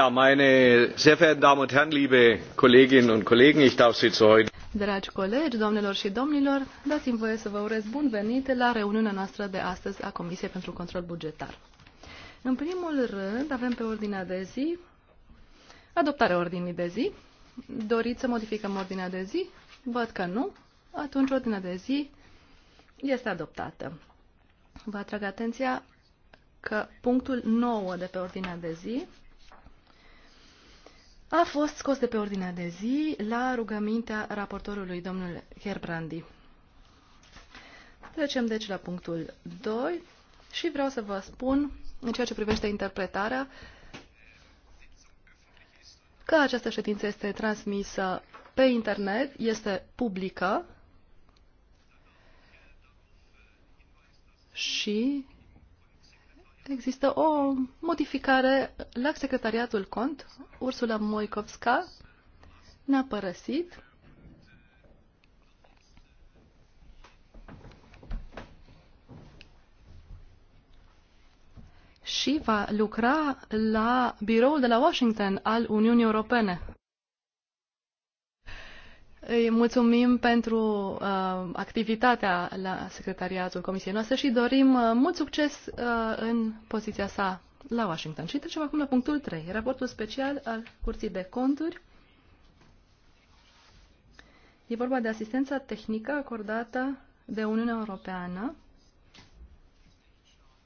meine sehr verehrten Damen und Herren, liebe Kolleginnen und Kollegen, ich darf Sie zu heute. Dragi colegi, doamnelor și domnilor, dați-mi voie să vă urez bun venit la reuniunea noastră de astăzi a Comisiei pentru Control Bugetar. În primul rând, avem pe ordinea de zi adoptarea ordinii de zi. Doriți să modificăm ordinea de zi? Văd că nu. Atunci ordinea de zi este adoptată. Vă atrag atenția că punctul 9 de pe ordinea de zi a fost scos de pe ordinea de zi la rugămintea raportorului domnul Herbrandi. Trecem deci la punctul 2 și vreau să vă spun, în ceea ce privește interpretarea, că această ședință este transmisă pe internet, este publică și există o modificare la secretariatul cont. Ursula Moikovska ne-a părăsit. și va lucra la biroul de la Washington al Uniunii Europene. Îi mulțumim pentru uh, activitatea la secretariatul comisiei noastre și dorim uh, mult succes uh, în poziția sa la Washington. Și trecem acum la punctul 3, raportul special al Curții de Conturi. E vorba de asistența tehnică acordată de Uniunea Europeană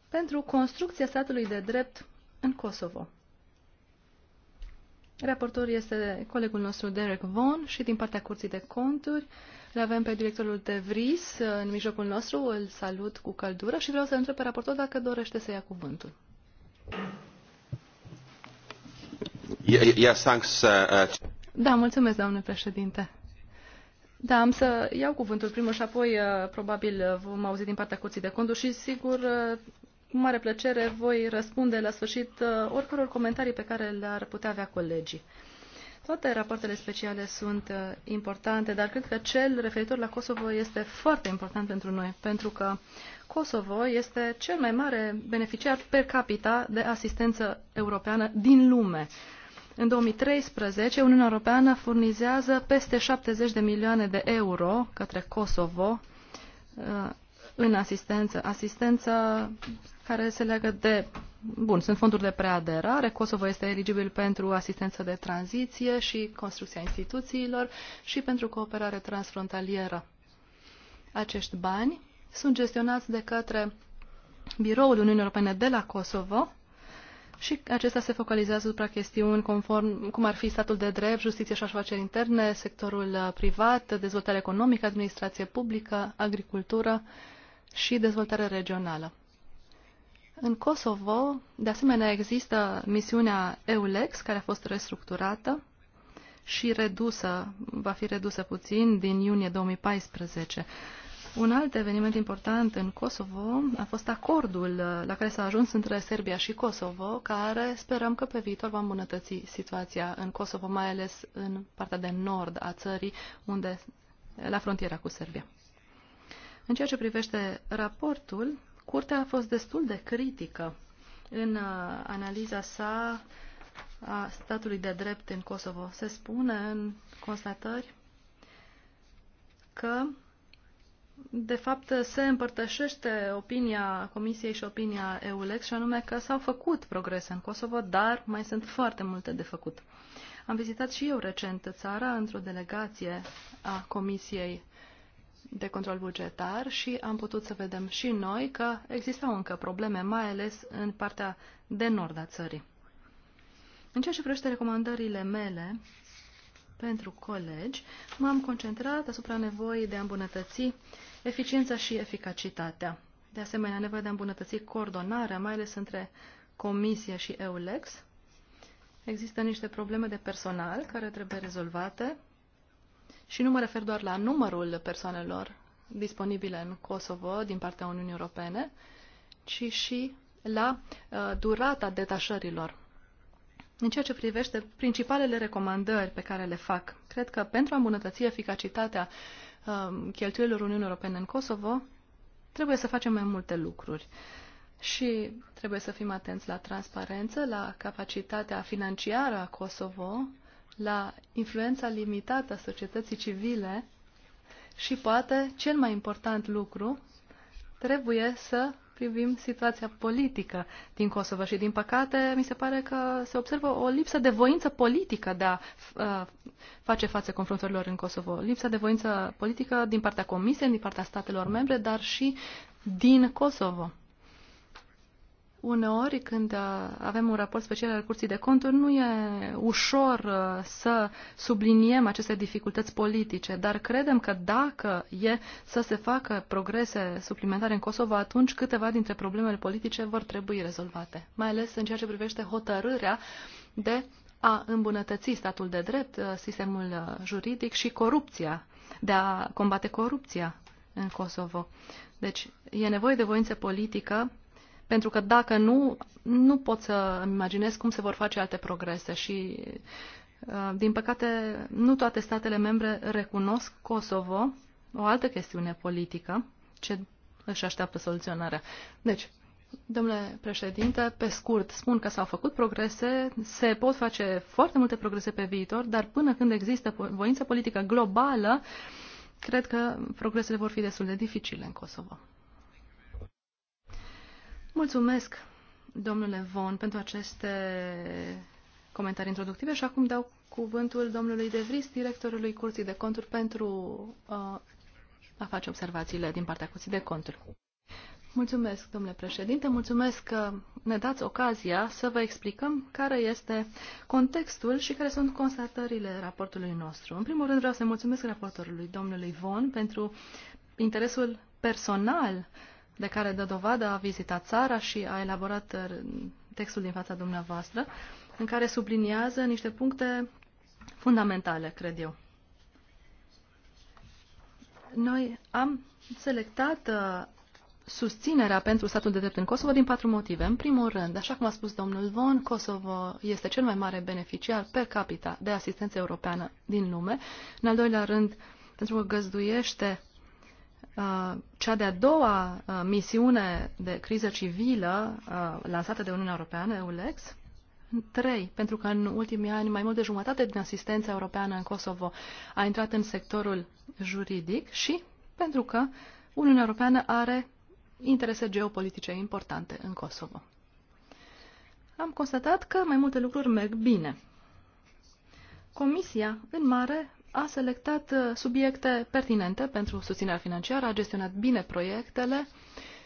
pentru construcția statului de drept în Kosovo. Raportor este colegul nostru Derek Vaughan și din partea Curții de Conturi Le avem pe directorul de VRIS uh, în mijlocul nostru, îl salut cu căldură și vreau să întreb pe raportor dacă dorește să ia cuvântul. Yes, thanks, uh, uh Da, mulțumesc, doamne președinte. Da, am să iau cuvântul primul și apoi uh, probabil vom auzi din partea Curții de Conturi și sigur cu mare plăcere voi răspunde la sfârșit uh, oricăror comentarii pe care le-ar putea avea colegii. Toate rapoartele speciale sunt uh, importante, dar cred că cel referitor la Kosovo este foarte important pentru noi, pentru că Kosovo este cel mai mare beneficiar per capita de asistență europeană din lume. În 2013, Uniunea Europeană furnizează peste 70 de milioane de euro către Kosovo uh, în asistență. Asistență care se leagă de... Bun, sunt fonduri de preaderare, Kosovo este eligibil pentru asistență de tranziție și construcția instituțiilor și pentru cooperare transfrontalieră. Acești bani sunt gestionați de către Biroul Uniunii Europene de la Kosovo și acesta se focalizează supra chestiuni conform, cum ar fi statul de drept, justiție și afaceri interne, sectorul privat, dezvoltare economică, administrație publică, agricultură și dezvoltare regională. În Kosovo, de asemenea, există misiunea EULEX, care a fost restructurată și redusă, va fi redusă puțin din iunie 2014. Un alt eveniment important în Kosovo a fost acordul uh, la care s-a ajuns între Serbia și Kosovo, care sperăm că pe viitor va îmbunătăți situația în Kosovo, mai ales în partea de nord a țării, unde la frontiera cu Serbia. În ceea ce privește raportul, Curtea a fost destul de critică în uh, analiza sa a statului de drept în Kosovo. Se spune în constatări că, de fapt, se împărtășește opinia Comisiei și opinia EULEX, și anume că s-au făcut progrese în Kosovo, dar mai sunt foarte multe de făcut. Am vizitat și eu recent țara într-o delegație a Comisiei de control bugetar și am putut să vedem și noi că existau încă probleme, mai ales în partea de nord a țării. În ceea ce privește recomandările mele pentru colegi, m-am concentrat asupra nevoii de a îmbunătăți eficiența și eficacitatea. De asemenea, nevoia de a îmbunătăți coordonarea, mai ales între Comisie și EULEX. Există niște probleme de personal care trebuie rezolvate și nu mă refer doar la numărul persoanelor disponibile în Kosovo din partea Uniunii Europene, ci și la uh, durata detașărilor. În ceea ce privește principalele recomandări pe care le fac, cred că pentru a îmbunătăți eficacitatea uh, cheltuielor Uniunii Europene în Kosovo, trebuie să facem mai multe lucruri. Și trebuie să fim atenți la transparență, la capacitatea financiară a Kosovo, la influența limitată a societății civile și poate cel mai important lucru, trebuie să privim situația politică din Kosovo și din păcate mi se pare că se observă o lipsă de voință politică de a uh, face față confruntărilor în Kosovo. Lipsa de voință politică din partea Comisiei, din partea statelor membre, dar și din Kosovo. Uneori, când uh, avem un raport special al Curții de Conturi, nu e ușor uh, să subliniem aceste dificultăți politice, dar credem că dacă e să se facă progrese suplimentare în Kosovo, atunci câteva dintre problemele politice vor trebui rezolvate, mai ales în ceea ce privește hotărârea de a îmbunătăți statul de drept, uh, sistemul juridic și corupția, de a combate corupția în Kosovo. Deci e nevoie de voință politică pentru că dacă nu, nu pot să îmi imaginez cum se vor face alte progrese și uh, din păcate, nu toate statele membre recunosc Kosovo, o altă chestiune politică, ce își așteaptă soluționarea. Deci, domnule președinte, pe scurt, spun că s-au făcut progrese, se pot face foarte multe progrese pe viitor, dar până când există voință politică globală, cred că progresele vor fi destul de dificile în Kosovo. Mulțumesc, domnule Von, pentru aceste comentarii introductive și acum dau cuvântul domnului De Vries, directorului Curții de Conturi, pentru uh, a face observațiile din partea Curții de Conturi. Mulțumesc, domnule președinte, mulțumesc că ne dați ocazia să vă explicăm care este contextul și care sunt constatările raportului nostru. În primul rând vreau să mulțumesc raportorului domnului Von pentru interesul personal uh, de care dă dovadă a vizitat țara și a elaborat uh, textul din fața dumneavoastră, în care subliniază niște puncte fundamentale, cred eu. Noi am selectat uh, susținerea pentru statul de drept în Kosovo din patru motive. În primul rând, așa cum a spus domnul Von, Kosovo este cel mai mare beneficiar per capita de asistență europeană din lume. În al doilea rând, pentru că găzduiește Uh, cea de-a doua uh, misiune de criză civilă uh, lansată de Uniunea Europeană, EULEX, Trei, Pentru că în ultimii ani mai mult de jumătate din asistența europeană în Kosovo a intrat în sectorul juridic și pentru că Uniunea Europeană are interese geopolitice importante în Kosovo. Am constatat că mai multe lucruri merg bine. Comisia, în mare, a selectat uh, subiecte pertinente pentru susținerea financiară, a gestionat bine proiectele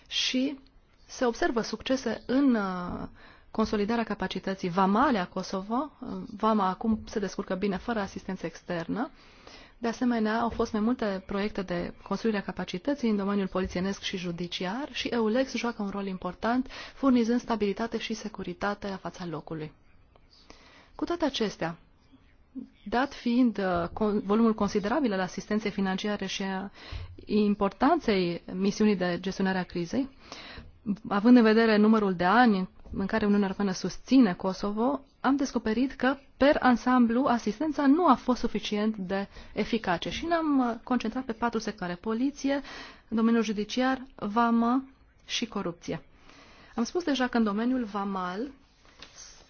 și se observă succese în uh, consolidarea capacității vamale a Kosovo. Uh, vama acum se descurcă bine fără asistență externă. De asemenea, au fost mai multe proiecte de construire a capacității în domeniul polițienesc și judiciar și EULEX joacă un rol important, furnizând stabilitate și securitate la fața locului. Cu toate acestea, dat fiind uh, volumul considerabil al asistenței financiare și a importanței misiunii de gestionare a crizei, având în vedere numărul de ani în care Uniunea Europeană susține Kosovo, am descoperit că, per ansamblu, asistența nu a fost suficient de eficace și ne-am uh, concentrat pe patru sectoare. Poliție, domeniul judiciar, vamă și corupție. Am spus deja că în domeniul vamal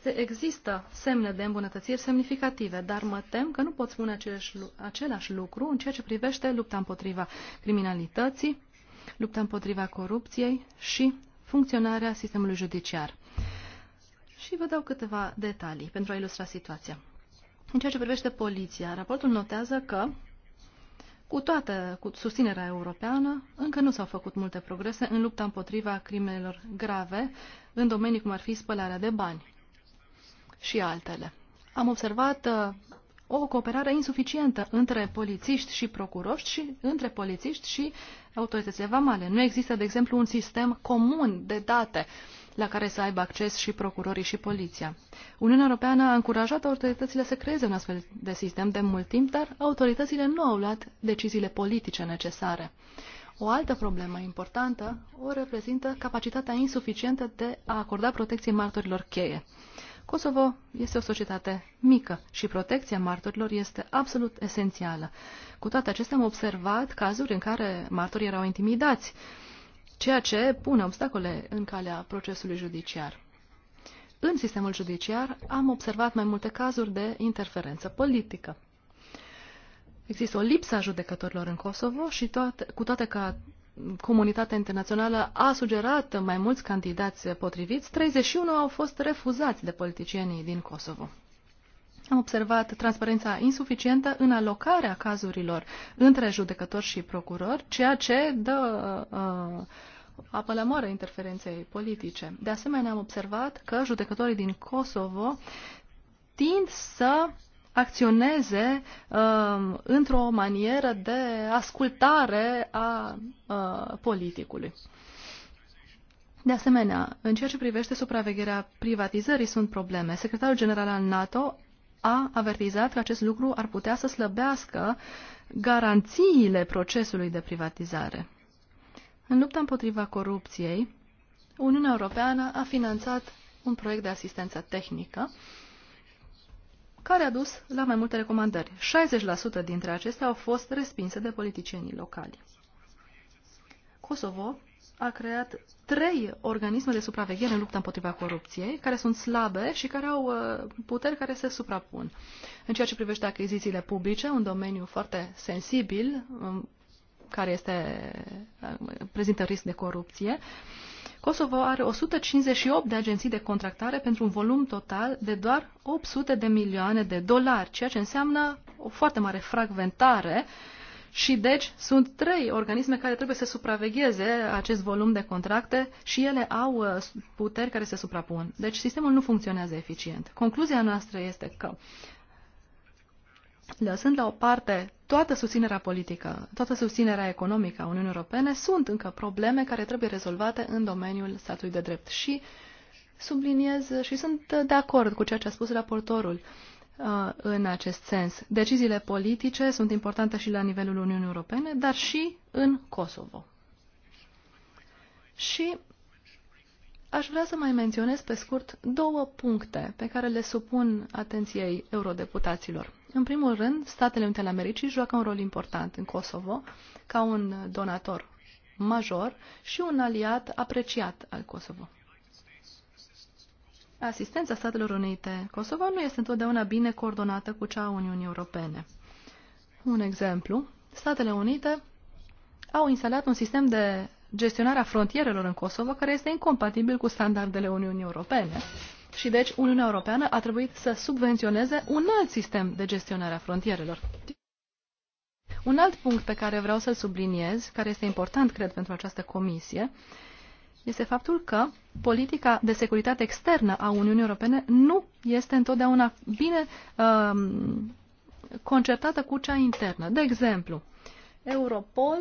se există semne de îmbunătățiri semnificative, dar mă tem că nu pot spune aceeași, același lucru în ceea ce privește lupta împotriva criminalității, lupta împotriva corupției și funcționarea sistemului judiciar. Și vă dau câteva detalii pentru a ilustra situația. În ceea ce privește poliția, raportul notează că, cu toată cu susținerea europeană, încă nu s-au făcut multe progrese în lupta împotriva crimelor grave în domenii cum ar fi spălarea de bani și altele. Am observat uh, o cooperare insuficientă între polițiști și procuroști și între polițiști și autoritățile vamale. Nu există, de exemplu, un sistem comun de date la care să aibă acces și procurorii și poliția. Uniunea Europeană a încurajat autoritățile să creeze un astfel de sistem de mult timp, dar autoritățile nu au luat deciziile politice necesare. O altă problemă importantă o reprezintă capacitatea insuficientă de a acorda protecție martorilor cheie. Kosovo este o societate mică și protecția martorilor este absolut esențială. Cu toate acestea am observat cazuri în care martorii erau intimidați, ceea ce pune obstacole în calea procesului judiciar. În sistemul judiciar am observat mai multe cazuri de interferență politică. Există o lipsă a judecătorilor în Kosovo și toate, cu toate că comunitatea internațională a sugerat mai mulți candidați potriviți, 31 au fost refuzați de politicienii din Kosovo. Am observat transparența insuficientă în alocarea cazurilor între judecători și procurori, ceea ce dă uh, apă la moară interferenței politice. De asemenea, am observat că judecătorii din Kosovo tind să acționeze uh, într-o manieră de ascultare a uh, politicului. De asemenea, în ceea ce privește supravegherea privatizării sunt probleme. Secretarul general al NATO a avertizat că acest lucru ar putea să slăbească garanțiile procesului de privatizare. În lupta împotriva corupției, Uniunea Europeană a finanțat un proiect de asistență tehnică uh, care a dus la mai multe recomandări. 60% dintre acestea au fost respinse de politicienii locali. Kosovo a creat trei organisme de supraveghere în lupta împotriva corupției, care sunt slabe și care au uh, puteri care se suprapun. În ceea ce privește achizițiile publice, un domeniu foarte sensibil, um, care este, uh, prezintă risc de corupție, Kosovo are 158 de agenții de contractare pentru un volum total de doar 800 de milioane de dolari, ceea ce înseamnă o foarte mare fragmentare și deci sunt trei organisme care trebuie să supravegheze acest volum de contracte și ele au uh, puteri care se suprapun. Deci sistemul nu funcționează eficient. Concluzia noastră este că lăsând la o parte toată susținerea politică, toată susținerea economică a Uniunii Europene, sunt încă probleme care trebuie rezolvate în domeniul statului de drept. Și subliniez și sunt de acord cu ceea ce a spus raportorul uh, în acest sens. Deciziile politice sunt importante și la nivelul Uniunii Europene, dar și în Kosovo. Și aș vrea să mai menționez pe scurt două puncte pe care le supun atenției eurodeputaților. În primul rând, Statele Unite ale Americii joacă un rol important în Kosovo ca un donator major și un aliat apreciat al Kosovo. Asistența Statelor Unite Kosovo nu este întotdeauna bine coordonată cu cea a Uniunii Europene. Un exemplu, Statele Unite au instalat un sistem de gestionare a frontierelor în Kosovo care este incompatibil cu standardele Uniunii Europene și deci Uniunea Europeană a trebuit să subvenționeze un alt sistem de gestionare a frontierelor. Un alt punct pe care vreau să-l subliniez, care este important, cred, pentru această comisie, este faptul că politica de securitate externă a Uniunii Europene nu este întotdeauna bine um, concertată cu cea internă. De exemplu, Europol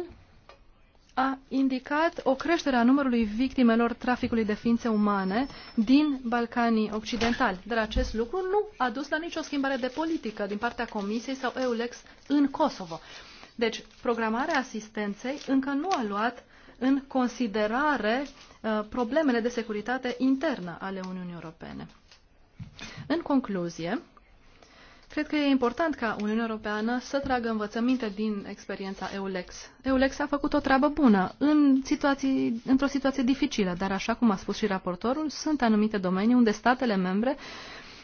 a indicat o creștere a numărului victimelor traficului de ființe umane din Balcanii Occidentali. Dar acest lucru nu a dus la nicio schimbare de politică din partea Comisiei sau EULEX în Kosovo. Deci, programarea asistenței încă nu a luat în considerare uh, problemele de securitate internă ale Uniunii Europene. În concluzie, Cred că e important ca Uniunea Europeană să tragă învățăminte din experiența EULEX. EULEX a făcut o treabă bună în situații, într-o situație dificilă, dar așa cum a spus și raportorul, sunt anumite domenii unde statele membre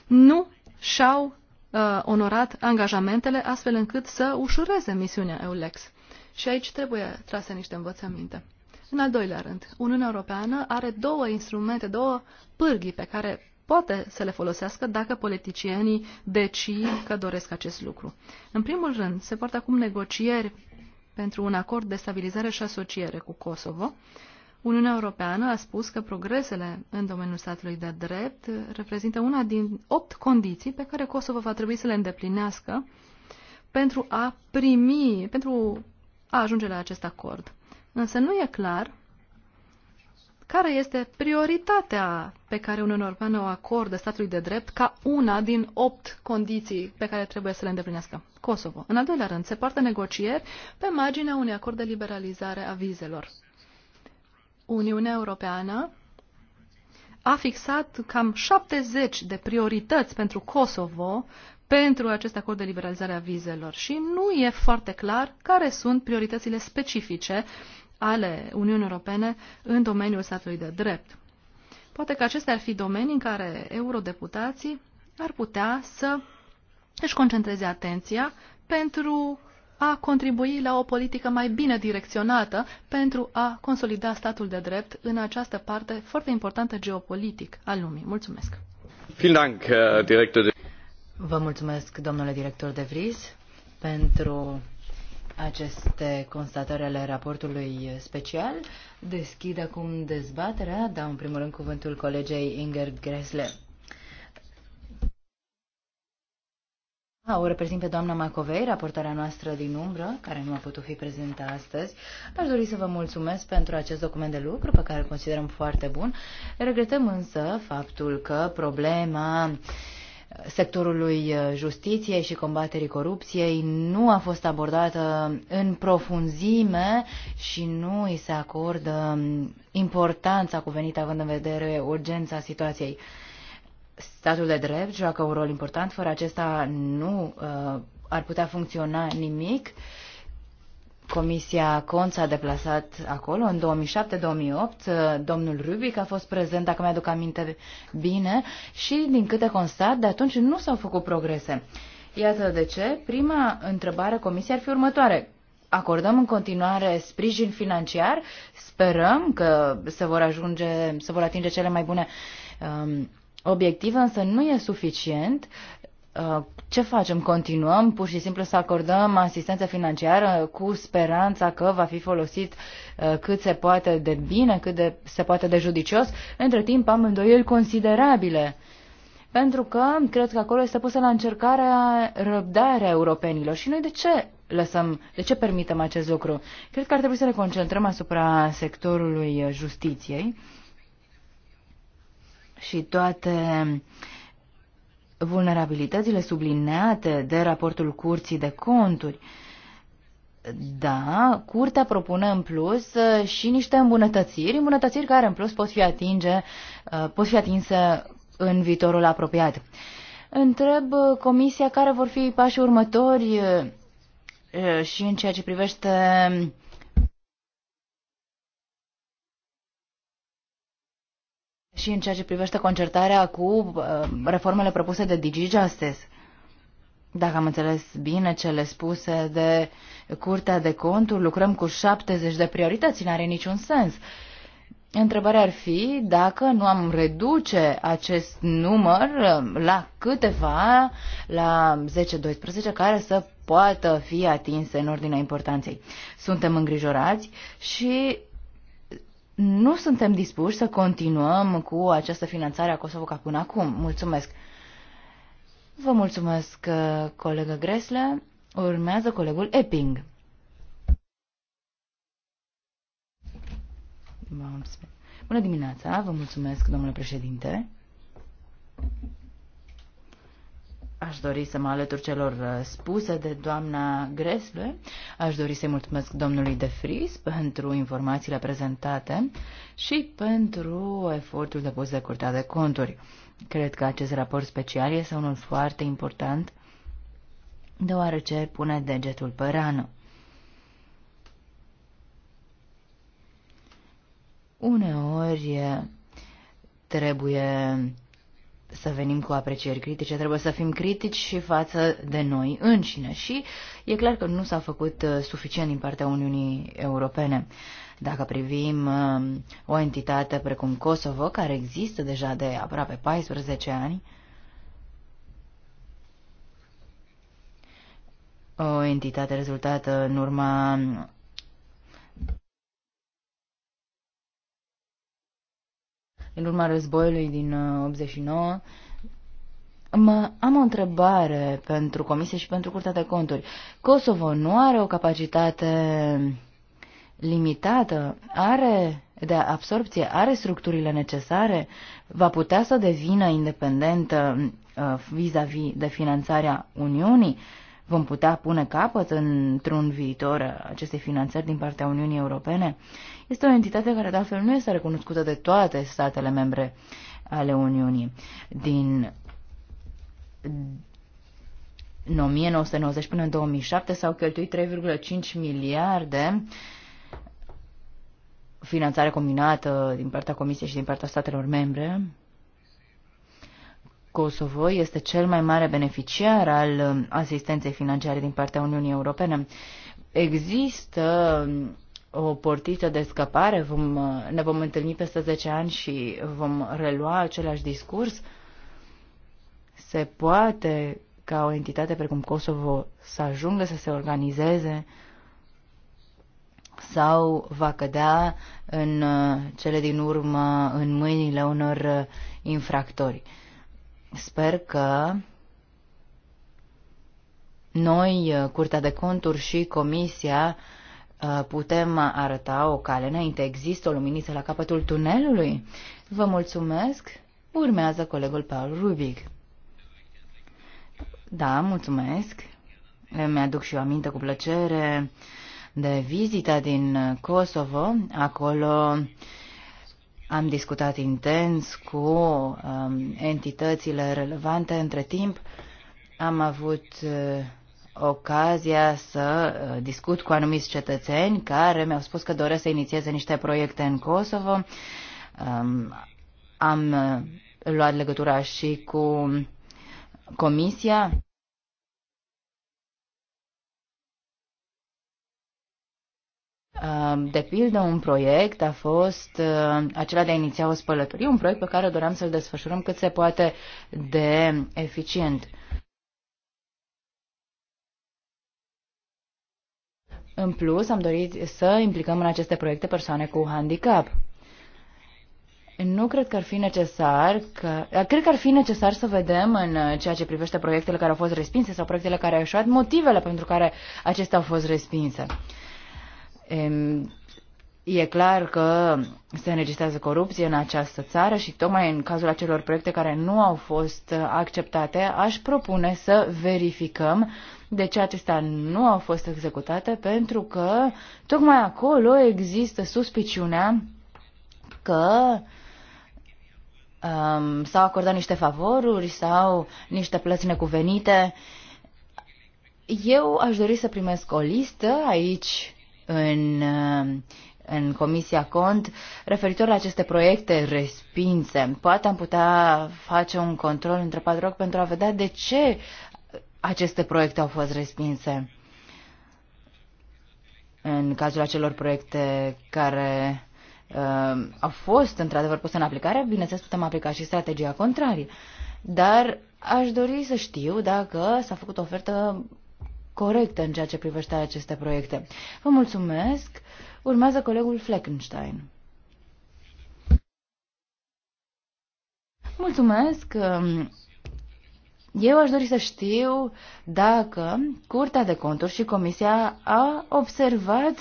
nu și-au uh, onorat angajamentele astfel încât să ușureze misiunea EULEX. Și aici trebuie trase niște învățăminte. În al doilea rând, Uniunea Europeană are două instrumente, două pârghii pe care poate să le folosească dacă politicienii decid că doresc acest lucru. În primul rând, se poartă acum negocieri pentru un acord de stabilizare și asociere cu Kosovo. Uniunea Europeană a spus că progresele în domeniul statului de drept reprezintă una din opt condiții pe care Kosovo va trebui să le îndeplinească pentru a primi, pentru a ajunge la acest acord. Însă nu e clar care este prioritatea pe care Uniunea Europeană o acordă statului de drept ca una din opt condiții pe care trebuie să le îndeplinească Kosovo. În al doilea rând, se poartă negocieri pe marginea unui acord de liberalizare a vizelor. Uniunea Europeană a fixat cam 70 de priorități pentru Kosovo pentru acest acord de liberalizare a vizelor și nu e foarte clar care sunt prioritățile specifice ale Uniunii Europene în domeniul statului de drept. Poate că acestea ar fi domenii în care eurodeputații ar putea să își concentreze atenția pentru a contribui la o politică mai bine direcționată pentru a consolida statul de drept în această parte foarte importantă geopolitic a lumii. Mulțumesc! Vă mulțumesc, domnule director de Vries, pentru aceste constatări ale raportului special. Deschid acum dezbaterea. Dau în primul rând cuvântul colegei Inger Gresle. A, o reprezint pe doamna Macovei, raportarea noastră din umbră, care nu a putut fi prezentă astăzi. Aș dori să vă mulțumesc pentru acest document de lucru, pe care îl considerăm foarte bun. Regretăm însă faptul că problema sectorului uh, justiției și combaterii corupției nu a fost abordată în profunzime și nu îi se acordă importanța cuvenită având în vedere urgența situației. Statul de drept joacă un rol important, fără acesta nu uh, ar putea funcționa nimic. Uh, Comisia Conț a deplasat acolo în 2007-2008. Domnul Rubic a fost prezent, dacă mi-aduc aminte bine, și din câte constat, de atunci nu s-au făcut progrese. Iată de ce, prima întrebare Comisiei ar fi următoare. Acordăm în continuare sprijin financiar, sperăm că se vor ajunge, se vor atinge cele mai bune um, obiective, însă nu e suficient. Uh, ce facem? Continuăm pur și simplu să acordăm asistență financiară cu speranța că va fi folosit uh, cât se poate de bine, cât de, se poate de judicios. Între timp am îndoieli considerabile pentru că cred că acolo este pusă la încercare răbdarea europenilor. Și noi de ce lăsăm, de ce permitem acest lucru? Cred că ar trebui să ne concentrăm asupra sectorului justiției și toate vulnerabilitățile sublineate de raportul Curții de Conturi. Da, curtea propune în plus uh, și niște îmbunătățiri, îmbunătățiri care în plus pot fi, atinge, uh, pot fi atinse în viitorul apropiat. Întreb uh, comisia care vor fi pașii următori și în ceea ce privește Și în ceea ce privește concertarea cu uh, reformele propuse de DigiJustice, dacă am înțeles bine cele spuse de Curtea de Conturi, lucrăm cu 70 de priorități, nu are niciun sens. Întrebarea ar fi dacă nu am reduce acest număr uh, la câteva, la 10-12, care să poată fi atinse în ordinea importanței. Suntem îngrijorați și nu suntem dispuși să continuăm cu această finanțare a Kosovo ca până acum. Mulțumesc! Vă mulțumesc, uh, colegă Gresle. Urmează colegul Epping. Bună dimineața, vă mulțumesc, domnule președinte. Aș dori să mă alătur celor uh, spuse de doamna Gresle. Aș dori să-i mulțumesc domnului De Fris pentru informațiile prezentate și pentru efortul depus de Curtea de Conturi. Cred că acest raport special este unul foarte important, deoarece pune degetul pe rană. Uneori uh, trebuie să venim cu aprecieri critice, trebuie să fim critici și față de noi înșine și e clar că nu s-a făcut uh, suficient din partea Uniunii Europene. Dacă privim uh, o entitate precum Kosovo, care există deja de aproape 14 ani, o entitate rezultată în urma în urma războiului din 89. Uh, mă, am o întrebare pentru Comisie și pentru Curtea de Conturi. Kosovo nu are o capacitate limitată? Are de absorpție? Are structurile necesare? Va putea să devină independentă uh, vis-a-vis -vis de finanțarea Uniunii? Uh, Vom putea pune capăt într-un viitor acestei finanțări din partea Uniunii Europene? Este o entitate care de altfel nu este recunoscută de toate statele membre ale Uniunii. Din 1990 până în 2007 s-au cheltuit 3,5 miliarde finanțare combinată din partea Comisiei și din partea statelor membre Kosovo este cel mai mare beneficiar al um, asistenței financiare din partea Uniunii Europene. Există um, o portiță de scăpare, vom, uh, ne vom întâlni peste 10 ani și vom relua același discurs. Se poate ca o entitate precum Kosovo să ajungă să se organizeze sau va cădea în uh, cele din urmă în mâinile unor uh, infractori. Sper că noi, uh, Curtea de Conturi și Comisia, uh, putem arăta o cale înainte. Există o luminiță la capătul tunelului? Vă mulțumesc. Urmează colegul Paul Rubic. Da, mulțumesc. Mi-aduc și eu aminte cu plăcere de vizita din Kosovo. Acolo am discutat intens cu um, entitățile relevante între timp. Am avut uh, ocazia să uh, discut cu anumiți cetățeni care mi-au spus că doresc să inițieze niște proiecte în Kosovo. Um, am uh, luat legătura și cu Comisia De pildă, un proiect a fost uh, acela de a iniția o spălătorie, un proiect pe care doream să-l desfășurăm cât se poate de eficient. În plus, am dorit să implicăm în aceste proiecte persoane cu handicap. Nu cred că ar fi necesar că... Cred că ar fi necesar să vedem în uh, ceea ce privește proiectele care au fost respinse sau proiectele care au ieșuat motivele pentru care acestea au fost respinse. E clar că se înregistrează corupție în această țară și tocmai în cazul acelor proiecte care nu au fost acceptate, aș propune să verificăm de ce acestea nu au fost executate, pentru că tocmai acolo există suspiciunea că um, s-au acordat niște favoruri sau niște plăți necuvenite. Eu aș dori să primesc o listă aici în, în Comisia Cont referitor la aceste proiecte respinse. Poate am putea face un control între patru ochi pentru a vedea de ce aceste proiecte au fost respinse. În cazul acelor proiecte care uh, au fost într-adevăr puse în aplicare, bineînțeles putem aplica și strategia contrarie. Dar aș dori să știu dacă s-a făcut o ofertă Corectă în ceea ce privește aceste proiecte. Vă mulțumesc. Urmează colegul Fleckenstein. Mulțumesc. Eu aș dori să știu dacă Curtea de Conturi și Comisia a observat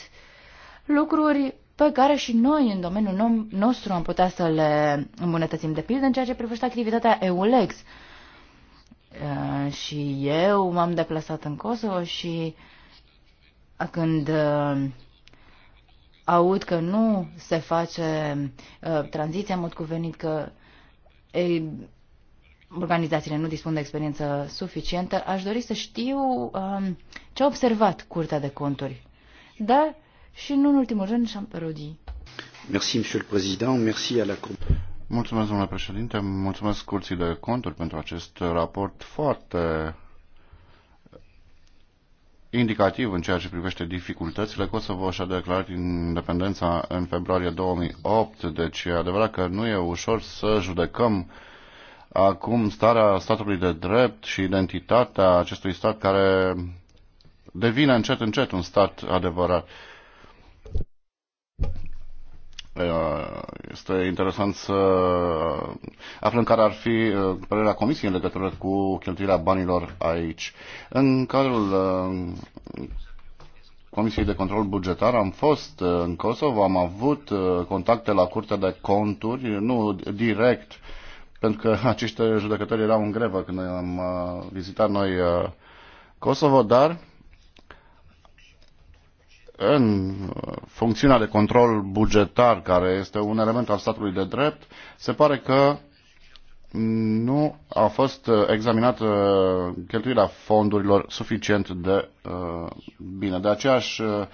lucruri pe care și noi în domeniul nostru am putea să le îmbunătățim de pildă în ceea ce privește activitatea EULEX. Eh, și eu m-am deplasat în Kosovo și uh, când uh, aud că nu se face uh, tranziția în mod cuvenit, că ei, organizațiile nu dispun de experiență suficientă, aș dori să știu um, uh, ce a observat Curtea de Conturi. Da, și nu în ultimul rând, am Parodi. Merci, Monsieur le Président. Merci à la Cour. Mulțumesc, domnule președinte, mulțumesc curții de conturi pentru acest raport foarte indicativ în ceea ce privește dificultățile. Kosovo și-a declarat independența în februarie 2008, deci e adevărat că nu e ușor să judecăm acum starea statului de drept și identitatea acestui stat care devine încet încet un stat adevărat. Este interesant să aflăm care ar fi uh, părerea Comisiei în legătură cu cheltuirea banilor aici. În cadrul uh, Comisiei de Control Bugetar am fost uh, în Kosovo, am avut contacte la Curtea de Conturi, nu direct, pentru că acești judecători erau în grevă când am vizitat noi Kosovo, dar în funcțiunea de control bugetar, care este un element al statului de drept, se pare că nu a fost examinată cheltuirea fondurilor suficient de uh, bine. De aceea aș uh,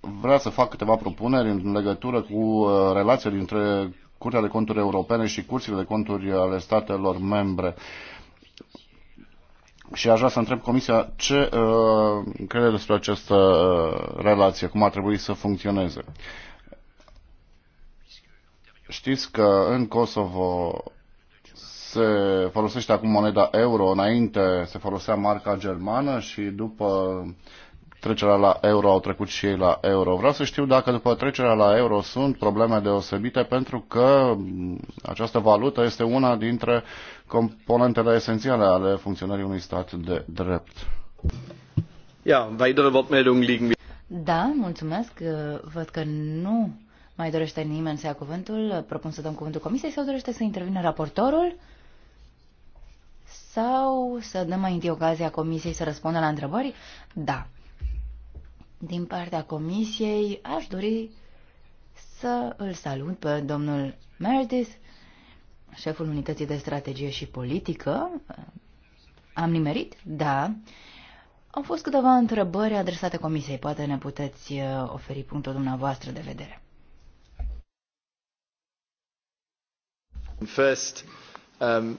vrea să fac câteva propuneri în legătură cu uh, relația dintre Curtea de Conturi Europene și Curțile de Conturi ale statelor membre. Uh, și aș vrea să întreb Comisia ce uh, crede despre această uh, relație, cum ar trebui să funcționeze. Știți că în Kosovo se folosește acum moneda euro, înainte se folosea marca germană și după trecerea la euro au trecut și ei la euro. Vreau să știu dacă după trecerea la euro sunt probleme deosebite pentru că mm, această valută este una dintre componentele esențiale ale funcționării unui stat de drept. Ja, weitere Wortmeldungen liegen wir. Da, mulțumesc. Văd că nu mai dorește nimeni să ia cuvântul. Propun să dăm cuvântul comisiei sau dorește să intervină raportorul? Sau să dăm mai întâi ocazia comisiei să răspundă la întrebări? Da. Din partea comisiei aș dori să îl salut pe domnul Meredith, șeful unității de strategie și politică. Am nimerit? Da. Au fost câteva întrebări adresate comisiei. Poate ne puteți uh, oferi punctul dumneavoastră de vedere. First, um,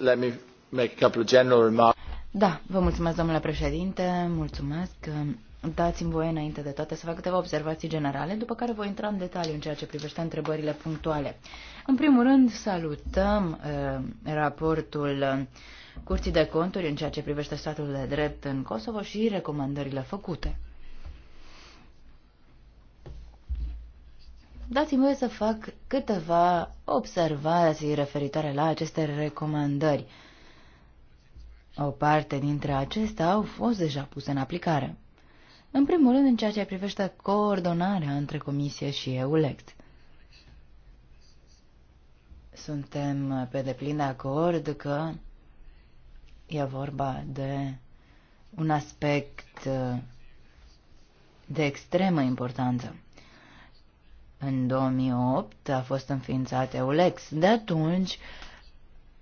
let me make a couple of general remarks. Da, vă mulțumesc, domnule președinte, mulțumesc. Um, Dați-mi voie înainte de toate să fac câteva observații generale, după care voi intra în detaliu în ceea ce privește întrebările punctuale. În primul rând, salutăm uh, raportul uh, Curții de Conturi în ceea ce privește statul de drept în Kosovo și recomandările făcute. Dați-mi voie să fac câteva observații referitoare la aceste recomandări. O parte dintre acestea au fost deja puse în aplicare. În primul rând, în ceea ce privește coordonarea între Comisie și EULECT. Suntem pe deplin de acord că e vorba de un aspect de extremă importanță. În 2008 a fost înființat EULEX. De atunci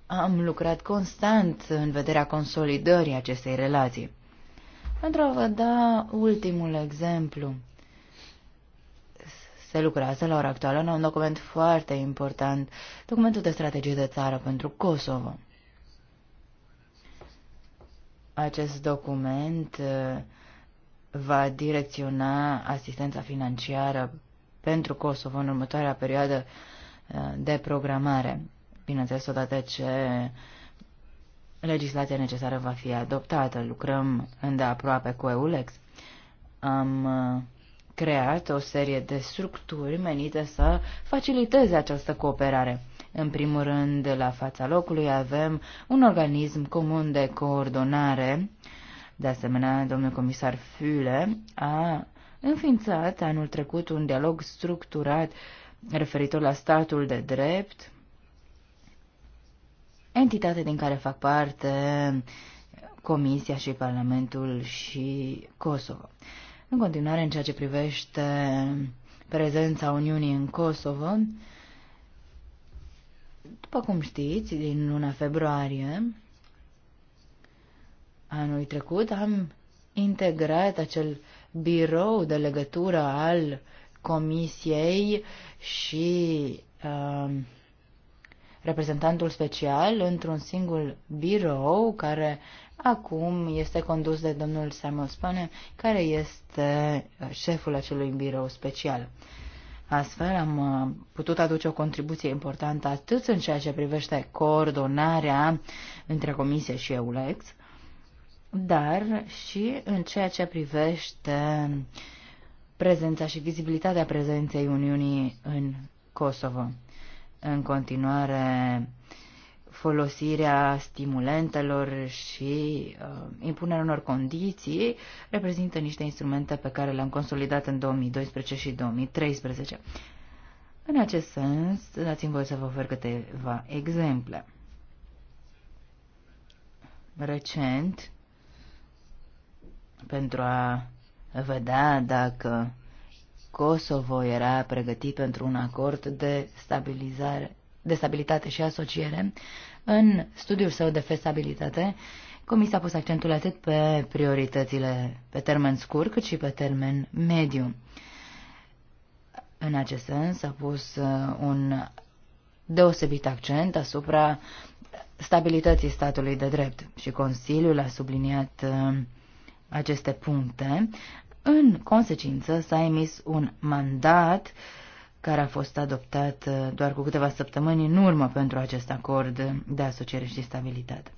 am lucrat constant în vederea consolidării acestei relații. Pentru a vă da ultimul exemplu, se lucrează la ora actuală la un document foarte important, documentul de strategie de țară pentru Kosovo. Acest document uh, va direcționa asistența financiară pentru Kosovo în următoarea perioadă uh, de programare. Bineînțeles, odată ce uh, legislația necesară va fi adoptată. Lucrăm îndeaproape cu EULEX. Am uh, creat o serie de structuri menite să faciliteze această cooperare. În primul rând, la fața locului avem un organism comun de coordonare. De asemenea, domnul comisar Füle a înființat anul trecut un dialog structurat referitor la statul de drept, entitate din care fac parte Comisia și Parlamentul și Kosovo. În continuare, în ceea ce privește prezența Uniunii în Kosovo, după cum știți, din luna februarie anului trecut am integrat acel birou de legătură al Comisiei și uh, reprezentantul special într-un singur birou care acum este condus de domnul Samuel Spane, care este uh, șeful acelui birou special. Astfel am uh, putut aduce o contribuție importantă atât în ceea ce privește coordonarea între Comisie și EULEX, dar și în ceea ce privește prezența și vizibilitatea prezenței Uniunii în Kosovo în continuare folosirea stimulentelor și uh, impunerea unor condiții reprezintă niște instrumente pe care le-am consolidat în 2012 și 2013. În acest sens, dați-mi voie să vă ofer câteva exemple. Recent, pentru a vedea dacă Kosovo era pregătit pentru un acord de, stabilizare, de stabilitate și asociere, în studiul său de festabilitate, Comisia a pus accentul atât pe prioritățile pe termen scurt, cât și pe termen mediu. În acest sens, a pus uh, un deosebit accent asupra stabilității statului de drept și Consiliul a subliniat uh, aceste puncte, în consecință, s-a emis un mandat care a fost adoptat uh, doar cu câteva săptămâni în urmă pentru acest acord de asociere și stabilitate.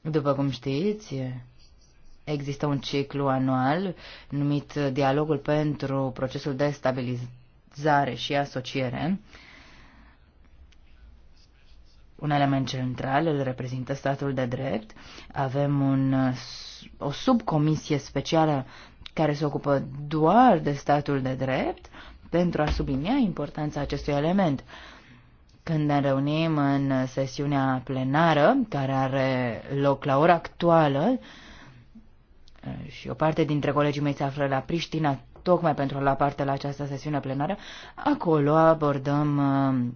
După cum știți, există un ciclu anual numit Dialogul pentru procesul de stabilizare și asociere, un element central îl reprezintă statul de drept. Avem un, o subcomisie specială care se ocupă doar de statul de drept pentru a sublinia importanța acestui element. Când ne reunim în sesiunea plenară, care are loc la ora actuală, și o parte dintre colegii mei se află la Priștina tocmai pentru a lua parte la această sesiune plenară, acolo abordăm uh,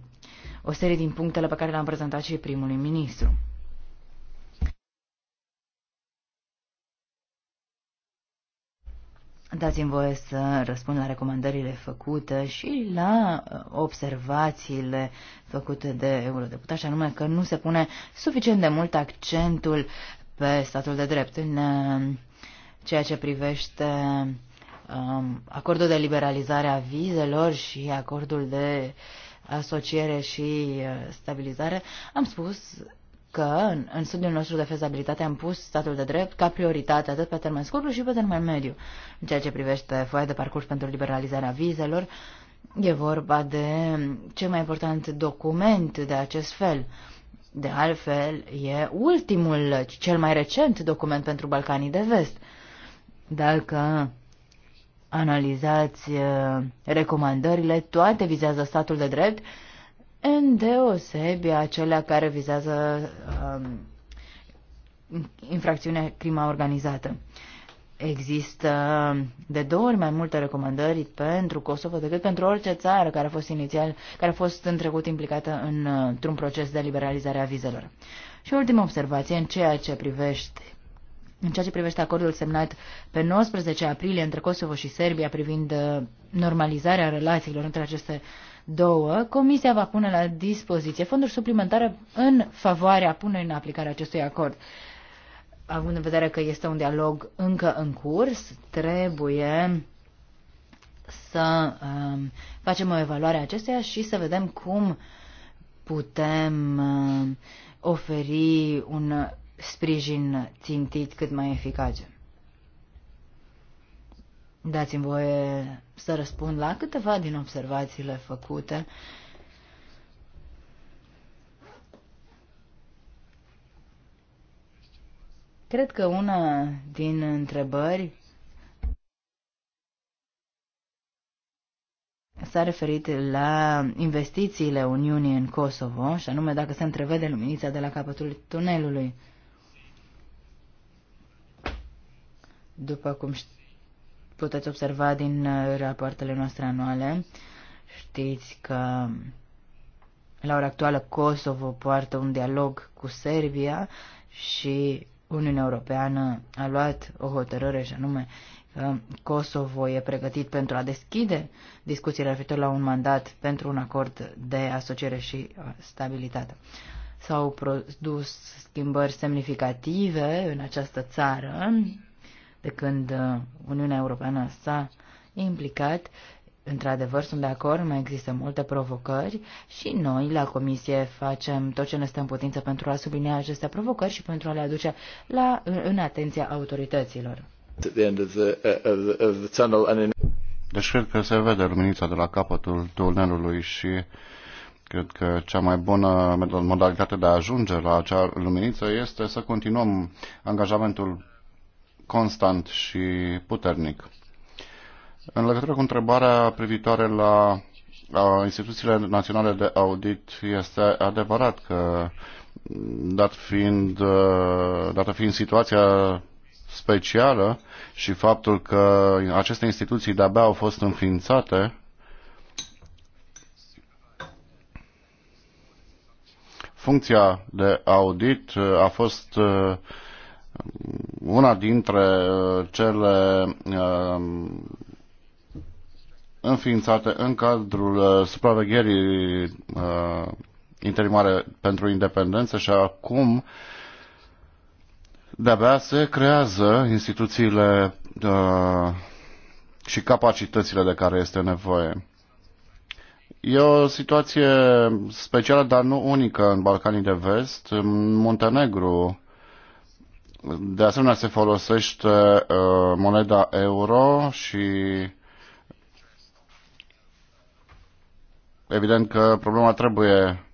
o serie din punctele pe care le-am prezentat și primului ministru. Dați-mi voie să răspund la recomandările făcute și la uh, observațiile făcute de eurodeputat, și anume că nu se pune suficient de mult accentul pe statul de drept în uh, ceea ce privește um, acordul de liberalizare a vizelor și acordul de asociere și uh, stabilizare, am spus că în, în studiul nostru de fezabilitate am pus statul de drept ca prioritate atât pe termen scurt și pe termen mediu. În ceea ce privește foaia de parcurs pentru liberalizarea vizelor, e vorba de cel mai important document de acest fel. De altfel, e ultimul, cel mai recent document pentru Balcanii de Vest. Dacă analizați uh, recomandările, toate vizează statul de drept, în deosebi acelea care vizează um, infracțiunea crima organizată. Există de două ori mai multe recomandări pentru Kosovo decât pentru orice țară care a fost inițial, care a fost în trecut implicată în, uh, într-un proces de liberalizare a vizelor. Și ultima observație în ceea ce privește în ceea ce privește acordul semnat pe 19 aprilie între Kosovo și Serbia privind uh, normalizarea relațiilor între aceste două, Comisia va pune la dispoziție fonduri suplimentare în favoarea punerii în aplicare acestui acord. Având în vedere că este un dialog încă în curs, trebuie să um, facem o evaluare a acesteia și să vedem cum putem um, oferi un sprijin țintit cât mai eficace. Dați-mi voie să răspund la câteva din observațiile făcute. Cred că una din întrebări s-a referit la investițiile Uniunii în Kosovo, și anume dacă se întrevede luminița de la capătul tunelului. După cum puteți observa din uh, rapoartele noastre anuale, știți că la ora actuală Kosovo poartă un dialog cu Serbia și Uniunea Europeană a luat o hotărâre și anume că Kosovo e pregătit pentru a deschide discuțiile referitor la un mandat pentru un acord de asociere și uh, stabilitate. S-au produs schimbări semnificative în această țară, de când uh, Uniunea Europeană s-a implicat. Într-adevăr, sunt de acord, mai există multe provocări și noi, la Comisie, facem tot ce ne stă în putință pentru a sublinia aceste provocări și pentru a le aduce la, în atenția autorităților. Uh, deci cred că se vede luminița de la capătul tunelului și cred că cea mai bună modalitate de a ajunge la acea luminiță este să continuăm angajamentul constant și puternic. În legătură cu întrebarea privitoare la instituțiile naționale de audit, este adevărat că, dat fiind, dată fiind situația specială și faptul că aceste instituții de-abia au fost înființate, funcția de audit a fost una dintre uh, cele uh, înființate în cadrul uh, supravegherii interimare pentru independență și acum de-abia se creează instituțiile și capacitățile de care este nevoie. E o situație specială, dar nu unică în Balcanii de Vest. Muntenegru de asemenea, se folosește uh, moneda euro și evident că problema trebuie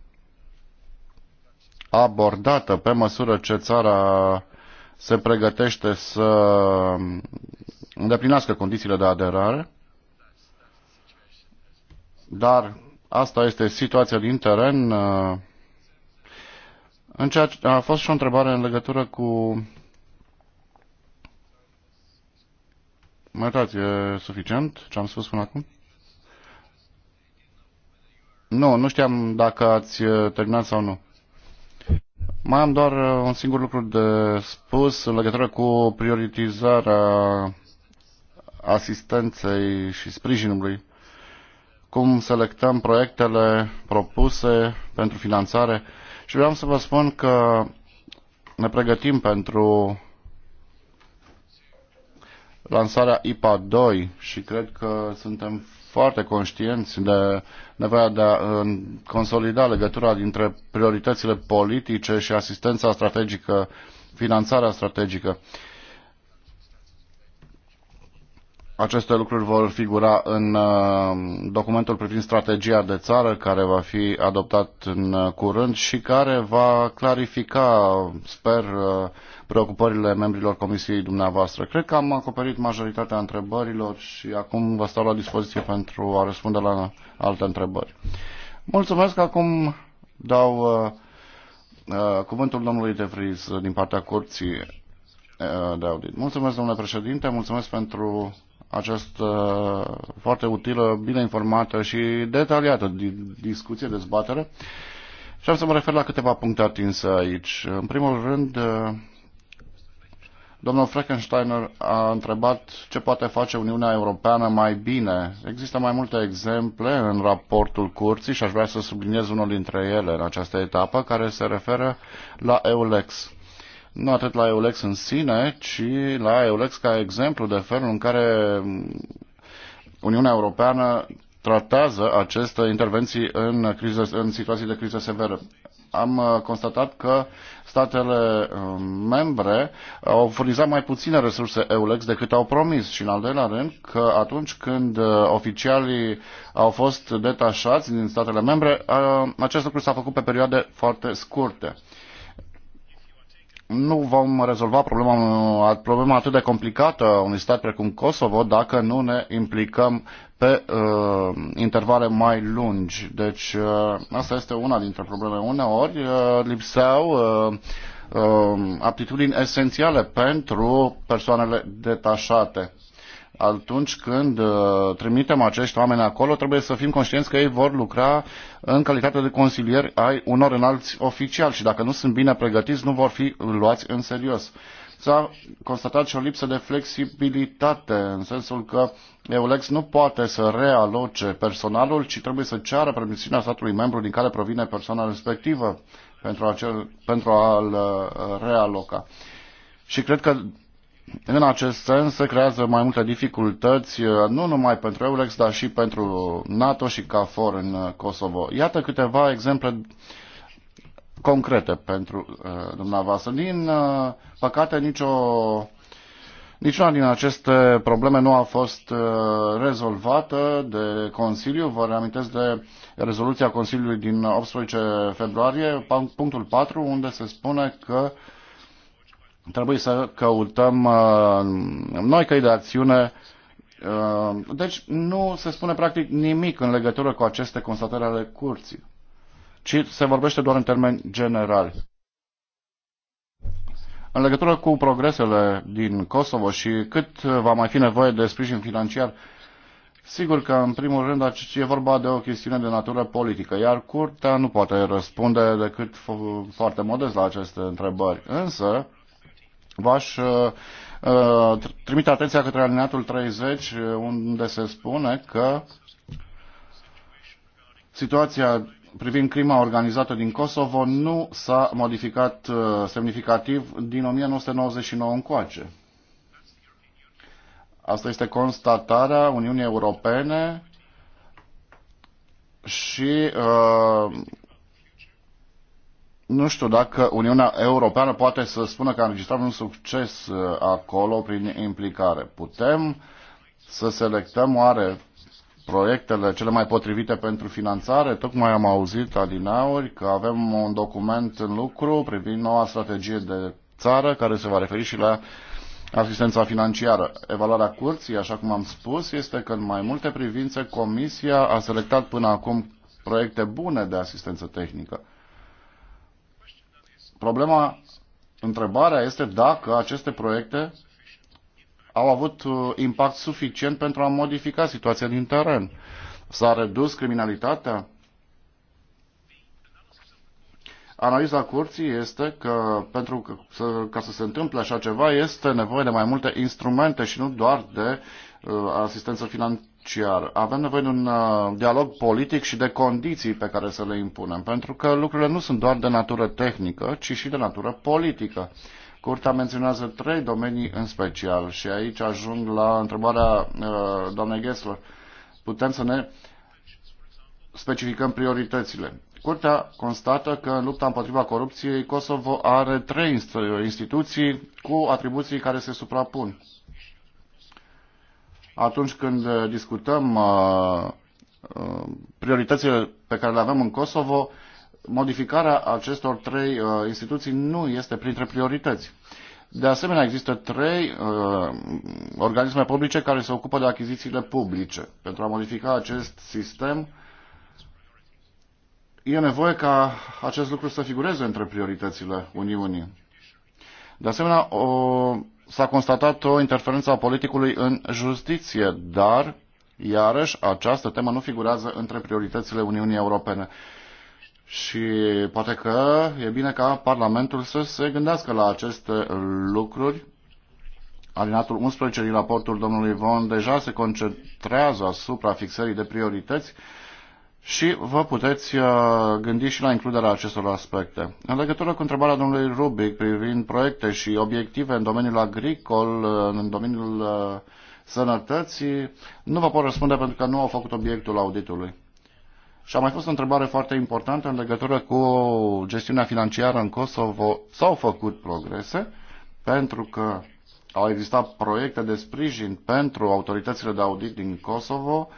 abordată pe măsură ce țara se pregătește să îndeplinească condițiile de aderare, dar asta este situația din teren. Uh, în a fost și o întrebare în legătură cu Mă iertați, e suficient ce am spus până acum? Nu, nu știam dacă ați terminat sau nu. Mai am doar un singur lucru de spus în legătură cu prioritizarea asistenței și sprijinului. Cum selectăm proiectele propuse pentru finanțare și vreau să vă spun că ne pregătim pentru lansarea IPA 2 și cred că suntem foarte conștienți de nevoia de a consolida legătura dintre prioritățile politice și asistența strategică, finanțarea strategică. Aceste lucruri vor figura în uh, documentul privind strategia de țară care va fi adoptat în uh, curând și care va clarifica, sper, uh, preocupările membrilor comisiei dumneavoastră. Cred că am acoperit majoritatea întrebărilor și acum vă stau la dispoziție pentru a răspunde la alte întrebări. Mulțumesc. Acum dau uh, uh, cuvântul domnului De Vries din partea curții uh, de audit. Mulțumesc, domnule președinte, mulțumesc pentru această foarte utilă, bine informată și detaliată discuție, dezbatere. Și am să mă refer la câteva puncte atinse aici. În primul rând, uh, Domnul Frankensteiner a întrebat ce poate face Uniunea Europeană mai bine. Există mai multe exemple în raportul curții și aș vrea să subliniez unul dintre ele în această etapă care se referă la EULEX. Nu atât la EULEX în sine, ci la EULEX ca exemplu de felul în care Uniunea Europeană tratează aceste intervenții în, crize, în situații de criză severă am uh, constatat că statele um, membre au furnizat mai puține resurse EULEX decât au promis și, în al doilea rând, că atunci când uh, oficialii au fost detașați din statele membre, uh, acest lucru s-a făcut pe perioade foarte scurte nu vom rezolva problema, problema atât de complicată a unui stat precum Kosovo dacă nu ne implicăm pe uh, intervale mai lungi. Deci uh, asta este una dintre probleme. Uneori uh, lipseau uh, uh, aptitudini esențiale pentru persoanele detașate. Atunci când uh, trimitem acești oameni acolo, trebuie să fim conștienți că ei vor lucra în calitate de consilieri ai unor înalți oficiali și dacă nu sunt bine pregătiți, nu vor fi luați în serios s-a constatat și o lipsă de flexibilitate, în sensul că EULEX nu poate să realoce personalul, ci trebuie să ceară permisiunea statului membru din care provine persoana respectivă pentru, acel, pentru a-l uh, realoca. Și cred că în acest sens se creează mai multe dificultăți, uh, nu numai pentru EULEX, dar și pentru NATO și CAFOR în uh, Kosovo. Iată câteva exemple concrete pentru uh, dumneavoastră. Din uh, păcate, nicio Niciuna din aceste probleme nu a fost uh, rezolvată de Consiliu. Vă reamintesc de rezoluția Consiliului din 18 februarie, punctul 4, unde se spune că trebuie să căutăm uh, noi căi de acțiune uh, deci nu se spune practic nimic în legătură cu aceste constatări ale curții, ci se vorbește doar în termeni generali. În legătură cu progresele din Kosovo și cât va mai fi nevoie de sprijin financiar, sigur că în primul rând e vorba de o chestiune de natură politică, iar curtea nu poate răspunde decât foarte modest la aceste întrebări. Însă, v-aș uh, uh trimite atenția către alineatul 30, uh, unde se spune că situația privind crima organizată din Kosovo nu s-a modificat uh, semnificativ din 1999 încoace. Asta este constatarea Uniunii Europene și uh, nu știu dacă Uniunea Europeană poate să spună că a înregistrat un succes uh, acolo prin implicare. Putem să selectăm oare proiectele cele mai potrivite pentru finanțare. Tocmai am auzit adinauri că avem un document în lucru privind noua strategie de țară care se va referi și la asistența financiară. Evaluarea curții, așa cum am spus, este că în mai multe privințe Comisia a selectat până acum proiecte bune de asistență tehnică. Problema, întrebarea este dacă aceste proiecte au avut uh, impact suficient pentru a modifica situația din teren. S-a redus criminalitatea? Analiza curții este că pentru că, să, ca să se întâmple așa ceva este nevoie de mai multe instrumente și nu doar de uh, asistență financiară. Avem nevoie de un uh, dialog politic și de condiții pe care să le impunem, pentru că lucrurile nu sunt doar de natură tehnică, ci și de natură politică. Uh, Curtea menționează trei domenii în special și aici ajung la întrebarea uh, doamnei Gessler. Putem să ne specificăm prioritățile. Curtea constată că în lupta împotriva corupției Kosovo are trei instituții cu atribuții care se suprapun. Atunci când discutăm uh, uh, prioritățile pe care le avem în Kosovo, modificarea acestor trei uh, instituții nu este printre priorități. De asemenea, există trei uh, organisme publice care se ocupă de achizițiile publice. Pentru a modifica acest sistem, e nevoie ca acest lucru să figureze între prioritățile Uniunii. De asemenea, s-a constatat o interferență a politicului în justiție, dar, iarăși, această temă nu figurează între prioritățile Uniunii Europene. Uh, și poate că e bine ca Parlamentul să se gândească la aceste lucruri. Alinatul 11 din raportul domnului Von deja se concentrează asupra fixării de priorități și vă puteți uh, gândi și la includerea acestor aspecte. În legătură cu întrebarea domnului Rubic privind proiecte și obiective în domeniul agricol, uh, în domeniul uh, sănătății, nu vă pot răspunde pentru că nu au făcut obiectul auditului. Și a mai fost o întrebare foarte importantă în legătură cu gestiunea financiară în Kosovo. S-au făcut progrese pentru că au existat proiecte de sprijin pentru autoritățile de audit din Kosovo.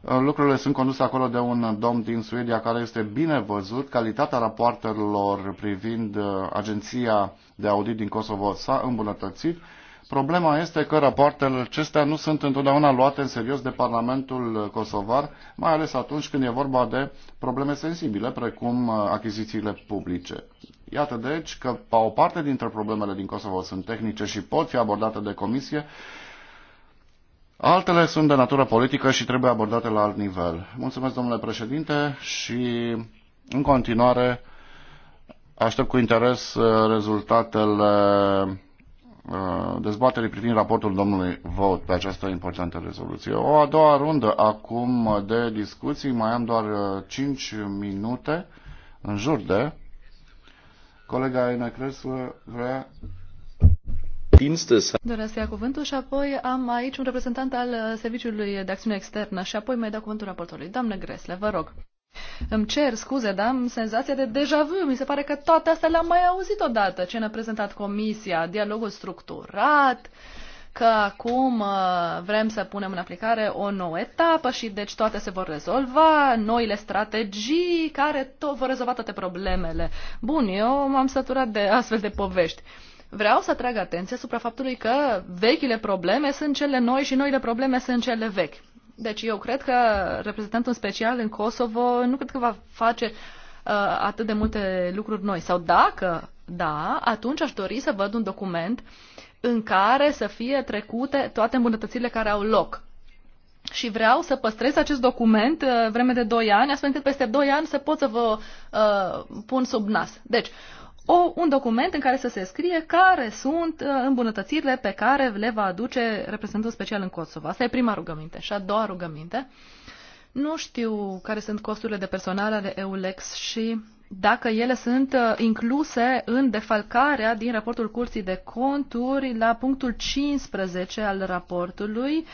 Lucrurile sunt conduse acolo de un domn din Suedia care este bine văzut. Calitatea rapoartelor privind uh, agenția de audit din Kosovo s-a îmbunătățit Problema este că rapoartele acestea nu sunt întotdeauna luate în serios de Parlamentul Kosovar, mai ales atunci când e vorba de probleme sensibile, precum uh, achizițiile publice. Iată deci că o parte dintre problemele din Kosovo sunt tehnice și pot fi abordate de comisie, altele sunt de natură politică și trebuie abordate la alt nivel. Mulțumesc, domnule președinte, și în continuare aștept cu interes uh, rezultatele Uh, dezbatere privind raportul domnului Vot pe această importantă rezoluție. O a doua rundă acum de discuții, mai am doar 5 uh, minute în jur de. Colega Aina Creslă vrea Doresc să ia cuvântul și apoi am aici un reprezentant al uh, Serviciului de Acțiune Externă și apoi mai dau cuvântul raportorului. Doamne Gresle, vă rog. Îmi cer scuze, dar am senzația de deja vu. Mi se pare că toate astea le-am mai auzit odată. Ce ne-a prezentat comisia, dialogul structurat, că acum uh, vrem să punem în aplicare o nouă etapă și deci toate se vor rezolva, noile strategii care tot vor rezolva toate problemele. Bun, eu m-am săturat de astfel de povești. Vreau să atrag atenția asupra faptului că vechile probleme sunt cele noi și noile probleme sunt cele vechi. Deci eu cred că reprezentantul special în Kosovo nu cred că va face uh, atât de multe lucruri noi. Sau dacă da, atunci aș dori să văd un document în care să fie trecute toate îmbunătățirile care au loc. Și vreau să păstrez acest document uh, vreme de 2 ani, astfel încât peste 2 ani să pot să vă uh, pun sub nas. Deci, uh, o, un document în care să se scrie care sunt uh, îmbunătățirile pe care le va aduce reprezentantul special în Kosovo. Asta e prima rugăminte. Și a doua rugăminte. Nu știu care sunt costurile de personal ale EULEX și dacă ele sunt uh, incluse în defalcarea din raportul Curții de Conturi la punctul 15 al raportului,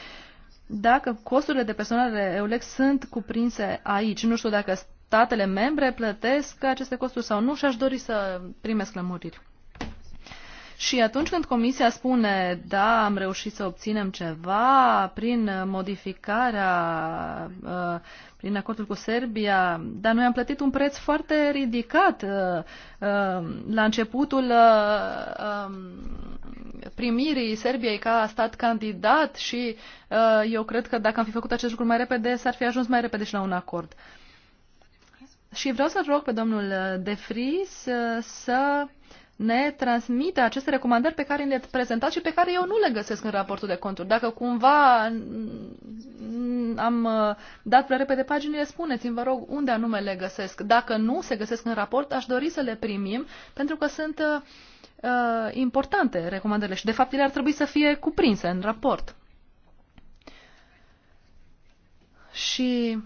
dacă costurile de personal ale EULEX sunt cuprinse aici. Nu știu dacă statele membre plătesc aceste costuri sau nu și aș dori să primesc lămuriri. Și atunci când Comisia spune, da, am reușit să obținem ceva prin modificarea, uh, prin acordul cu Serbia, dar noi am plătit un preț foarte ridicat uh, uh, la începutul um, primirii Serbiei ca stat candidat și eu cred că dacă am fi făcut acest lucru mai repede, s-ar fi ajuns mai repede și la un acord. Și vreau să rog pe domnul uh, De Fris, uh, să ne transmită aceste recomandări pe care le prezentat și pe care eu nu le găsesc în raportul de conturi. Dacă cumva am uh, dat prea repede paginile, spuneți-mi, vă rog, unde anume le găsesc. Dacă nu se găsesc în raport, aș dori să le primim, pentru că sunt uh, importante recomandările și, de fapt, ele ar trebui să fie cuprinse în raport. Și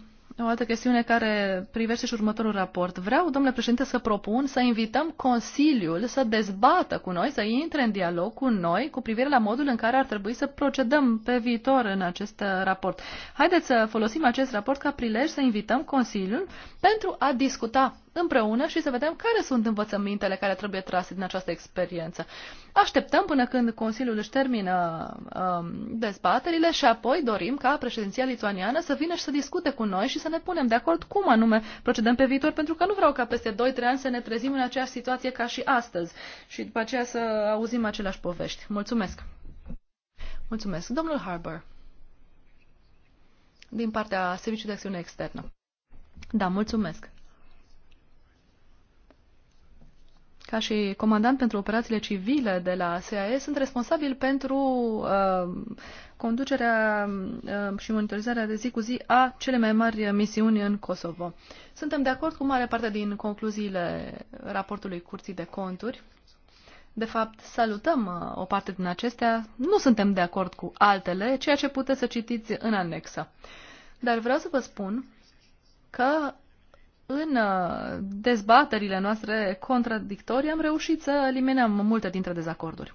o altă chestiune care privește și următorul raport. Vreau, domnule președinte, să propun să invităm Consiliul să dezbată cu noi, să intre în dialog cu noi cu privire la modul în care ar trebui să procedăm pe viitor în acest uh, raport. Haideți să folosim acest raport ca prilej să invităm Consiliul pentru a discuta împreună și să vedem care sunt învățămintele care trebuie trase din această experiență. Așteptăm până când Consiliul își termină um, dezbaterile și apoi dorim ca președinția lituaniană să vină și să discute cu noi și să ne punem de acord cum anume procedăm pe viitor, pentru că nu vreau ca peste 2-3 ani să ne trezim în aceeași situație ca și astăzi și după aceea să auzim aceleași povești. Mulțumesc! Mulțumesc. Domnul Harbour, din partea Serviciului de Acțiune Externă. Da, mulțumesc. ca și comandant pentru operațiile civile de la SAE, sunt responsabil pentru uh, conducerea uh, și monitorizarea de zi cu zi a cele mai mari misiuni în Kosovo. Suntem de acord cu mare parte din concluziile raportului Curții de Conturi. De fapt, salutăm uh, o parte din acestea, nu suntem de acord cu altele, ceea ce puteți să citiți în anexă. Dar vreau să vă spun că în uh, dezbaterile noastre contradictorii am reușit să eliminăm multe dintre dezacorduri.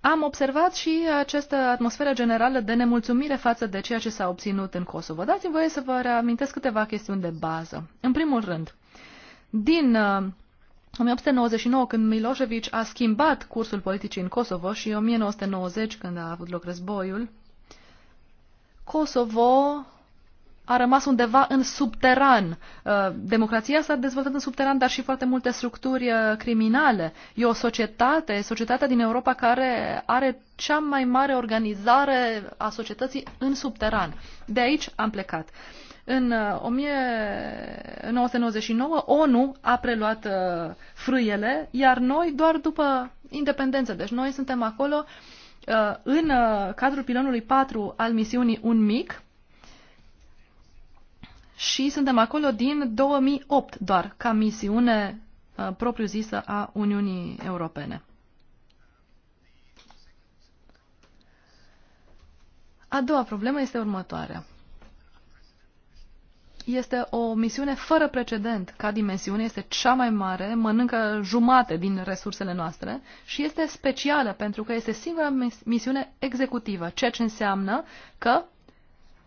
Am observat și această atmosferă generală de nemulțumire față de ceea ce s-a obținut în Kosovo. Dați-mi voie să vă reamintesc câteva chestiuni de bază. În primul rând, din 1899, uh, când Milošević a schimbat cursul politicii în Kosovo și 1990, când a avut loc războiul, Kosovo a rămas undeva în subteran. Uh, democrația s-a dezvoltat în subteran, dar și foarte multe structuri uh, criminale. E o societate, societatea din Europa care are cea mai mare organizare a societății în subteran. De aici am plecat. În 1999 uh, ONU a preluat frâiele, iar noi doar după independență. Deci noi suntem acolo în cadrul pilonului 4 al misiunii Un Mic, și suntem acolo din 2008 doar, ca misiune uh, propriu-zisă a Uniunii Europene. A doua problemă este următoarea. Este o misiune fără precedent ca dimensiune, este cea mai mare, mănâncă jumate din resursele noastre și este specială pentru că este singura misiune executivă, ceea ce înseamnă că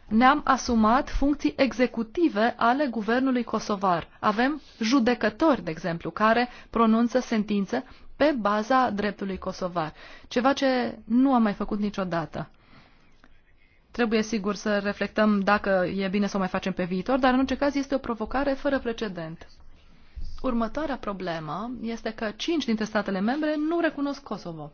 ne-am asumat funcții executive ale guvernului kosovar. Avem judecători, de exemplu, care pronunță sentințe pe baza dreptului kosovar, ceva ce nu am mai făcut niciodată. Trebuie sigur să reflectăm dacă e bine să o mai facem pe viitor, dar în orice caz este o provocare fără precedent. Următoarea problemă este că cinci dintre statele membre nu recunosc Kosovo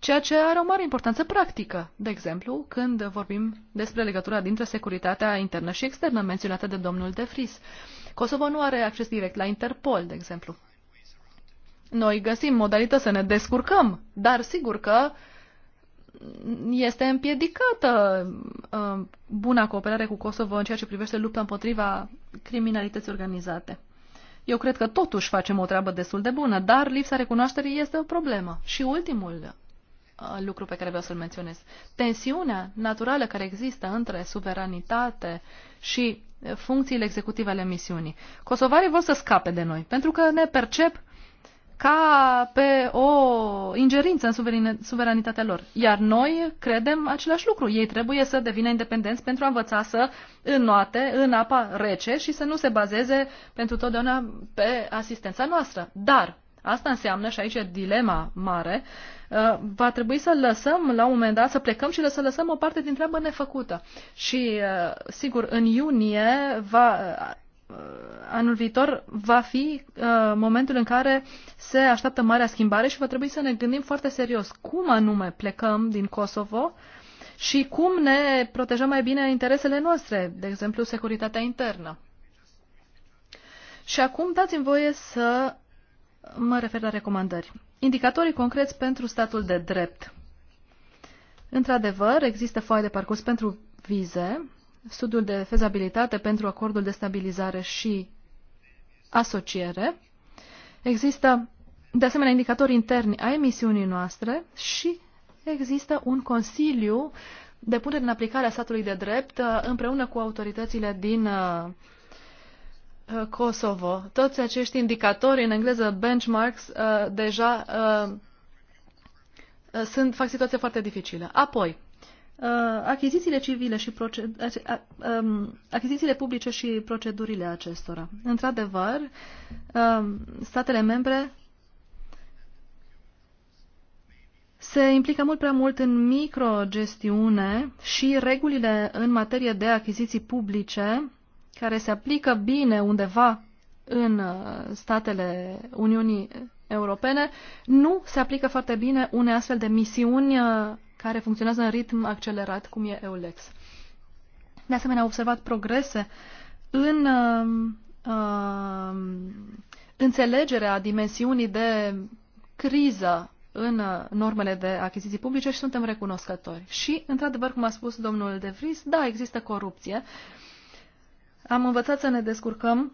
ceea ce are o mare importanță practică. De exemplu, când vorbim despre legătura dintre securitatea internă și externă menționată de domnul De Vries. Kosovo nu are acces direct la Interpol, de exemplu. Noi găsim modalități să ne descurcăm, dar sigur că este împiedicată uh, buna cooperare cu Kosovo în ceea ce privește lupta împotriva criminalității organizate. Eu cred că totuși facem o treabă destul de bună, dar lipsa recunoașterii este o problemă. Și ultimul Uh, lucru pe care vreau să-l menționez. Tensiunea naturală care există între suveranitate și uh, funcțiile executive ale misiunii. Kosovarii vor să scape de noi, pentru că ne percep ca pe o ingerință în suveranitatea lor. Iar noi credem același lucru. Ei trebuie să devină independenți pentru a învăța să înnoate în apa rece și să nu se bazeze pentru totdeauna pe asistența noastră. Dar Asta înseamnă, și aici e dilema mare, uh, va trebui să lăsăm la un moment dat, să plecăm și să lăsăm o parte din treabă nefăcută. Și, uh, sigur, în iunie, va, uh, anul viitor, va fi momentul în care se așteaptă marea schimbare și va trebui să ne gândim foarte serios cum anume plecăm din Kosovo și cum ne protejăm mai bine interesele noastre, de exemplu, securitatea internă. Și acum dați-mi voie să Mă refer la recomandări. Indicatorii concreți pentru statul de drept. Într-adevăr, există foaie de parcurs pentru vize, studiul de fezabilitate pentru acordul de stabilizare și asociere. Există, de asemenea, indicatori interni ai emisiunii noastre și există un consiliu de punere în aplicare a statului de drept uh, împreună cu autoritățile din uh, Uh, Kosovo. Toți acești indicatori, în engleză benchmarks, uh, deja uh, sunt, fac situația foarte dificilă. Apoi, achizițiile civile și um, achizițiile publice și procedurile acestora. Într-adevăr, um, statele membre se implică mult prea mult în microgestiune și regulile în materie de achiziții publice care se aplică bine undeva în uh, statele Uniunii Europene, nu se aplică foarte bine unei astfel de misiuni uh, care funcționează în ritm accelerat, cum e EULEX. De asemenea, au observat progrese în uh, uh, înțelegerea dimensiunii de criză în uh, normele de achiziții publice și suntem recunoscători. Și, într-adevăr, cum a spus domnul De Vries, da, există corupție. Uh, am învățat să ne descurcăm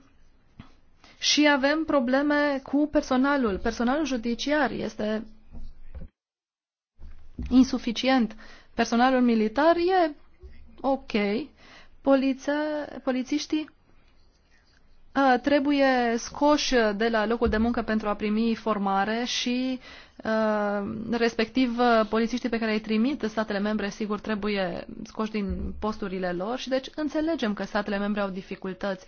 și avem probleme cu personalul. Personalul judiciar este insuficient. Personalul militar e ok. Poliția, polițiștii trebuie scoși de la locul de muncă pentru a primi formare și respectiv polițiștii pe care îi trimit statele membre, sigur, trebuie scoși din posturile lor și deci înțelegem că statele membre au dificultăți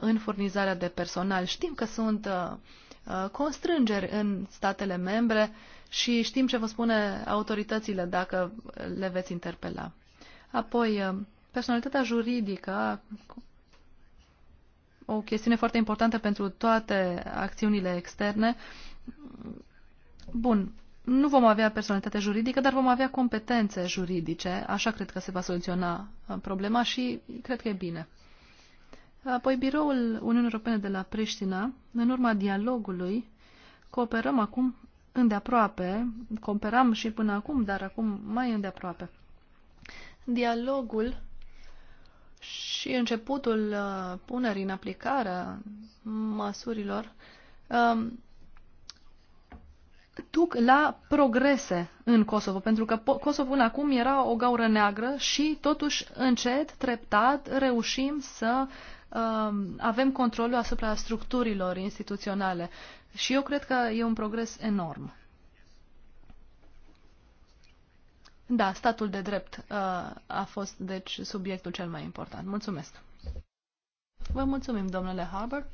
în furnizarea de personal. Știm că sunt constrângeri în statele membre și știm ce vă spune autoritățile dacă le veți interpela. Apoi, personalitatea juridică o chestiune foarte importantă pentru toate acțiunile externe. Bun, nu vom avea personalitate juridică, dar vom avea competențe juridice. Așa cred că se va soluționa uh, problema și cred că e bine. Apoi, biroul Uniunii Europene de la Priștina, în urma dialogului, cooperăm acum îndeaproape, cooperam și până acum, dar acum mai îndeaproape. Dialogul și începutul uh, punerii în aplicare măsurilor um, duc la progrese în Kosovo, pentru că Kosovo până acum era o gaură neagră și totuși încet, treptat, reușim să um, avem controlul asupra structurilor instituționale. Și eu cred că e un progres enorm. Da, statul de drept uh, a fost, deci, subiectul cel mai important. Mulțumesc. Vă mulțumim, domnule Harbour.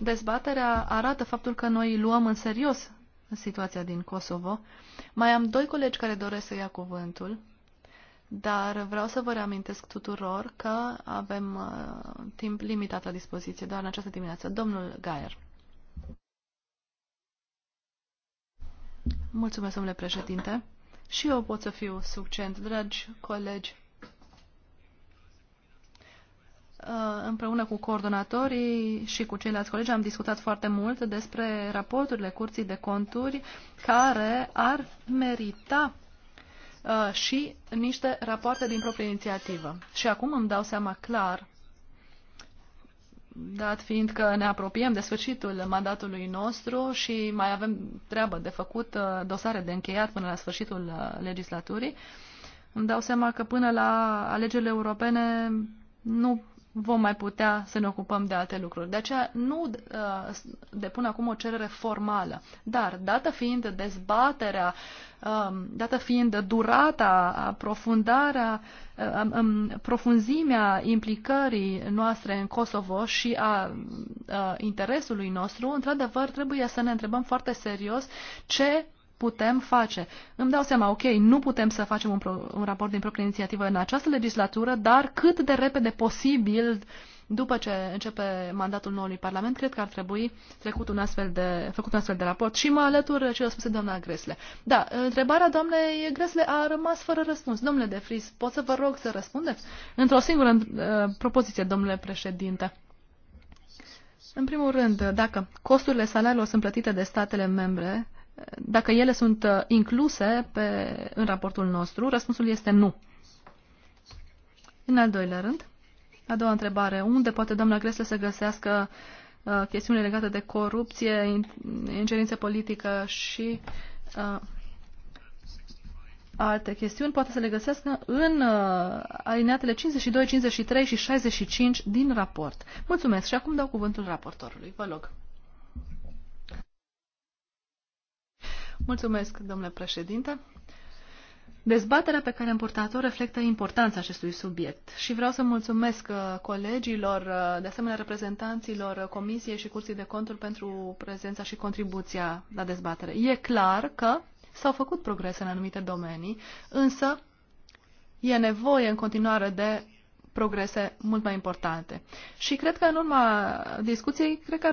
Dezbaterea arată faptul că noi luăm în serios situația din Kosovo. Mai am doi colegi care doresc să ia cuvântul, dar vreau să vă reamintesc tuturor că avem uh, timp limitat la dispoziție, doar în această dimineață. Domnul Gaier. Mulțumesc, domnule președinte. Și eu pot să fiu succent, dragi colegi. Uh, împreună cu coordonatorii și cu ceilalți colegi am discutat foarte mult despre raporturile Curții de Conturi care ar merita uh, și niște rapoarte din proprie inițiativă. Și acum îmi dau seama clar dat fiind că ne apropiem de sfârșitul mandatului nostru și mai avem treabă de făcut, uh, dosare de încheiat până la sfârșitul uh, legislaturii, îmi dau seama că până la alegerile europene nu vom mai putea să ne ocupăm de alte lucruri. De aceea nu uh, depun acum o cerere formală, dar dată fiind dezbaterea, um, dată fiind durata, aprofundarea, uh, um, um, profunzimea implicării noastre în Kosovo și a uh, interesului nostru, într-adevăr trebuie să ne întrebăm foarte serios ce putem face. Îmi dau seama, ok, nu putem să facem un, pro, un raport din proprie inițiativă în această legislatură, dar cât de repede posibil, după ce începe mandatul noului Parlament, cred că ar trebui trecut un astfel de, făcut un astfel de raport. Și mă alătur ce a spus doamna Gresle. Da, întrebarea doamnei Gresle a rămas fără răspuns. Domnule de Fris, pot să vă rog să răspundeți? Într-o singură uh, propoziție, domnule președinte. În primul rând, dacă costurile salariilor sunt plătite de statele membre, dacă ele sunt uh, incluse pe, în raportul nostru, răspunsul este nu. În al doilea rând, a doua întrebare, unde poate doamna Gresle să găsească uh, chestiuni legate de corupție, ingerință politică și uh, alte chestiuni, poate să le găsească în uh, alineatele 52, 53 și 65 din raport. Mulțumesc și acum dau cuvântul raportorului. Vă rog. Mulțumesc, domnule președinte. Dezbaterea pe care am purtat-o reflectă importanța acestui subiect și vreau să mulțumesc uh, colegilor, uh, de asemenea reprezentanților Comisiei și Curții de Conturi pentru prezența și contribuția la dezbatere. E clar că s-au făcut progrese în anumite domenii, însă e nevoie în continuare de progrese mult mai importante. Și cred că în urma discuției, cred că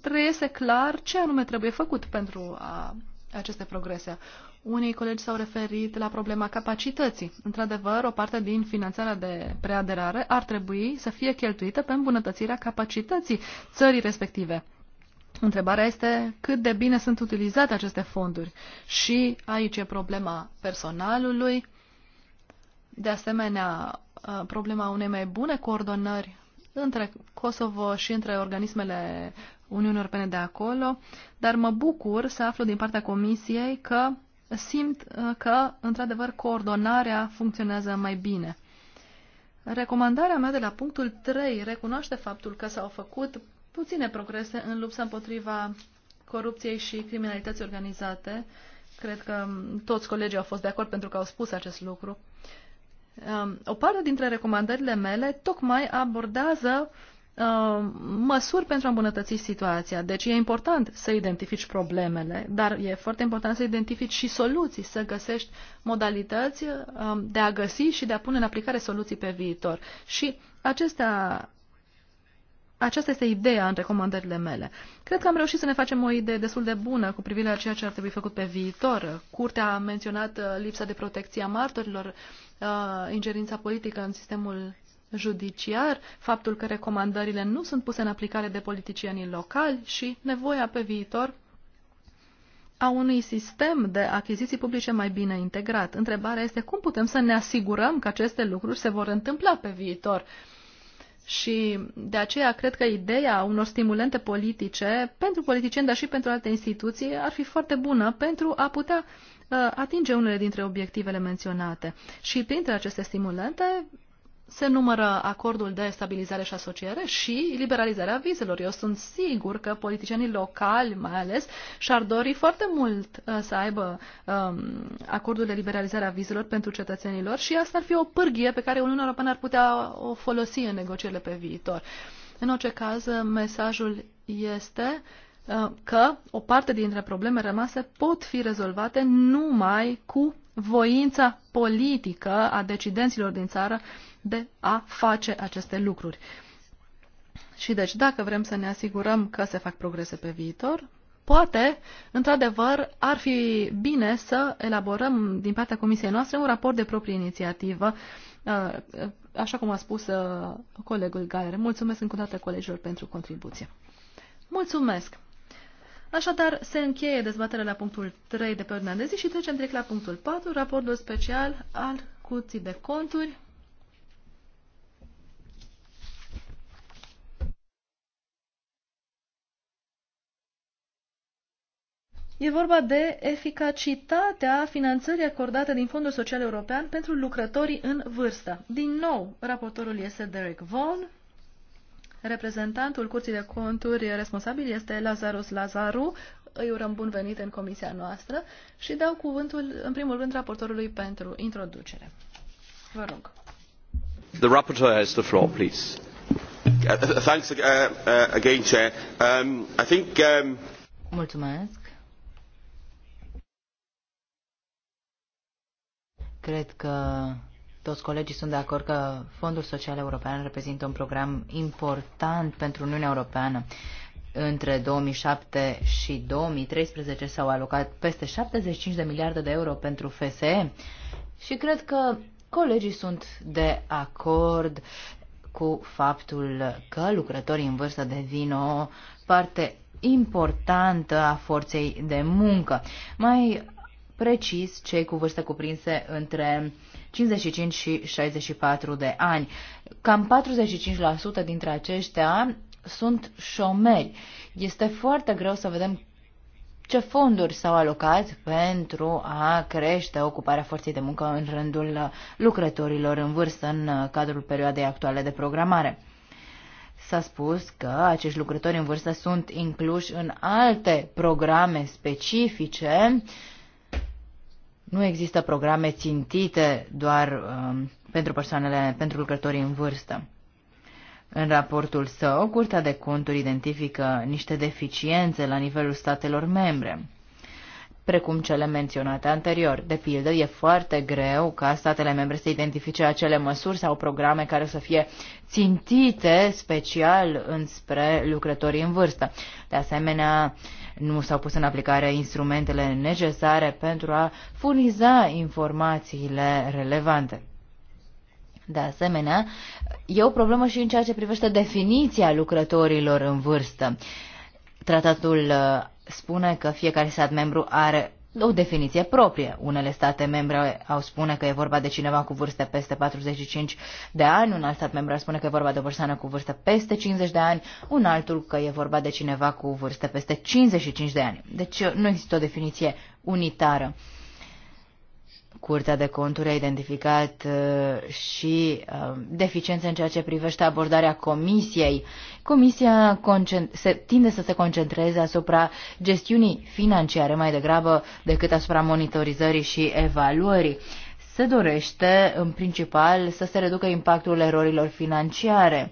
trebuie să clar ce anume trebuie făcut pentru a aceste progrese. Unii colegi s-au referit la problema capacității. Într-adevăr, o parte din finanțarea de preaderare ar trebui să fie cheltuită pe îmbunătățirea capacității țării respective. Întrebarea este cât de bine sunt utilizate aceste fonduri. Și aici e problema personalului, de asemenea uh, problema unei mai bune coordonări între Kosovo și între organismele Uniunii Europene de acolo, dar mă bucur să aflu din partea Comisiei că simt uh, că, într-adevăr, coordonarea funcționează mai bine. Recomandarea mea de la punctul 3 recunoaște faptul că s-au făcut puține progrese în lupta împotriva corupției și criminalității organizate. Cred că um, toți colegii au fost de acord pentru că au spus acest lucru. Um, o parte dintre recomandările mele tocmai abordează uh, Uh, măsuri pentru a îmbunătăți situația. Deci e important să identifici problemele, dar e foarte important să identifici și soluții, să găsești modalități uh, de a găsi și de a pune în aplicare soluții pe viitor. Și acestea, aceasta este ideea în recomandările mele. Cred că am reușit să ne facem o idee destul de bună cu privire la ceea ce ar trebui făcut pe viitor. Curtea a menționat uh, lipsa de protecție a martorilor, ingerința politică în sistemul judiciar, faptul că recomandările nu sunt puse în aplicare de politicienii locali și nevoia pe viitor a unui sistem de achiziții publice mai bine integrat. Întrebarea este cum putem să ne asigurăm că aceste lucruri se vor întâmpla pe viitor. Și de aceea cred că ideea unor stimulente politice pentru politicieni, dar și pentru alte instituții, ar fi foarte bună pentru a putea uh, atinge unele dintre obiectivele menționate. Și printre aceste stimulente se numără acordul de stabilizare și asociere și liberalizarea vizelor. Eu sunt sigur că politicienii locali, mai ales, și-ar dori foarte mult uh, să aibă um, acordul de liberalizare a vizelor pentru cetățenilor și asta ar fi o pârghie pe care Uniunea Europeană ar putea o folosi în negocierile pe viitor. În orice caz, mesajul este uh, că o parte dintre probleme rămase pot fi rezolvate numai cu voința politică a decidenților din țară de a face aceste lucruri. Și deci, dacă vrem să ne asigurăm că se fac progrese pe viitor, poate, într-adevăr, ar fi bine să elaborăm din partea comisiei noastre un raport de proprie inițiativă, uh, așa cum a spus uh, colegul Galer. Mulțumesc încă o dată colegilor pentru contribuție. Mulțumesc! Așadar, se încheie dezbaterea la punctul 3 de pe ordinea de zi și trecem direct la punctul 4, raportul special al Curții de Conturi E vorba de eficacitatea finanțării acordate din Fondul Social European pentru lucrătorii în vârstă. Din nou, raportorul este Derek Vaughan. Reprezentantul Curții de Conturi responsabil este Lazarus Lazaru. Îi urăm bun venit în comisia noastră și dau cuvântul, în primul rând, raportorului pentru introducere. Vă rog. The rapporteur has the floor, please. Uh, thanks uh, uh, again, Chair. Um, I think... Um... Mulțumesc Cred că toți colegii sunt de acord că Fondul Social European reprezintă un program important pentru Uniunea Europeană. Între 2007 și 2013 s-au alocat peste 75 de miliarde de euro pentru FSE și cred că colegii sunt de acord cu faptul că lucrătorii în vârstă devin o parte importantă a forței de muncă. Mai precis cei cu vârste cuprinse între 55 și 64 de ani. Cam 45% dintre aceștia sunt șomeri. Este foarte greu să vedem ce fonduri s-au alocat pentru a crește ocuparea forței de muncă în rândul lucrătorilor în vârstă în cadrul perioadei actuale de programare. S-a spus că acești lucrători în vârstă sunt incluși în alte programe specifice nu există programe țintite doar uh, pentru persoanele, pentru lucrătorii în vârstă. În raportul său, Curtea de Conturi identifică niște deficiențe la nivelul statelor membre, precum cele menționate anterior. De pildă, e foarte greu ca statele membre să identifice acele măsuri sau programe care să fie țintite special înspre lucrătorii în vârstă. De asemenea, uh, nu s-au pus în aplicare instrumentele necesare pentru a furniza informațiile relevante. De asemenea, e o problemă și în ceea ce privește definiția lucrătorilor în vârstă. Tratatul uh, spune că fiecare stat membru are o definiție proprie. Unele state membre au spune că e vorba de cineva cu vârste peste 45 de ani, un alt stat membru spune că e vorba de o persoană cu vârstă peste 50 de ani, un altul că e vorba de cineva cu vârste peste 55 de ani. Deci nu există o definiție unitară. Curtea de Conturi a identificat uh, și uh, deficiențe în ceea ce privește abordarea comisiei. Comisia se tinde să se concentreze asupra gestiunii financiare mai degrabă decât asupra monitorizării și evaluării. Se dorește, în principal, să se reducă impactul erorilor financiare.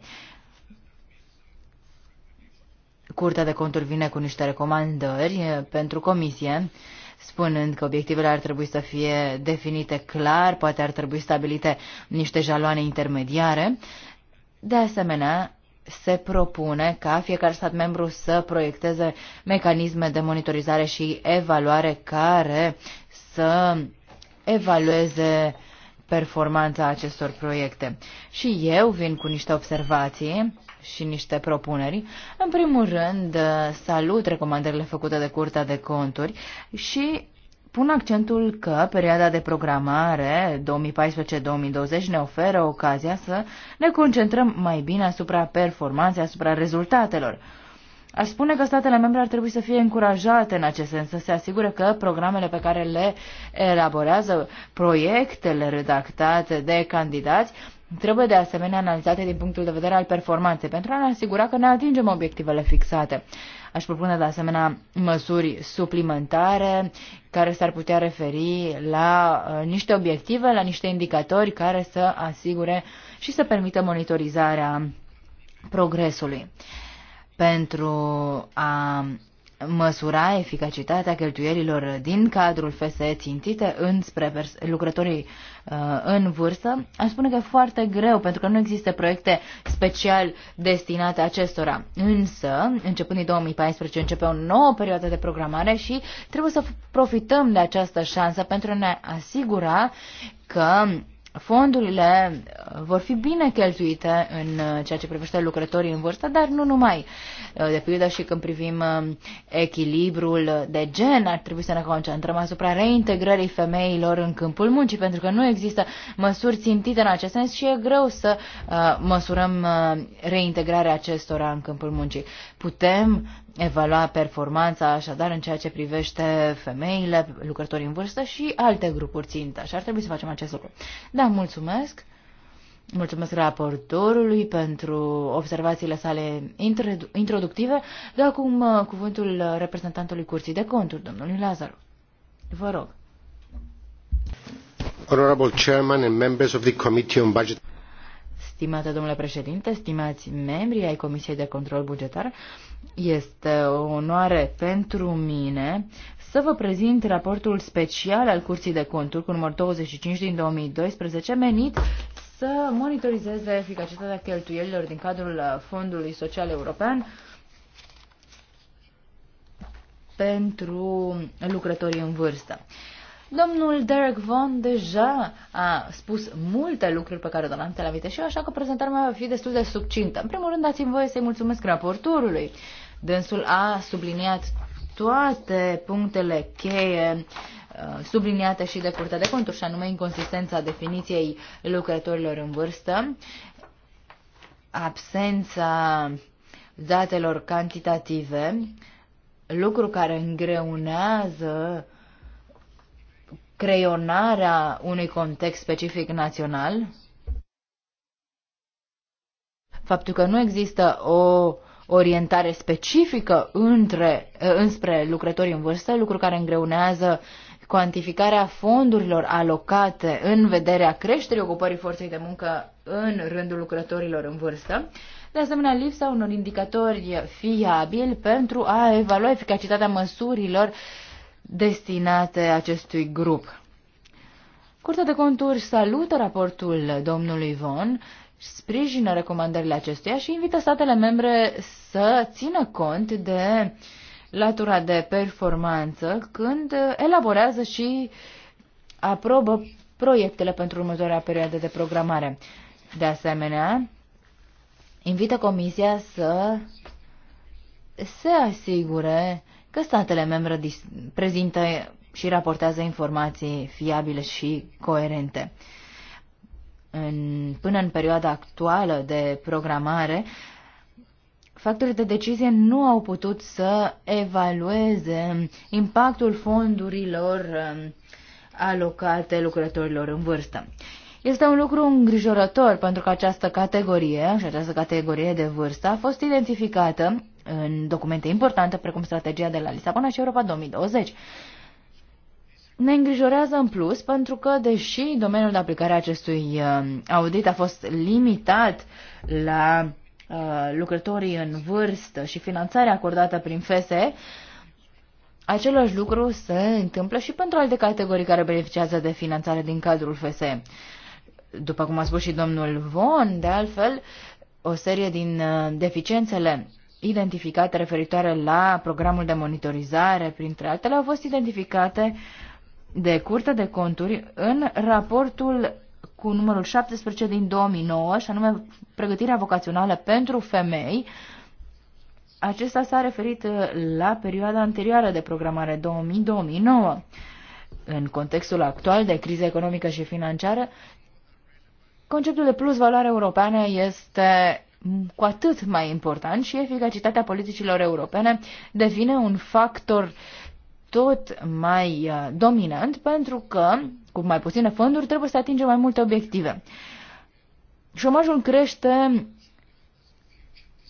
Curtea de Conturi vine cu niște recomandări uh, pentru comisie spunând că obiectivele ar trebui să fie definite clar, poate ar trebui stabilite niște jaloane intermediare. De asemenea, se propune ca fiecare stat membru să proiecteze mecanisme de monitorizare și evaluare care să evalueze performanța acestor proiecte. Și eu vin cu niște observații și niște propuneri. În primul rând, uh, salut recomandările făcute de Curtea de Conturi și pun accentul că perioada de programare 2014-2020 ne oferă ocazia să ne concentrăm mai bine asupra performanței, asupra rezultatelor. Aș spune că statele membre ar trebui să fie încurajate în acest sens, să se asigure că programele pe care le elaborează, proiectele redactate de candidați, trebuie de asemenea analizate din punctul de vedere al performanței, pentru a ne asigura că ne atingem obiectivele fixate. Aș propune de asemenea măsuri suplimentare care s-ar putea referi la uh, niște obiective, la niște indicatori care să asigure și să permită monitorizarea progresului. Pentru a măsura eficacitatea cheltuielilor din cadrul FSE țintite înspre lucrătorii uh, în vârstă, aș spune că e foarte greu, pentru că nu există proiecte special destinate acestora. Însă, începând din 2014, începe o nouă perioadă de programare și trebuie să profităm de această șansă pentru a ne asigura că fondurile uh, vor fi bine cheltuite în uh, ceea ce privește lucrătorii în vârstă, dar nu numai. Uh, de pildă și când privim echilibrul de gen, ar trebui să ne concentrăm asupra reintegrării femeilor în câmpul muncii, pentru că nu există măsuri țintite în acest sens și e greu să măsurăm reintegrarea acestora în câmpul muncii. Putem evalua performanța așadar în ceea ce privește femeile, lucrătorii în vârstă și alte grupuri țintă Așa ar trebui să facem acest lucru. Da, mulțumesc. Mulțumesc raportorului pentru observațiile sale introductive. Dau acum uh, cuvântul reprezentantului Curții de Conturi, domnului Lazaru. Vă rog. Honorable Chairman and members of the Committee on Budget. Stimate domnule președinte, stimați membri ai Comisiei de Control Bugetar, este o onoare pentru mine să vă prezint raportul special al Curții de Conturi cu numărul 25 din 2012 menit să monitorizeze eficacitatea cheltuielilor din cadrul uh, Fondului Social European pentru lucrătorii în vârstă. Domnul Derek von deja a spus multe lucruri pe care doream să le aminte și eu, așa că prezentarea mea va fi destul de succintă. În primul rând, dați-mi voie să-i mulțumesc raporturului. Dânsul a subliniat toate punctele cheie uh, subliniate și de Curtea de Conturi, și anume inconsistența definiției lucrătorilor în vârstă, absența datelor cantitative, lucru care îngreunează creionarea unui context specific național, faptul că nu există o uh, orientare specifică între, eh, înspre lucrătorii în vârstă, lucru care îngreunează cuantificarea fondurilor alocate în vederea creșterii ocupării forței de muncă în rândul lucrătorilor în vârstă, de asemenea lipsa unor indicatori fiabili pentru a evalua eficacitatea măsurilor destinate acestui grup. Curtea de conturi salută raportul domnului Von, sprijină recomandările acestuia și invită statele membre să țină cont de latura de performanță când elaborează și aprobă proiectele pentru următoarea perioadă de programare. De asemenea, invită Comisia să se asigure că statele membre prezintă și raportează informații fiabile și coerente în, până în perioada actuală de programare, factorii de decizie nu au putut să evalueze impactul fondurilor um, alocate lucrătorilor în vârstă. Este un lucru îngrijorător pentru că această categorie și această categorie de vârstă a fost identificată în documente importante precum strategia de la Lisabona și Europa 2020 ne îngrijorează în plus pentru că, deși domeniul de aplicare a acestui uh, audit a fost limitat la uh, lucrătorii în vârstă și finanțarea acordată prin FSE, același lucru se întâmplă și pentru alte categorii care beneficiază de finanțare din cadrul FSE. După cum a spus și domnul Von, de altfel, o serie din uh, deficiențele identificate referitoare la programul de monitorizare, printre altele, au fost identificate uh, de curte de Conturi în raportul cu numărul 17 din 2009, și anume pregătirea vocațională pentru femei. Acesta s-a referit uh, la perioada anterioară de programare 2000-2009. În contextul actual de criză economică și financiară, conceptul de plus valoare europeană este cu atât mai important și eficacitatea politicilor europene devine un factor tot mai uh, dominant pentru că, cu mai puține fonduri, trebuie să atingem mai multe obiective. Șomajul crește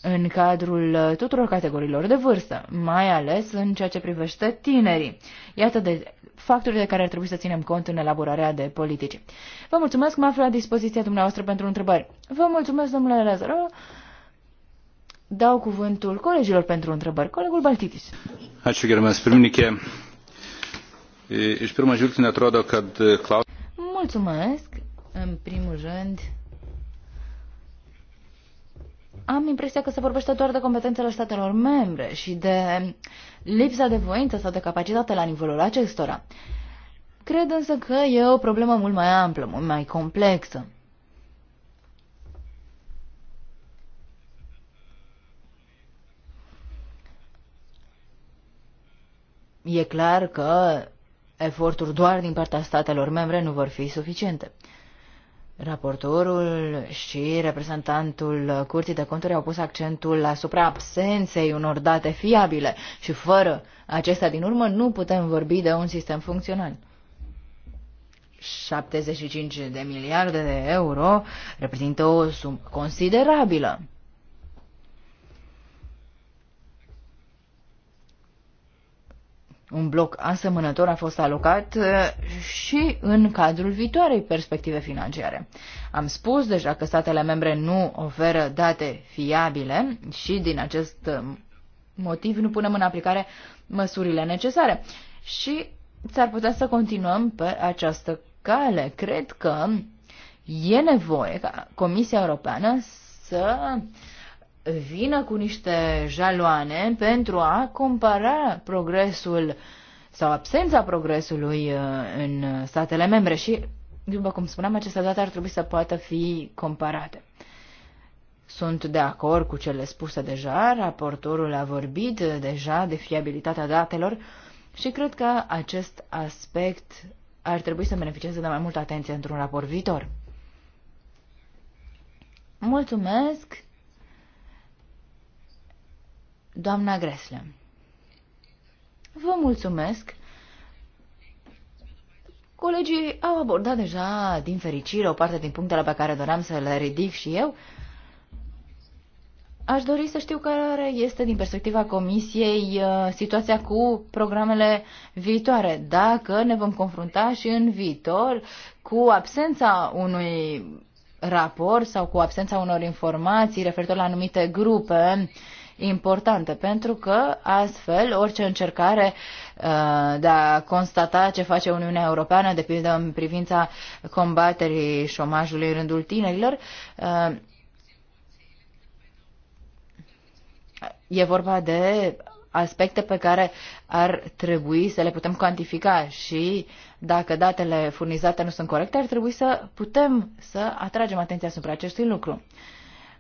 în cadrul uh, tuturor categoriilor de vârstă, mai ales în ceea ce privește tinerii. Iată de factori de care ar trebui să ținem cont în elaborarea de politici. Vă mulțumesc, mă aflu la dispoziția dumneavoastră pentru întrebări. Vă mulțumesc, domnule Lazaro dau cuvântul colegilor pentru întrebări. Colegul Baltitis. Ačiū, gerbiamas pirmininkė. Iš pirmo žvilgsnio atrodo, kad klaus... Mulțumesc. În primul rând, am impresia că se vorbește doar de competențele statelor membre și de lipsa de voință sau de capacitate la nivelul acestora. Cred însă că e o problemă mult mai amplă, mult mai complexă. E clar că eforturi doar din partea statelor membre nu vor fi suficiente. Raportorul și reprezentantul Curții de Conturi au pus accentul asupra absenței unor date fiabile și fără acestea din urmă nu putem vorbi de un sistem funcțional. 75 de miliarde de euro reprezintă o sumă considerabilă. un bloc asemănător a fost alocat uh, și în cadrul viitoarei perspective financiare. Am spus deja că statele membre nu oferă date fiabile și din acest uh, motiv nu punem în aplicare măsurile necesare. Și s-ar putea să continuăm pe această cale. Cred că e nevoie ca Comisia Europeană să uh, vină cu niște jaloane pentru a compara progresul sau absența progresului uh, în statele membre și, după cum spuneam, aceste date ar trebui să poată fi comparate. Sunt de acord cu cele spuse deja, raportorul a vorbit deja de fiabilitatea datelor și cred că acest aspect ar trebui să beneficieze de mai multă atenție într-un raport viitor. Mulțumesc! Doamna Greslem. Vă mulțumesc. Colegii au abordat deja, din fericire, o parte din punctele pe care doream să le ridic și eu. Aș dori să știu care este, din perspectiva Comisiei, uh, situația cu programele viitoare. Dacă ne vom confrunta și în viitor cu absența unui raport sau cu absența unor informații referitor la anumite grupe, importante, pentru că astfel orice încercare uh, de a constata ce face Uniunea Europeană, de pildă în privința combaterii șomajului în rândul tinerilor, uh, e vorba de aspecte pe care ar trebui să le putem cuantifica și dacă datele furnizate nu sunt corecte, ar trebui să putem să atragem atenția asupra acestui lucru.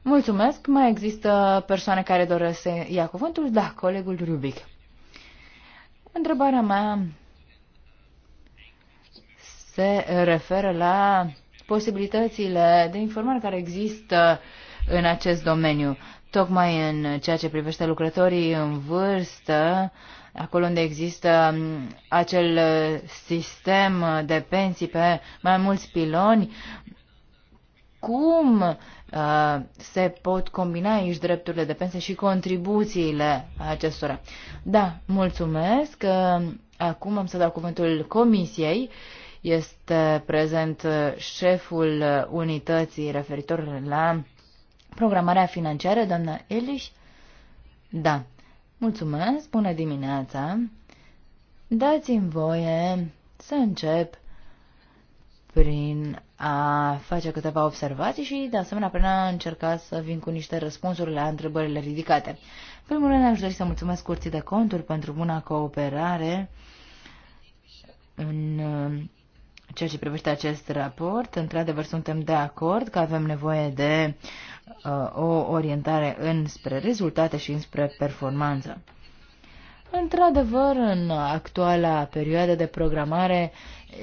Mulțumesc. Mai există persoane care doresc să ia cuvântul? Da, colegul Rubic. Întrebarea mea se referă la posibilitățile de informare care există în acest domeniu, tocmai în ceea ce privește lucrătorii în vârstă, acolo unde există acel sistem de pensii pe mai mulți piloni, cum Uh, se pot combina aici drepturile de pensie și contribuțiile acestora. Da, mulțumesc. Uh, acum am să dau cuvântul comisiei. Este prezent șeful unității referitor la programarea financiară, doamna Eliș. Da, mulțumesc, bună dimineața. Dați-mi voie să încep prin a face câteva observații și, de asemenea, până a încerca să vin cu niște răspunsuri la întrebările ridicate. primul rând, aș dori să mulțumesc Curții de Conturi pentru buna cooperare în uh, ceea ce privește acest raport. Într-adevăr, suntem de acord că avem nevoie de uh, o orientare înspre rezultate și înspre performanță. Într-adevăr, în actuala perioadă de programare,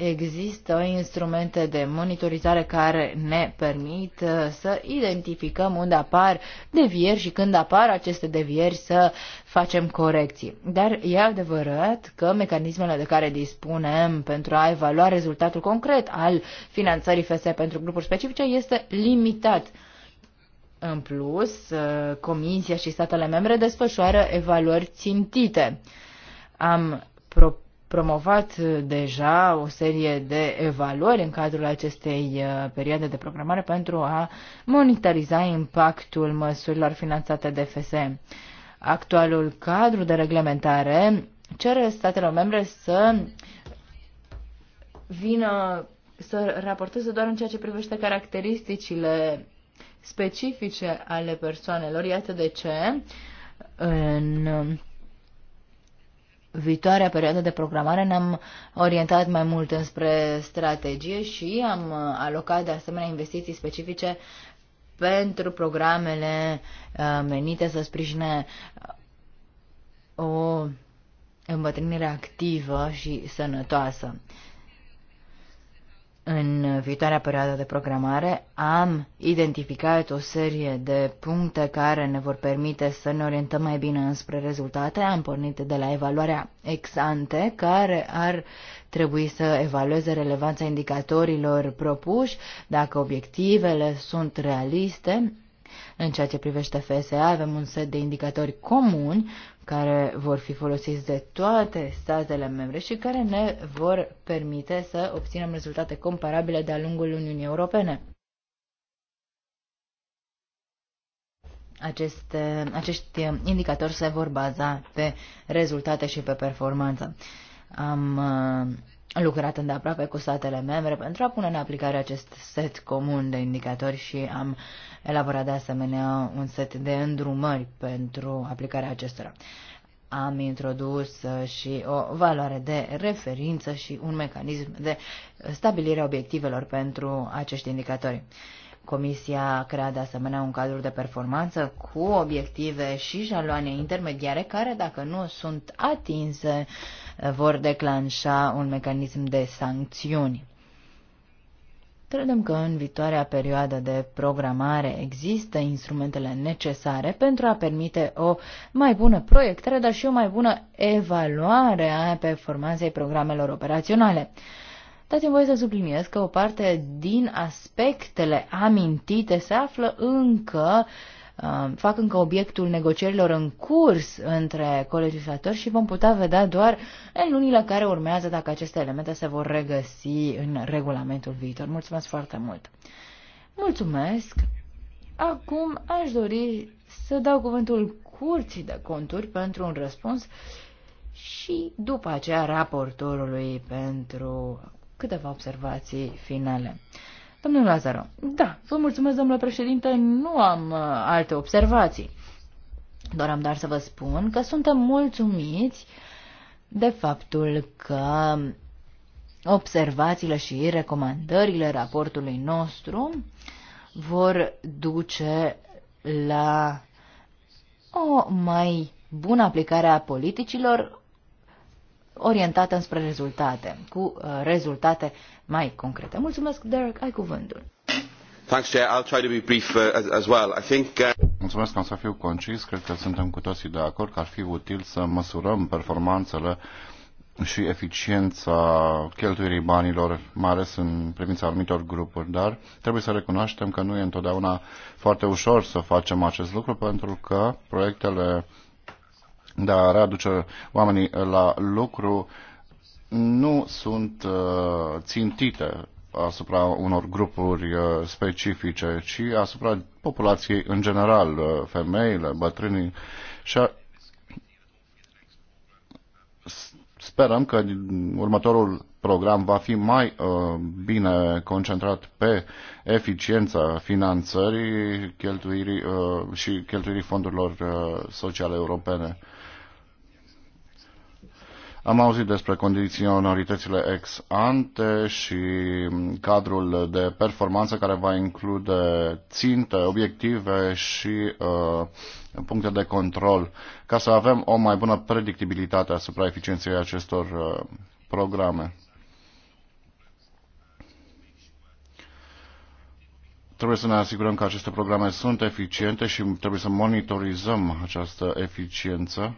Există instrumente de monitorizare care ne permit uh, să identificăm unde apar devieri și când apar aceste devieri să facem corecții. Dar e adevărat că mecanismele de care dispunem pentru a evalua rezultatul concret al finanțării FSE pentru grupuri specifice este limitat. În plus, uh, Comisia și statele membre desfășoară evaluări țintite. Am propus promovat uh, deja o serie de evaluări în cadrul acestei uh, perioade de programare pentru a monitoriza impactul măsurilor finanțate de FSE. Actualul cadru de reglementare cere statelor membre să vină să raporteze doar în ceea ce privește caracteristicile specifice ale persoanelor. Iată de ce în viitoarea perioadă de programare ne-am orientat mai mult înspre strategie și am alocat de asemenea investiții specifice pentru programele uh, menite să sprijine uh, o îmbătrânire activă și sănătoasă. În viitoarea perioadă de programare am identificat o serie de puncte care ne vor permite să ne orientăm mai bine înspre rezultate. Am pornit de la evaluarea ex ante, care ar trebui să evalueze relevanța indicatorilor propuși, dacă obiectivele sunt realiste. În ceea ce privește FSA, avem un set de indicatori comuni care vor fi folosiți de toate statele membre și care ne vor permite să obținem rezultate comparabile de-a lungul Uniunii Europene. Aceste, acești indicatori se vor baza pe rezultate și pe performanță. Am uh, lucrat îndeaproape cu statele membre pentru a pune în aplicare acest set comun de indicatori și am elabora de asemenea un set de îndrumări pentru aplicarea acestora. Am introdus uh, și o valoare de referință și un mecanism de stabilire a obiectivelor pentru acești indicatori. Comisia crea de asemenea un cadru de performanță cu obiective și jaloane intermediare care, dacă nu sunt atinse, vor declanșa un mecanism de sancțiuni. Credem că în viitoarea perioadă de programare există instrumentele necesare pentru a permite o mai bună proiectare, dar și o mai bună evaluare a performanței programelor operaționale. Dați-mi voie să subliniez că o parte din aspectele amintite se află încă uh, Um, fac încă obiectul negocierilor în curs între colegislatori și vom putea vedea doar în lunile care urmează dacă aceste elemente se vor regăsi în regulamentul viitor. Mulțumesc foarte mult! Mulțumesc! Acum aș dori să dau cuvântul curții de conturi pentru un răspuns și după aceea raportorului pentru câteva observații finale. Domnul Lazaro, da, vă mulțumesc, domnule președinte, nu am uh, alte observații. Doream doar să vă spun că suntem mulțumiți de faptul că observațiile și recomandările raportului nostru vor duce la o mai bună aplicare a politicilor orientată înspre rezultate, cu uh, rezultate mai concrete. Mulțumesc, Derek, ai cuvântul. Thanks, Chair. I'll try to be brief uh, as, as well. I think, uh... Mulțumesc, am să fiu concis. Cred că suntem cu toții de acord că ar fi util să măsurăm performanțele și eficiența cheltuirii banilor, mai ales în privința anumitor grupuri, dar trebuie să recunoaștem că nu e întotdeauna foarte ușor să facem acest lucru pentru că proiectele de a readuce oamenii la lucru nu sunt uh, țintite asupra unor grupuri uh, specifice, ci asupra populației în general, uh, femeile, bătrânii. Și a... sperăm că următorul program va fi mai uh, bine concentrat pe eficiența finanțării cheltuirii, uh, și cheltuirii fondurilor uh, sociale europene. Am auzit despre condiționalitățile ex ante și mm, cadrul de performanță care va include ținte, obiective și uh, puncte de control ca să avem o mai bună predictibilitate asupra eficienței acestor uh, programe. Trebuie să ne asigurăm că aceste programe sunt eficiente și trebuie să monitorizăm această eficiență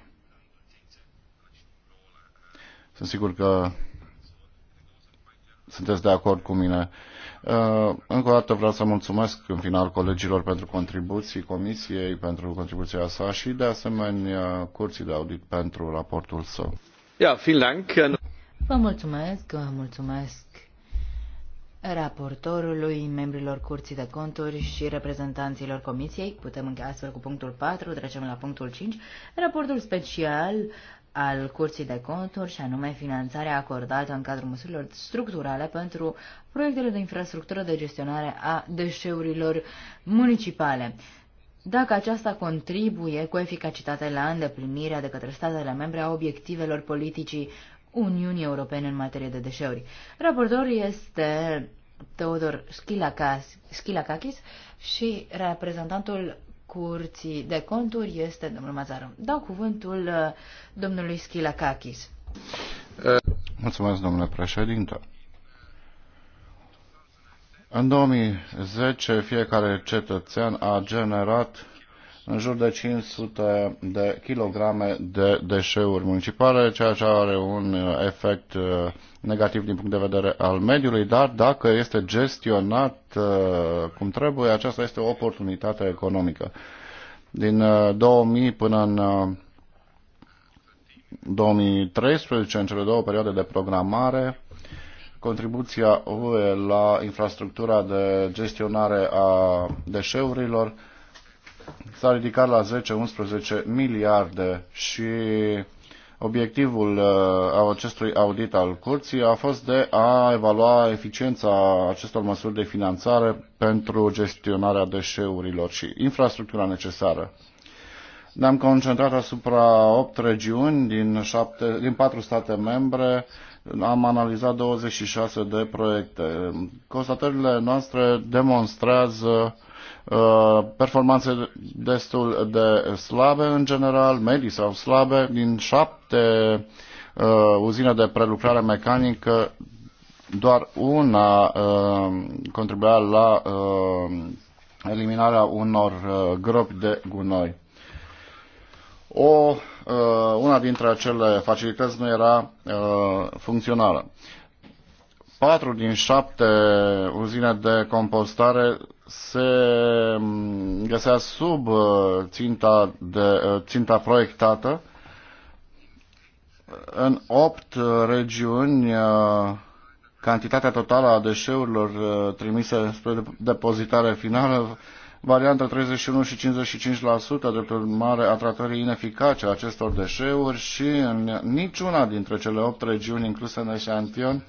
sunt sigur că sunteți de acord cu mine. Uh, încă o dată vreau să mulțumesc în final colegilor pentru contribuții, comisiei pentru contribuția sa și de asemenea curții de audit pentru raportul său. Ja, vielen Dank. Vă mulțumesc, mulțumesc raportorului, membrilor Curții de Conturi și reprezentanților Comisiei. Putem încheia astfel cu punctul 4, trecem la punctul 5, raportul special al Curții de Conturi, și anume finanțarea acordată în cadrul măsurilor structurale pentru proiectele de infrastructură de gestionare a deșeurilor municipale. Dacă aceasta contribuie cu eficacitate la îndeplinirea de către statele membre a obiectivelor politicii Uniunii Europene în materie de deșeuri. Raportor este Teodor Schilakakis și reprezentantul Curții de Conturi este domnul Mazaru. Dau cuvântul uh, domnului Schilakakis. Uh, mulțumesc, domnule președinte. În 2010, fiecare cetățean a generat în jur de 500 de kilograme de deșeuri municipale, ceea ce are un uh, efect uh, negativ din punct de vedere al mediului, dar dacă este gestionat uh, cum trebuie, aceasta este o oportunitate economică. Din 2000 până în 2013, în cele două perioade de programare, contribuția UE la infrastructura de gestionare a deșeurilor s-a ridicat la 10-11 miliarde și obiectivul uh, acestui audit al curții a fost de a evalua eficiența acestor măsuri de finanțare pentru gestionarea deșeurilor și infrastructura necesară. Ne-am concentrat asupra 8 regiuni din, 7, din 4 state membre, am analizat 26 de proiecte. Constatările noastre demonstrează Uh, performanțe destul de slabe în general, medii sau slabe. Din șapte uh, uzine de prelucrare mecanică, doar una uh, contribuia la eliminarea unor gropi de gunoi. O, una dintre acele facilități nu era funcțională. Patru din șapte uzine de compostare se mm, găsea sub uh, ținta, de, uh, ținta proiectată în opt uh, regiuni cantitatea totală a deșeurilor trimise spre depozitare finală varia între 31 și 55% drept urmare a tratării ineficace a acestor deșeuri și în niciuna dintre cele opt regiuni incluse în eșantion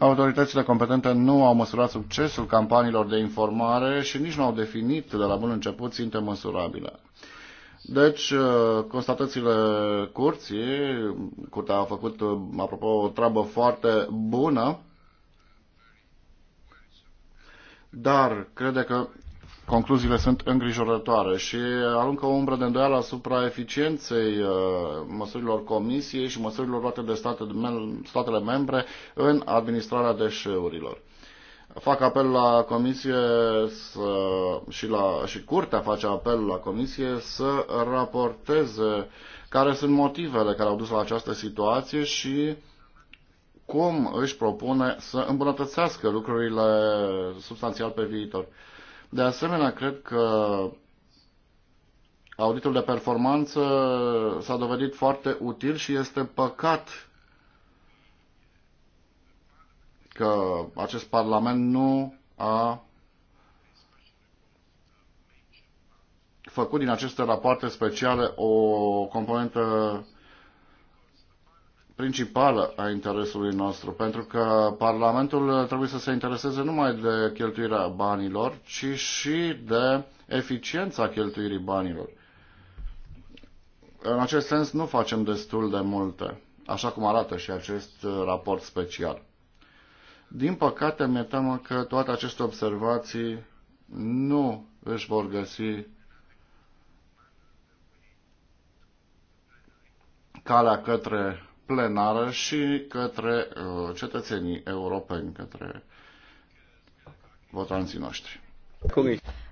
autoritățile competente nu au măsurat succesul campaniilor de informare și nici nu au definit de la bun început ținte măsurabile. Deci, uh, constatațiile curții, curtea a făcut, uh, apropo, o treabă foarte bună, dar crede că concluziile sunt îngrijorătoare și aruncă o umbră de îndoială asupra eficienței uh, măsurilor Comisiei și măsurilor luate de statele membre în administrarea deșeurilor. Fac apel la Comisie să, și, la, și Curtea face apel la Comisie să raporteze care sunt motivele care au dus la această situație și cum își propune să îmbunătățească lucrurile substanțial pe viitor. De asemenea, cred că auditul de performanță s-a dovedit foarte util și este păcat că acest Parlament nu a făcut din aceste rapoarte speciale o componentă principală a interesului nostru, pentru că Parlamentul trebuie să se intereseze numai de cheltuirea banilor, ci și de eficiența cheltuirii banilor. În acest sens nu facem destul de multe, așa cum arată și acest raport special. Din păcate, mi-e teamă că toate aceste observații nu își vor găsi calea către plenară și către uh, cetățenii europeni, către votanții noștri.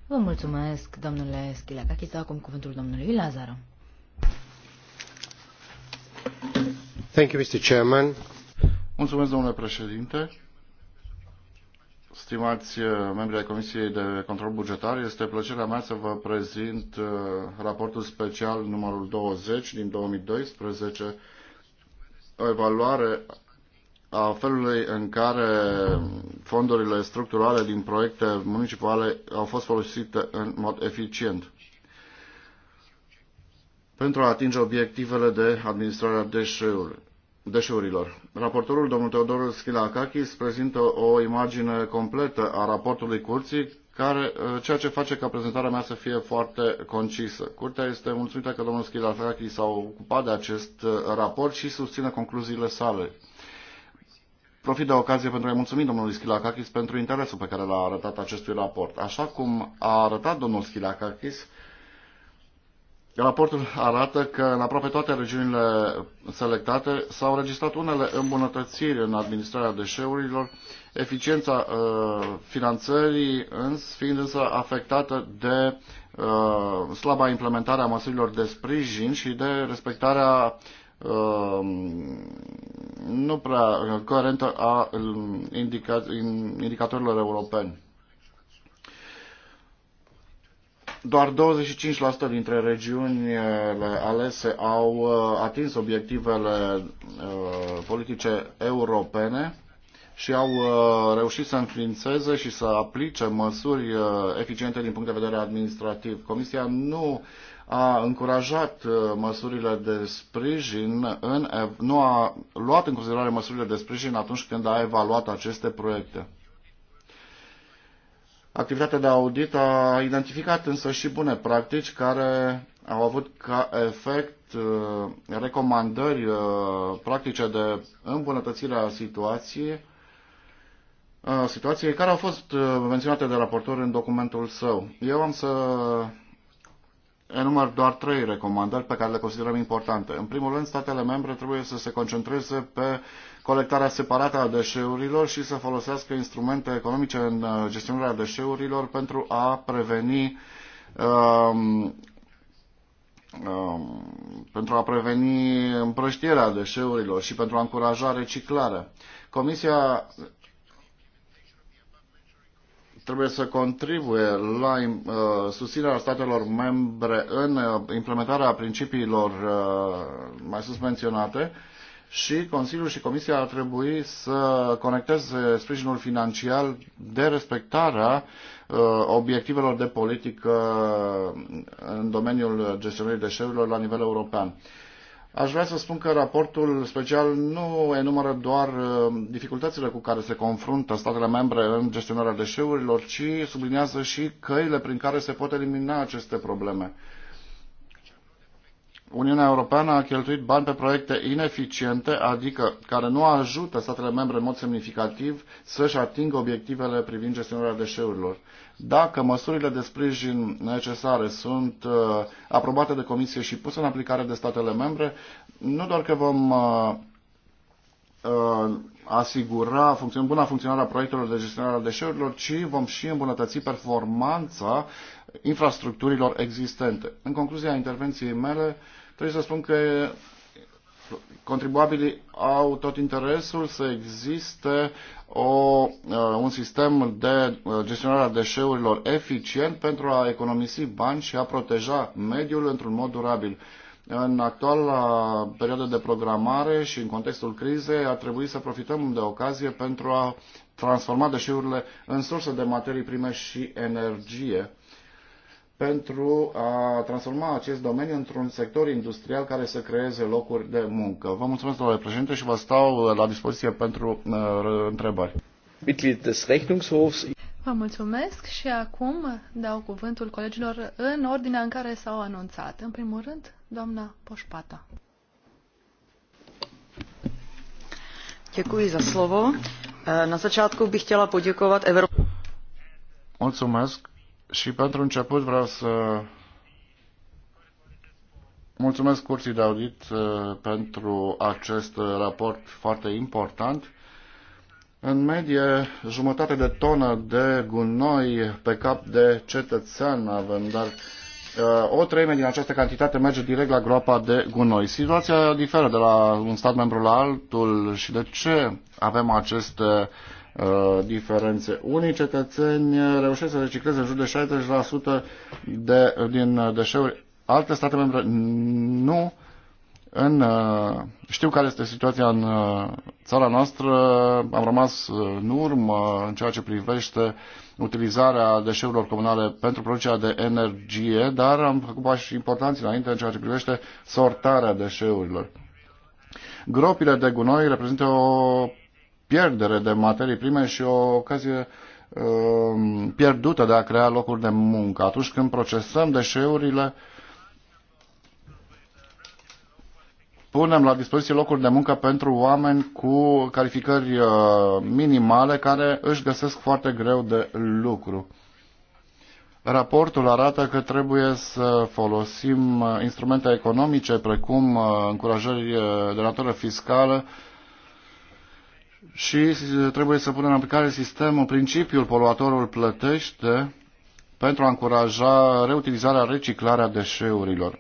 Vă mulțumesc, domnule Schilacachis. acum cuvântul domnului Lazaru. Thank you, Mr. Chairman. Mulțumesc, domnule președinte. Stimați uh, membri ai Comisiei de Control Bugetar, este plăcerea mea să vă prezint uh, raportul special numărul 20 din 2012 o evaluare a felului în care fondurile structurale din proiecte municipale au fost folosite în mod eficient pentru a atinge obiectivele de administrare a deșeurilor Raportorul domnul Teodorus Schilakakis prezintă o imagine completă a raportului curții care, uh, ceea ce face ca prezentarea mea să fie foarte concisă. Curtea este mulțumită că domnul Schilafraki s-a ocupat de acest uh, raport și susține concluziile sale. Profit de ocazie pentru a-i mulțumi domnului Schilakakis pentru interesul pe care l-a arătat acestui raport. Așa cum a arătat domnul Schilakakis, Raportul arată că în aproape toate regiunile selectate s-au registrat unele îmbunătățiri în administrarea deșeurilor eficiența uh, finanțării îns, fiind însă afectată de uh, slaba implementare a măsurilor de sprijin și de respectarea uh, nu prea coerentă a um, indica indicatorilor europeni. Doar 25% dintre regiunile alese au atins obiectivele politice europene și au uh, reușit să înființeze și să aplice măsuri uh, eficiente din punct de vedere administrativ. Comisia nu a încurajat uh, măsurile de sprijin, în, nu a luat în considerare măsurile de sprijin atunci când a evaluat aceste proiecte. Activitatea de audit a identificat însă și bune practici care au avut ca efect recomandări practice de îmbunătățire a situației situației care au fost uh, menționate de raportor în documentul său. Eu am să enumăr doar trei recomandări pe care le considerăm importante. În primul rând, statele membre trebuie să se concentreze pe colectarea separată a deșeurilor și să folosească instrumente economice în uh, gestionarea deșeurilor pentru a preveni um, um, pentru a preveni împrăștierea deșeurilor și pentru a încuraja reciclarea. Comisia trebuie să contribuie la uh, susținerea statelor membre în uh, implementarea principiilor uh, mai sus menționate și Consiliul și Comisia ar trebui să conecteze sprijinul financiar de respectarea obiectivelor de politică în domeniul gestionării deșeurilor la nivel european. Aș vrea să spun că raportul special nu enumără doar uh, dificultățile cu care se confruntă statele membre în gestionarea deșeurilor, ci subliniază și căile prin care se pot elimina aceste probleme. Uniunea Europeană a cheltuit bani pe proiecte ineficiente, adică care nu ajută statele membre în mod semnificativ să-și atingă obiectivele privind gestionarea deșeurilor. Dacă măsurile de sprijin necesare sunt uh, aprobate de Comisie și puse în aplicare de statele membre, nu doar că vom uh, uh, asigura funcțion, buna funcționare a proiectelor de gestionare a deșeurilor, ci vom și îmbunătăți performanța infrastructurilor existente. În concluzia intervenției mele, trebuie să spun că contribuabilii au tot interesul să existe o, uh, un sistem de uh, gestionare a deșeurilor eficient pentru a economisi bani și a proteja mediul într-un mod durabil. În actuala perioadă de programare și în contextul crizei ar trebui să profităm de ocazie pentru a transforma deșeurile în sursă de materii prime și energie pentru a transforma acest domeniu într-un sector industrial care să creeze locuri de muncă. Vă mulțumesc, domnule președinte, și vă stau la dispoziție pentru uh, întrebări. Vă mulțumesc și acum dau cuvântul colegilor în ordinea în care s-au anunțat. În primul rând, doamna Poșpata. Děkuji za slovo. Eh, na začátku bych chtěla poděkovat Evropě. Mulțumesc și pentru început vreau să mulțumesc Curții de Audit eh, pentru acest raport foarte important în medie, jumătate de tonă de gunoi pe cap de cetățean avem, dar uh, o treime din această cantitate merge direct la groapa de gunoi. Situația diferă de la un stat membru la altul și de ce avem aceste uh, diferențe. Unii cetățeni reușesc să recicleze în jur de 60% de, din deșeuri, alte state membre nu în, uh, știu care este situația în uh, țara noastră, am rămas uh, în urmă în ceea ce privește utilizarea deșeurilor comunale pentru producerea de energie, dar am făcut pași importanți înainte în ceea ce privește sortarea deșeurilor. Gropile de gunoi reprezintă o pierdere de materii prime și o ocazie um, pierdută de a crea locuri de muncă. Atunci când procesăm deșeurile, punem la dispoziție locuri de muncă pentru oameni cu calificări uh, minimale care își găsesc foarte greu de lucru. Raportul arată că trebuie să folosim uh, instrumente economice precum uh, încurajări de natură fiscală și trebuie să punem în aplicare sistemul, principiul poluatorul plătește pentru a încuraja reutilizarea, reciclarea deșeurilor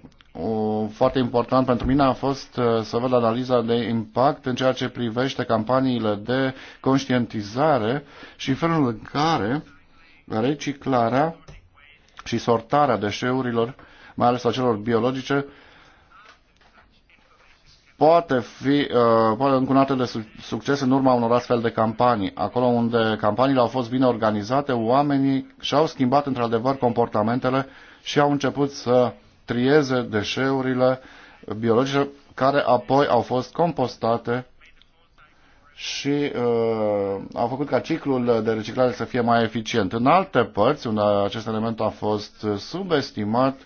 foarte important pentru mine a fost uh, să văd analiza de impact în ceea ce privește campaniile de conștientizare și felul în care reciclarea și sortarea deșeurilor, mai ales a celor biologice, poate fi uh, poate încunată de succes în urma unor astfel de campanii. Acolo unde campaniile au fost bine organizate, oamenii și-au schimbat într-adevăr comportamentele și au început să trieze deșeurile biologice care apoi au fost compostate și uh, au făcut ca ciclul de reciclare să fie mai eficient. În alte părți, unde acest element a fost subestimat,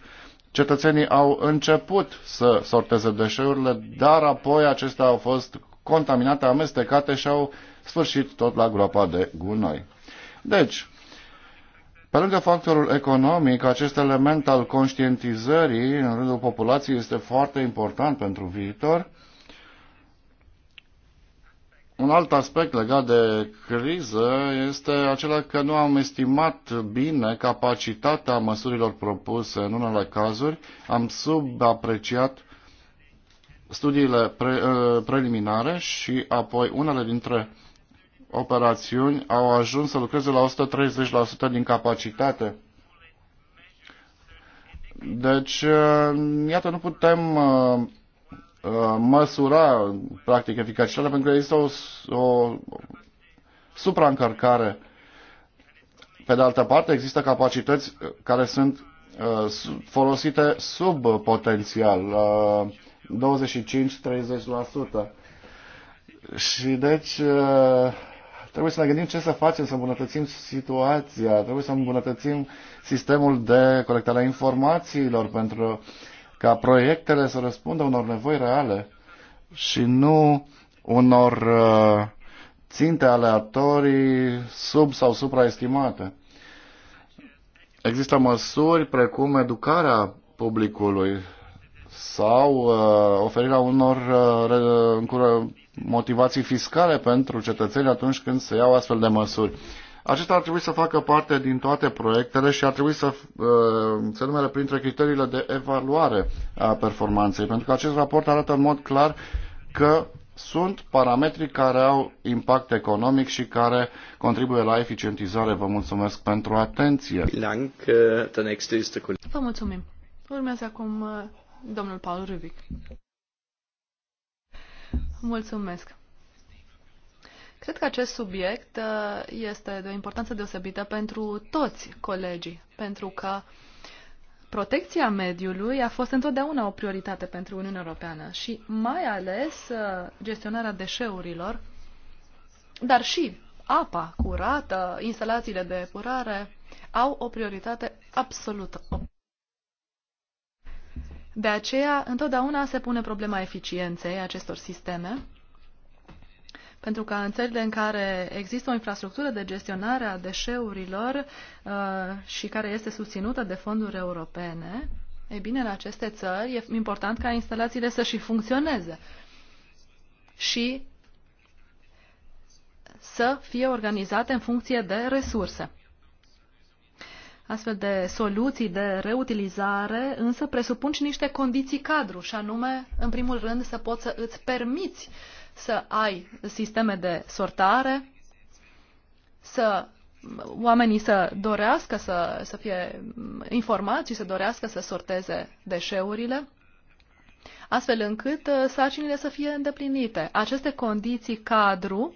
cetățenii au început să sorteze deșeurile, dar apoi acestea au fost contaminate, amestecate și au sfârșit tot la groapa de gunoi. Deci, pe lângă factorul economic, acest element al conștientizării în rândul populației este foarte important pentru viitor. Un alt aspect legat de criză este acela că nu am estimat bine capacitatea măsurilor propuse în unele cazuri, am subapreciat studiile pre, uh, preliminare și apoi unele dintre uh, operațiuni au ajuns să lucreze la 130% din capacitate. Deci, uh, iată, nu putem uh, uh, măsura, practic, eficacitatea, pentru că există o, o supraîncărcare. Pe de altă parte, există capacități care sunt folosite sub potențial, 25-30%. Și deci, Trebuie să ne gândim ce să facem, să îmbunătățim situația, trebuie să îmbunătățim sistemul de colectare a informațiilor pentru ca proiectele să răspundă unor nevoi reale și nu unor uh, ținte aleatorii sub sau supraestimate. Există măsuri precum educarea publicului sau uh, oferirea unor uh, motivații fiscale pentru cetățeni atunci când se iau astfel de măsuri. Acesta ar trebui să facă parte din toate proiectele și ar trebui să uh, se numere printre criteriile de evaluare a performanței, pentru că acest raport arată în mod clar că sunt parametri care au impact economic și care contribuie la eficientizare. Vă mulțumesc pentru atenție. Uh, Vă mulțumim. Urmează acum uh, Domnul Paul Rubic. Mulțumesc. Cred că acest subiect uh, este de o importanță deosebită pentru toți colegii, pentru că protecția mediului a fost întotdeauna o prioritate pentru Uniunea Europeană și mai ales uh, gestionarea deșeurilor, dar și apa curată, instalațiile de epurare au o prioritate absolută. De aceea, întotdeauna se pune problema eficienței acestor sisteme, pentru că în țările în care există o infrastructură de gestionare a deșeurilor uh, și care este susținută de fonduri europene, ei bine, în aceste țări e important ca instalațiile să și funcționeze și să fie organizate în funcție de resurse. Astfel de soluții de reutilizare însă presupun și niște condiții cadru și anume, în primul rând, să poți să îți permiți să ai sisteme de sortare, să oamenii să dorească să, să fie informați și să dorească să sorteze deșeurile, astfel încât uh, sarcinile să fie îndeplinite. Aceste condiții cadru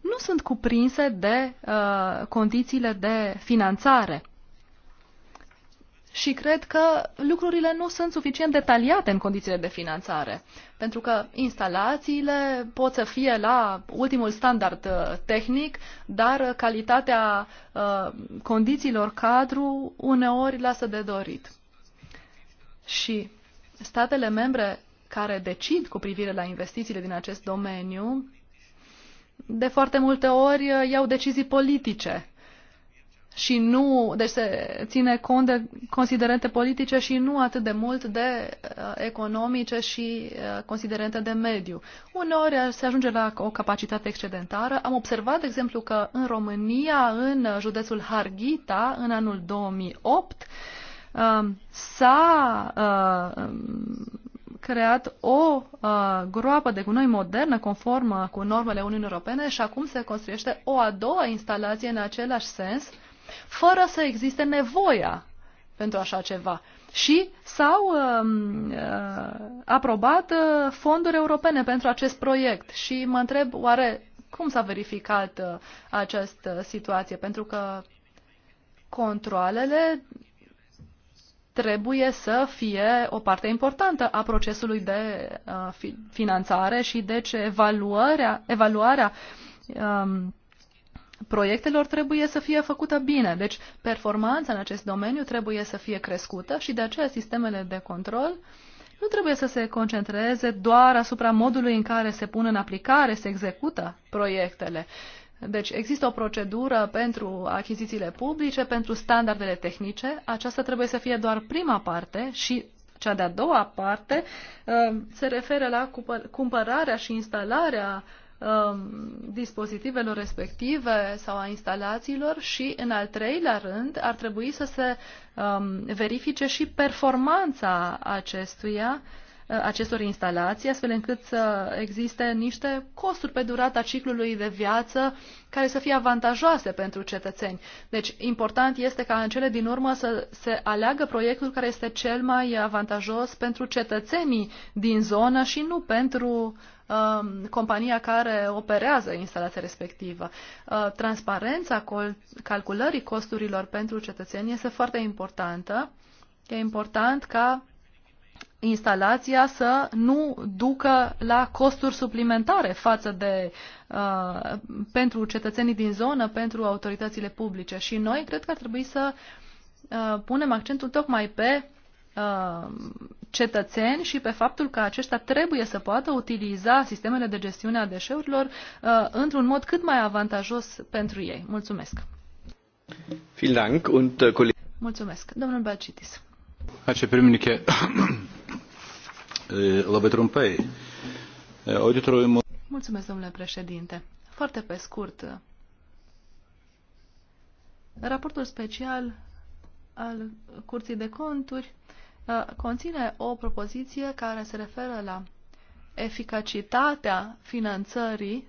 nu sunt cuprinse de uh, condițiile de finanțare. Și cred că lucrurile nu sunt suficient detaliate în condițiile de finanțare, pentru că instalațiile pot să fie la ultimul standard uh, tehnic, dar calitatea uh, condițiilor cadru uneori lasă de dorit. Și statele membre care decid cu privire la investițiile din acest domeniu de foarte multe ori uh, iau decizii politice și nu, deci se ține cont de considerente politice și nu atât de mult de uh, economice și uh, considerente de mediu. Uneori se ajunge la o capacitate excedentară. Am observat, de exemplu, că în România, în județul Harghita, în anul 2008, s-a creat o uh, groapă de gunoi modernă conformă uh, cu normele Uniunii Europene și acum se construiește o a doua instalație în același sens, fără să existe nevoia pentru așa ceva. Și s-au um, uh, aprobat uh, fonduri europene pentru acest proiect și mă întreb oare cum s-a verificat uh, această situație, pentru că controlele trebuie să fie o parte importantă a procesului de uh, finanțare și deci evaluarea, evaluarea um, proiectelor trebuie să fie făcută bine. Deci performanța în acest domeniu trebuie să fie crescută și de aceea sistemele de control nu trebuie să se concentreze doar asupra modului în care se pun în aplicare, se execută proiectele, deci există o procedură pentru achizițiile publice, pentru standardele tehnice. Aceasta trebuie să fie doar prima parte și cea de-a doua parte uh, se referă la cumpărarea și instalarea um, dispozitivelor respective sau a instalațiilor și, în al treilea rând, ar trebui să se um, verifice și performanța acestuia uh, Uh, acestor instalații, astfel încât să existe niște costuri pe durata ciclului de viață care să fie avantajoase pentru cetățeni. Deci, important este ca în cele din urmă să se aleagă proiectul care este cel mai avantajos pentru cetățenii din zonă și nu pentru um, compania care operează instalația respectivă. Uh, transparența calculării costurilor pentru cetățeni este foarte importantă. E important ca instalația să nu ducă la costuri suplimentare față de uh, pentru cetățenii din zonă, pentru autoritățile publice. Și noi cred că ar trebui să uh, punem accentul tocmai pe uh, cetățeni și pe faptul că aceștia trebuie să poată utiliza sistemele de gestiune a deșeurilor uh, într-un mod cât mai avantajos pentru ei. Mulțumesc! Uh, Mulțumesc, domnul Bacitis. Mulțumesc, domnule președinte. Foarte pe scurt. Raportul special al Curții de Conturi conține o propoziție care se referă la eficacitatea finanțării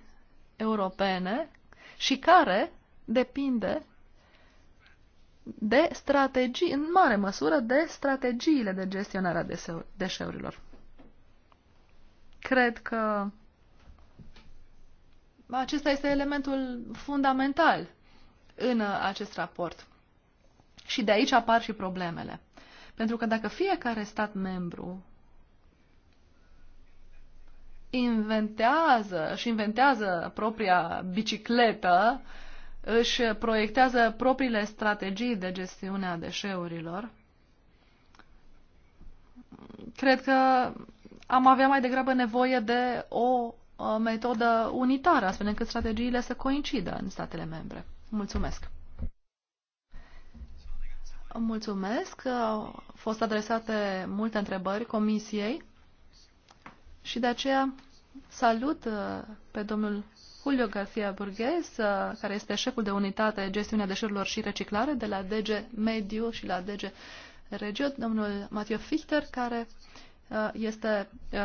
europene și care depinde de strategii, în mare măsură, de strategiile de gestionare a deșeurilor. Cred că acesta este elementul fundamental în acest raport. Și de aici apar și problemele. Pentru că dacă fiecare stat membru inventează și inventează propria bicicletă, uh, își proiectează propriile strategii de gestiune a deșeurilor, cred că am avea mai degrabă nevoie de o metodă unitară, astfel încât strategiile să coincidă în statele membre. Mulțumesc! Mulțumesc! Au fost adresate multe întrebări Comisiei și de aceea salut uh, pe domnul Julio García Burghez, uh, care este șeful de unitate gestiunea deșeurilor și reciclare de la DG Mediu și la DG Regio, domnul Matteo Fichter, care uh, este, uh,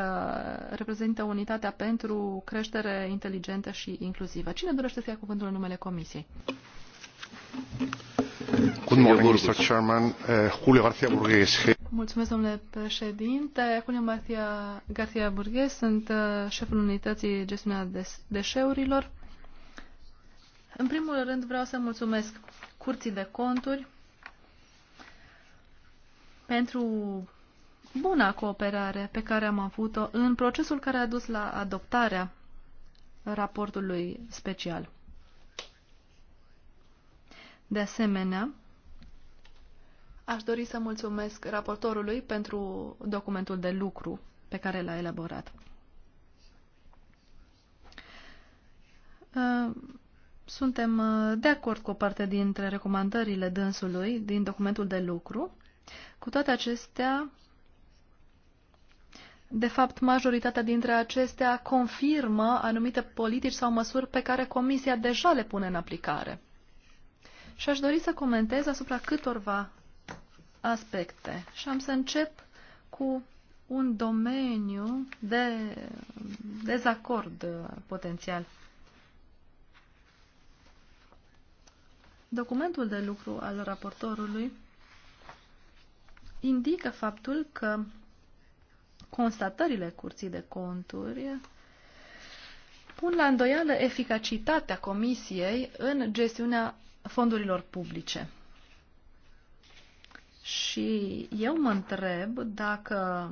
reprezintă unitatea pentru creștere inteligentă și inclusivă. Cine dorește să ia cuvântul în numele Comisiei? Good morning, Mr. Chairman. Uh, Julio García Burgues. Mulțumesc, domnule președinte. Acum Martia Garcia Burghez, sunt uh, șeful unității gestiunea deșeurilor. În primul rând vreau să mulțumesc curții de conturi pentru buna cooperare pe care am avut-o în procesul care a dus la adoptarea raportului special. De asemenea, Aș dori să mulțumesc raportorului pentru documentul de lucru pe care l-a elaborat. Uh, suntem uh, de acord cu o parte dintre recomandările dânsului din documentul de lucru. Cu toate acestea, de fapt, majoritatea dintre acestea confirmă anumite politici sau măsuri pe care Comisia deja le pune în aplicare. Și aș dori să comentez asupra câtorva aspecte. Și am să încep cu un domeniu de dezacord uh, potențial. Documentul de lucru al raportorului indică faptul că constatările curții de conturi pun la îndoială eficacitatea Comisiei în gestiunea fondurilor publice. Și eu mă întreb dacă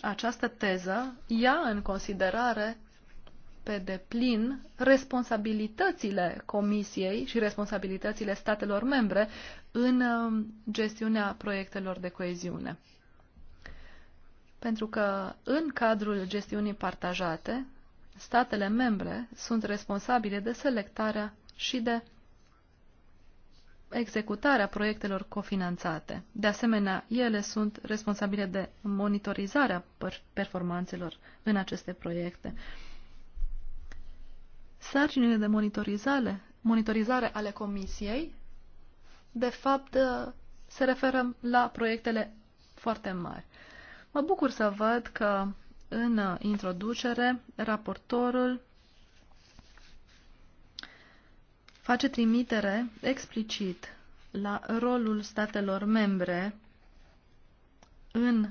această teză ia în considerare pe deplin responsabilitățile Comisiei și responsabilitățile statelor membre în um, gestiunea proiectelor de coeziune. Pentru că în cadrul gestiunii partajate, statele membre sunt responsabile de selectarea și de executarea proiectelor cofinanțate. De asemenea, ele sunt responsabile de monitorizarea performanțelor în aceste proiecte. Sarcinile de monitorizare, monitorizare ale comisiei, de fapt, ă, se referă la proiectele foarte mari. Mă bucur să văd că în introducere raportorul face trimitere explicit la rolul statelor membre în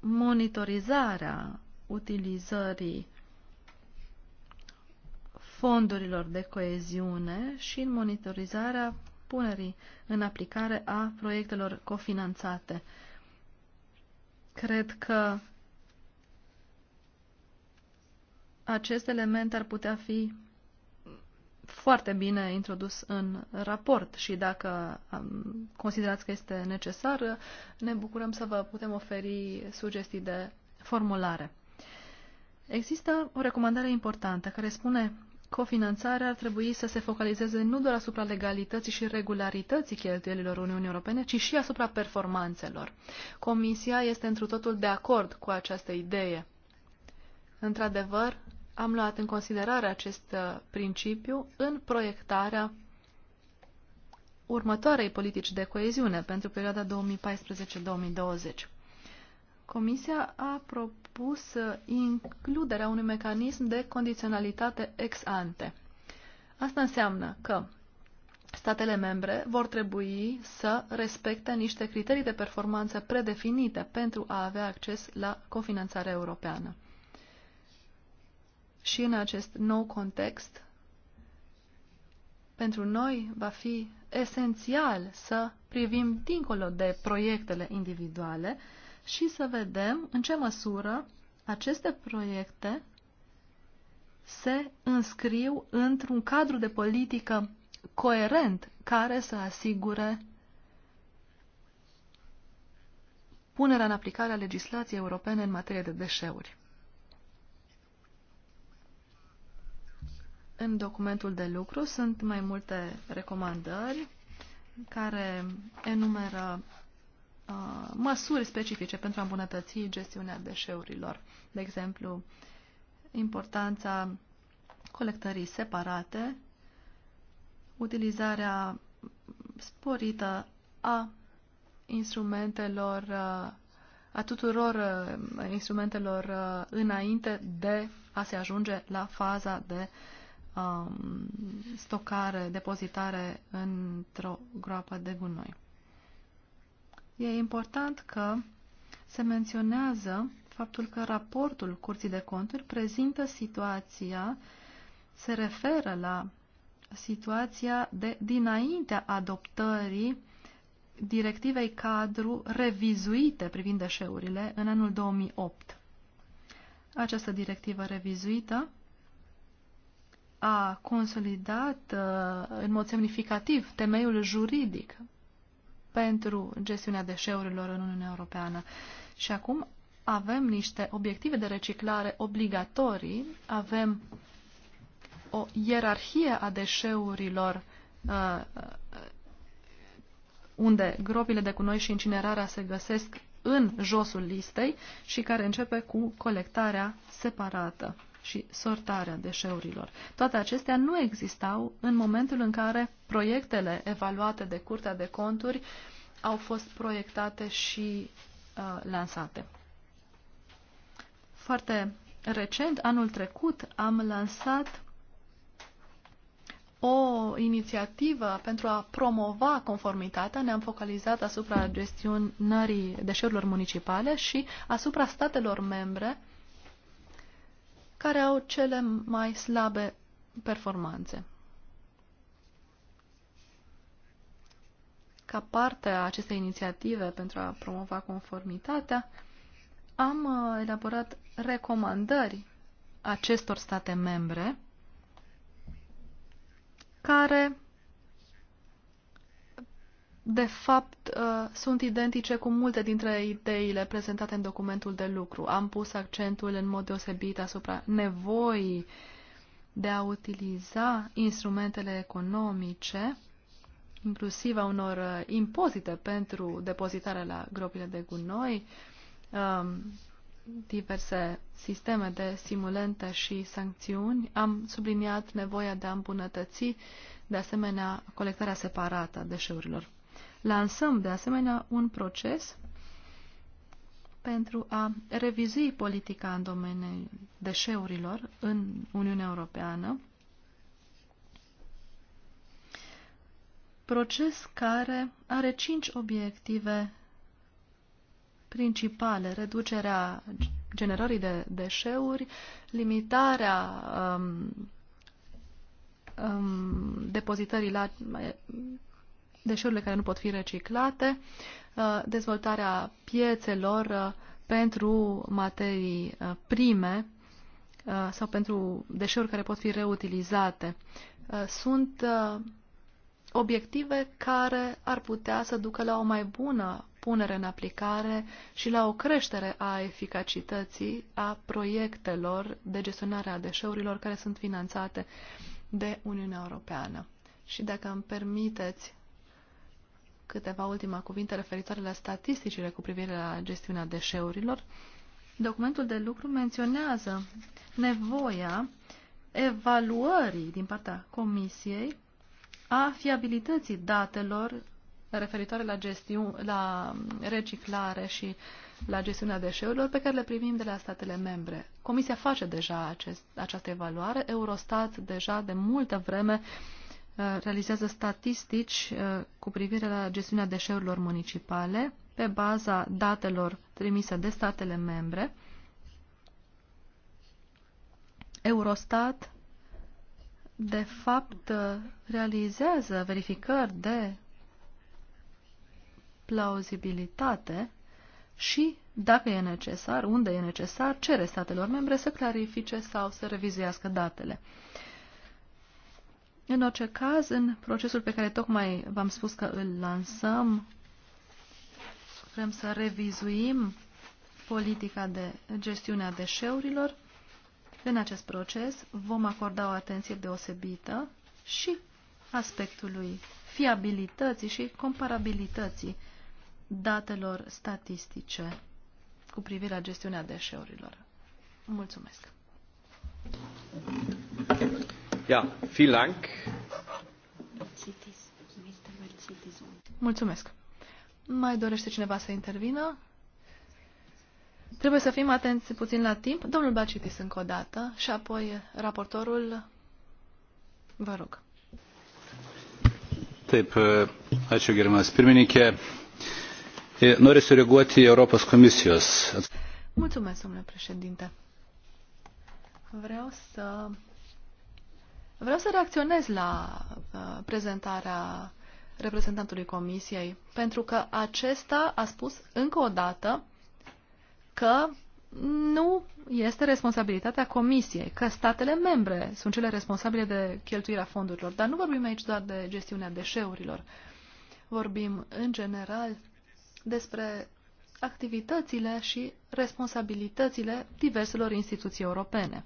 monitorizarea utilizării fondurilor de coeziune și în monitorizarea punerii în aplicare a proiectelor cofinanțate. Cred că acest element ar putea fi foarte bine introdus în raport și dacă considerați că este necesar, ne bucurăm să vă putem oferi sugestii de formulare. Există o recomandare importantă care spune cofinanțarea ar trebui să se focalizeze nu doar asupra legalității și regularității cheltuielilor Uniunii Europene, ci și asupra performanțelor. Comisia este întru totul de acord cu această idee. Într-adevăr, am luat în considerare acest uh, principiu în proiectarea următoarei politici de coeziune pentru perioada 2014-2020. Comisia a propus uh, includerea unui mecanism de condiționalitate ex ante. Asta înseamnă că statele membre vor trebui să respecte niște criterii de performanță predefinite pentru a avea acces la cofinanțarea europeană. Și în acest nou context, pentru noi va fi esențial să privim dincolo de proiectele individuale și să vedem în ce măsură aceste proiecte se înscriu într-un cadru de politică coerent care să asigure punerea în aplicare a legislației europene în materie de deșeuri. În documentul de lucru sunt mai multe recomandări care enumeră uh, măsuri specifice pentru a îmbunătăți gestiunea deșeurilor. De exemplu, importanța colectării separate, utilizarea sporită a instrumentelor, uh, a tuturor uh, instrumentelor uh, înainte de a se ajunge la faza de uh, um, stocare, depozitare într-o groapă de gunoi. E important că se menționează faptul că raportul Curții de Conturi prezintă situația, se referă la situația de dinaintea adoptării directivei cadru revizuite privind deșeurile în anul 2008. Această directivă revizuită a consolidat uh, în mod semnificativ temeiul juridic pentru gestiunea deșeurilor în Uniunea Europeană. Și acum avem niște obiective de reciclare obligatorii, avem o ierarhie a deșeurilor uh, uh, unde gropile de cunoi și incinerarea se găsesc în josul listei și care începe cu colectarea separată și sortarea deșeurilor. Toate acestea nu existau în momentul în care proiectele evaluate de Curtea de Conturi au fost proiectate și uh, lansate. Foarte recent, anul trecut, am lansat o inițiativă pentru a promova conformitatea. Ne-am focalizat asupra gestionării deșeurilor municipale și asupra statelor membre uh, care au cele mai slabe performanțe. Ca parte a acestei inițiative pentru a promova conformitatea, am uh, elaborat recomandări acestor state membre care de fapt, uh, sunt identice cu multe dintre ideile prezentate în documentul de lucru. Am pus accentul în mod deosebit asupra nevoii de a utiliza instrumentele economice, inclusiv a unor uh, impozite pentru depozitarea la gropile de gunoi, um, diverse sisteme de simulente și sancțiuni. Am subliniat nevoia de a îmbunătăți, de asemenea, colectarea separată a deșeurilor. Lansăm, de asemenea, un proces pentru a revizui politica în domeniul deșeurilor în Uniunea Europeană, proces care are cinci obiective principale. Reducerea generării de deșeuri, limitarea um, um, depozitării la deșeurile care nu pot fi reciclate, uh, dezvoltarea piețelor uh, pentru materii uh, prime sau pentru deșeuri care pot fi reutilizate. Sunt obiective care ar putea să ducă la o mai bună punere în aplicare și la o creștere a eficacității a proiectelor de gestionare a deșeurilor care sunt finanțate de Uniunea Europeană. Și dacă îmi permiteți câteva ultima cuvinte referitoare la statisticile cu privire la gestiunea deșeurilor. Documentul de lucru menționează nevoia evaluării din partea Comisiei a fiabilității datelor referitoare la, gestiu- la reciclare și la gestiunea deșeurilor pe care le primim de la statele membre. Comisia face deja acest, această evaluare. Eurostat deja de multă vreme uh, Uh, realizează statistici uh, cu privire la gestiunea deșeurilor municipale pe baza datelor trimise de statele membre. Eurostat, de fapt, uh, realizează verificări de plauzibilitate și, dacă e necesar, unde e necesar, cere statelor membre să clarifice sau să revizuiască datele. Uh, în orice caz, în procesul pe care tocmai v-am spus că îl lansăm, vrem să revizuim politica de gestiune a deșeurilor. În acest proces vom acorda o atenție deosebită și aspectului fiabilității și comparabilității datelor statistice cu privire la gestiunea deșeurilor. Mulțumesc! Ja, vielen Dank. Mulțumesc. Mai dorește cineva să intervină? Trebuie să fim atenți puțin la timp. Domnul Bacitis încă o dată și apoi raportorul. Vă rog. Taip, ačiū gerimas pirmininkė. Noriu sureaguoti Europos komisijos. Mulțumesc, domnule președinte. Vreau să Vreau să reacționez la uh, prezentarea reprezentantului Comisiei, pentru că acesta a spus încă o dată că nu este responsabilitatea Comisiei, că statele membre sunt cele responsabile de cheltuirea fondurilor. Dar nu vorbim aici doar de gestiunea deșeurilor. Vorbim, în general, despre activitățile și responsabilitățile diverselor instituții europene.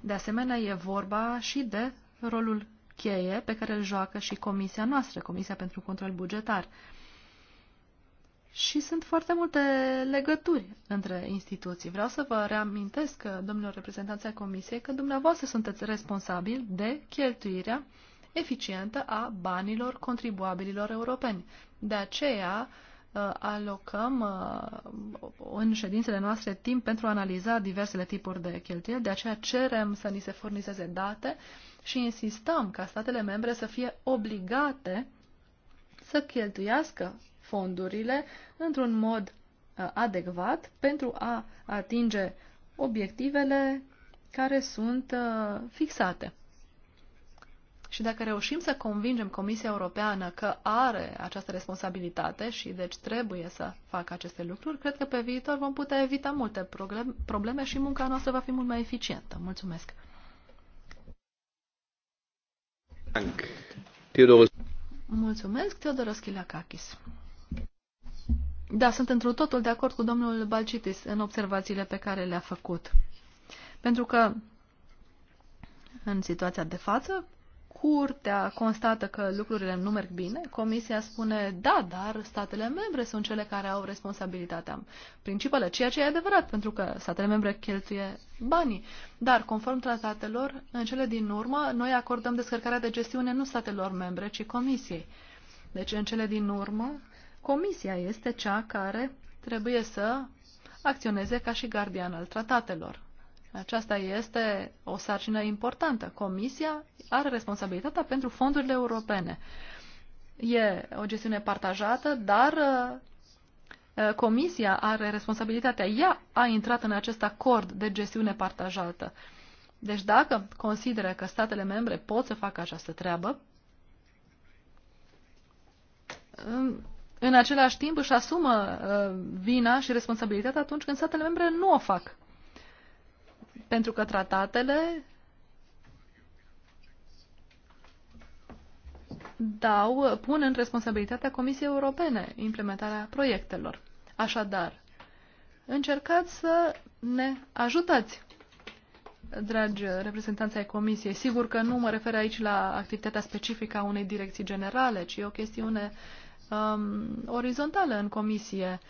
De asemenea, e vorba și de rolul cheie pe care îl joacă și comisia noastră, Comisia pentru Control Bugetar. Și sunt foarte multe legături între instituții. Vreau să vă reamintesc, domnilor reprezentanți ai Comisiei, că dumneavoastră sunteți responsabili de cheltuirea eficientă a banilor contribuabililor europeni. De aceea, uh, Uh, alocăm uh, în ședințele noastre timp pentru a analiza diversele tipuri de cheltuieli, de aceea cerem să ni se furnizeze date și insistăm ca statele membre să fie obligate să cheltuiască fondurile într-un mod uh, adecvat pentru a atinge obiectivele care sunt fixate. Și dacă reușim să convingem Comisia Europeană că are această responsabilitate și deci trebuie să facă aceste lucruri, cred că pe viitor vom putea evita multe probleme și munca noastră va fi mult mai eficientă. Mulțumesc! Mulțumesc, Teodoros Chilakakis. Da, sunt într totul de acord cu domnul Balcitis în observațiile pe care le-a făcut. Pentru că în situația de față, curtea constată că lucrurile nu merg bine, comisia spune, da, dar statele membre sunt cele care au responsabilitatea principală, ceea ce e adevărat, pentru că statele membre cheltuie banii. Dar, conform tratatelor, în cele din urmă, noi acordăm descărcarea de gestiune nu statelor membre, ci comisiei. Deci, în cele din urmă, comisia este cea care trebuie să acționeze ca și gardian al tratatelor. Aceasta este o sarcină importantă. Comisia are responsabilitatea pentru fondurile europene. E o gestiune partajată, dar uh, uh, Comisia are responsabilitatea. Ea a intrat în acest acord de gestiune partajată. Deci dacă consideră că statele membre pot să facă această treabă, în același timp își asumă uh, vina și responsabilitatea atunci când statele membre nu o fac. Pentru că tratatele dau, pun în responsabilitatea Comisiei Europene implementarea proiectelor. Așadar, încercați să ne ajutați, dragi reprezentanți ai Comisiei. Sigur că nu mă refer aici la activitatea specifică a unei direcții generale, ci o chestiune um, orizontală în Comisie. Uh,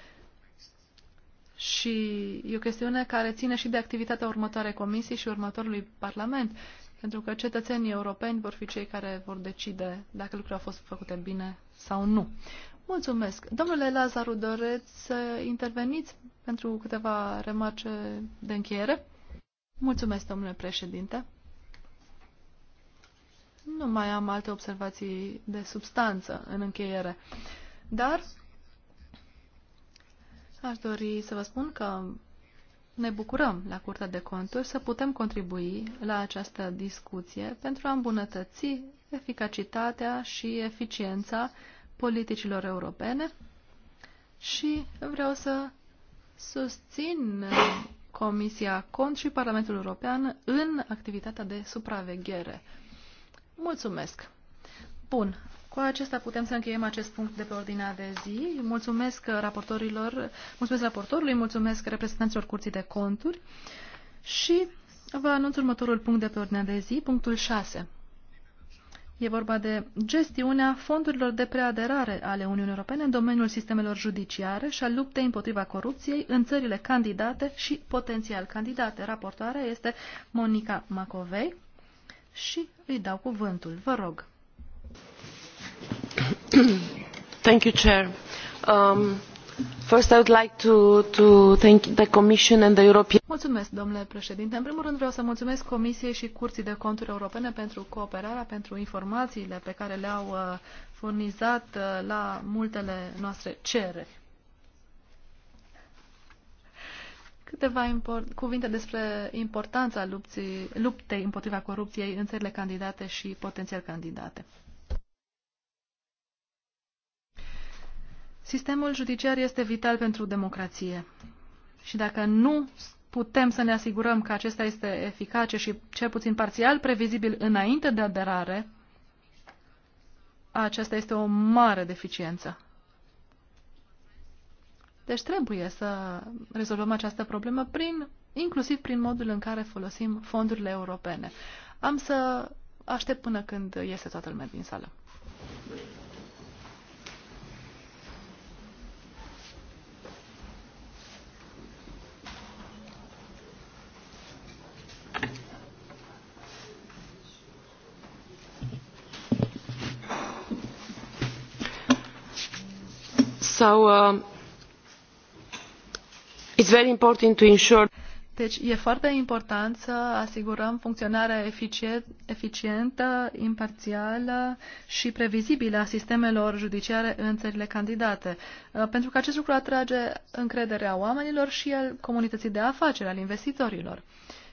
și e o chestiune care ține și de activitatea următoarei comisii și următorului Parlament, pentru că cetățenii europeni vor fi cei care vor decide dacă lucrurile au fost făcute bine sau nu. Mulțumesc. Domnule Lazaru, doreți să interveniți pentru câteva remarce de încheiere? Mulțumesc, domnule președinte. Nu mai am alte observații de substanță în încheiere. Dar Aș dori să vă spun că ne bucurăm la Curtea de Conturi să putem contribui la această discuție pentru a îmbunătăți eficacitatea și eficiența politicilor europene și vreau să susțin Comisia Cont și Parlamentul European în activitatea de supraveghere. Mulțumesc! Bun, cu acesta putem să încheiem acest punct de pe ordinea de zi. Mulțumesc raportorilor, mulțumesc raportorului, mulțumesc reprezentanților Curții de Conturi și vă anunț următorul punct de pe ordinea de zi, punctul 6. E vorba de gestiunea fondurilor de preaderare ale Uniunii Europene în domeniul sistemelor judiciare și a luptei împotriva corupției în țările candidate și potențial candidate. Raportoarea este Monica Macovei și îi dau cuvântul. Vă rog. Mulțumesc, domnule președinte. În primul rând, vreau să mulțumesc Comisiei și Curții de Conturi Europene pentru cooperarea, pentru informațiile pe care le-au uh, furnizat uh, la multele noastre cereri. câteva cuvinte despre importanța luptei împotriva corupției în țările candidate și potențial candidate. Sistemul judiciar este vital pentru democrație și dacă nu putem să ne asigurăm că acesta este eficace și cel puțin parțial previzibil înainte de aderare, aceasta este o mare deficiență. Deci trebuie să rezolvăm această problemă prin, inclusiv prin modul în care folosim fondurile europene. Am să aștept până când iese toată lumea din sală. Uh, deci e foarte important să asigurăm funcționarea eficientă, imparțială și previzibilă a sistemelor judiciare în țările candidate, uh, pentru că acest lucru atrage încrederea oamenilor și al comunității de afaceri, al investitorilor.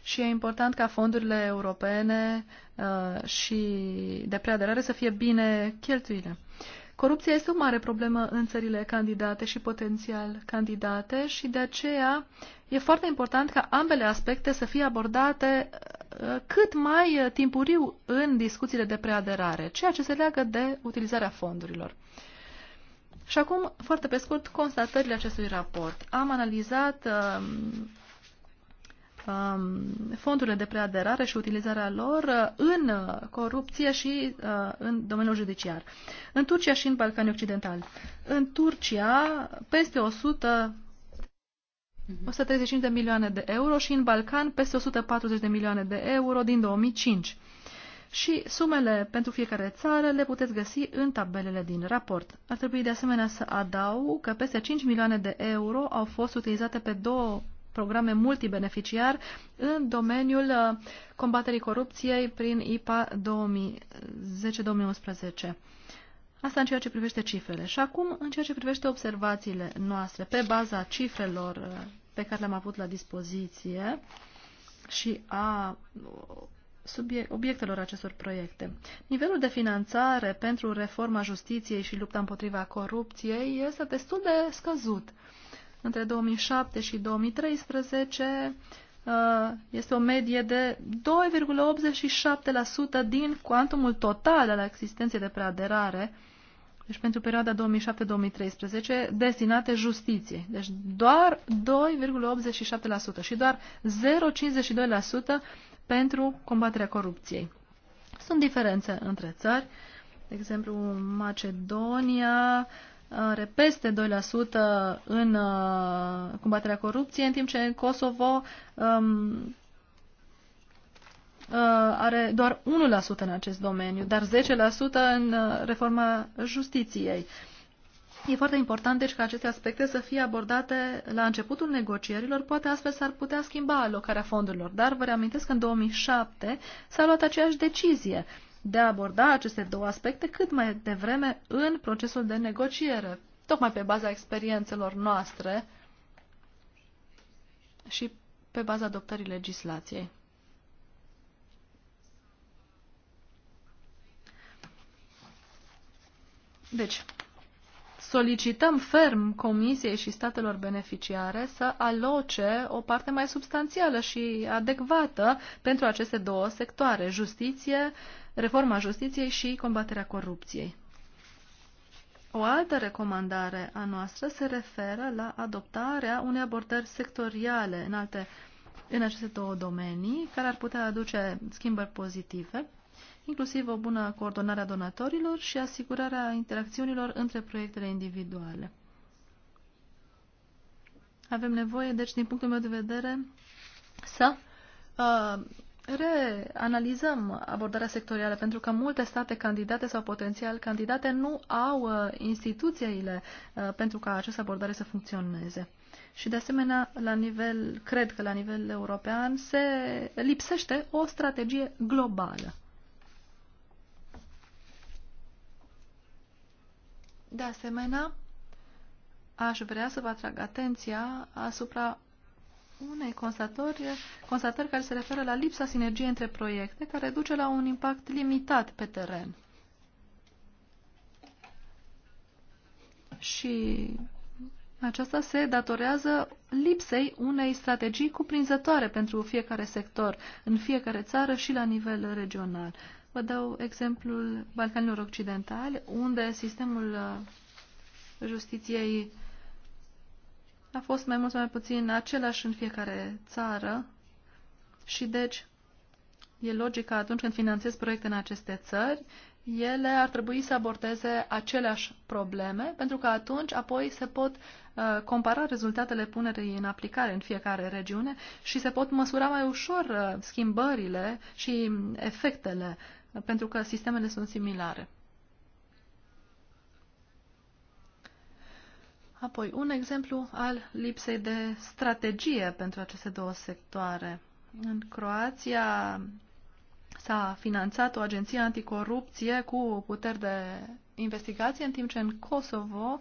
Și e important ca fondurile europene uh, și de preaderare să fie bine cheltuite. Corupția este o mare problemă în țările candidate și potențial candidate și de aceea e foarte important ca ambele aspecte să fie abordate uh, cât mai uh, timpuriu în discuțiile de preaderare, ceea ce se leagă de utilizarea fondurilor. Și acum, foarte pe scurt, constatările acestui raport. Am analizat um, Um, fondurile de preaderare și utilizarea lor uh, în corupție și uh, în domeniul judiciar. În Turcia și în Balcanii Occidentali. În Turcia, peste 100 135 mhm. de milioane de euro și în Balcan peste 140 de milioane de euro din 2005. Și sumele pentru fiecare țară le puteți găsi în tabelele din raport. Ar trebui de asemenea să adaug că peste 5 milioane de euro au fost utilizate pe două programe multibeneficiar în domeniul uh, combaterii corupției prin IPA 2010-2011. Asta în ceea ce privește cifrele. Și acum, în ceea ce privește observațiile noastre, pe baza cifrelor uh, pe care le-am avut la dispoziție și a obiectelor acestor proiecte. Nivelul de finanțare pentru reforma justiției și lupta împotriva corupției este destul de scăzut. Uh, între 2007 și 2013 uh, este o medie de 2,87% din cuantumul total al existenței de preaderare, deci pentru perioada 2007-2013, destinate justiției. Deci doar 2,87% și doar 0,52% pentru combaterea corupției. Sunt diferențe între țări, de exemplu Macedonia, are peste 2% în uh, combaterea corupției, în timp ce în Kosovo um, uh, are doar 1% în acest domeniu, dar 10% în uh, reforma justiției. E foarte important, deci, ca aceste aspecte să fie abordate la începutul negocierilor, poate astfel s-ar putea schimba alocarea fondurilor. Dar vă reamintesc că în 2007 s-a luat aceeași decizie de a aborda aceste două aspecte cât mai devreme în procesul de negociere, tocmai pe baza experiențelor noastre și pe baza adoptării legislației. Deci, solicităm ferm Comisiei și statelor beneficiare să aloce o parte mai substanțială și adecvată pentru aceste două sectoare, justiție, reforma justiției și combaterea corupției. O altă recomandare a noastră se referă la adoptarea unei abordări sectoriale în, alte, în aceste două domenii, care ar putea aduce schimbări pozitive, inclusiv o bună coordonare a donatorilor și asigurarea interacțiunilor între proiectele individuale. Avem nevoie, deci, din punctul meu de vedere, să uh, reanalizăm abordarea sectorială, pentru că multe state candidate sau potențial candidate nu au uh, instituțiile uh, pentru ca această abordare să funcționeze. Și de asemenea, la nivel, cred că la nivel european se lipsește o strategie globală. De asemenea, aș vrea să vă atrag atenția asupra unei constatări, constatări care se referă la lipsa sinergiei între proiecte, care duce la un impact limitat pe teren. Și aceasta se datorează lipsei unei strategii cuprinzătoare pentru fiecare sector, în fiecare țară și la nivel regional. Vă dau exemplul Balcanilor Occidentali, unde sistemul uh, justiției a fost mai mult sau mai puțin același în fiecare țară și deci e logic că atunci când finanțezi proiecte în aceste țări, ele ar trebui să abordeze aceleași probleme, pentru că atunci apoi se pot uh, compara rezultatele punerii în aplicare în fiecare regiune și se pot măsura mai ușor uh, schimbările și um, efectele, pentru că sistemele sunt similare. Apoi, un exemplu al lipsei de strategie pentru aceste două sectoare. În Croația s-a finanțat o agenție anticorupție cu puteri de investigație, în timp ce în Kosovo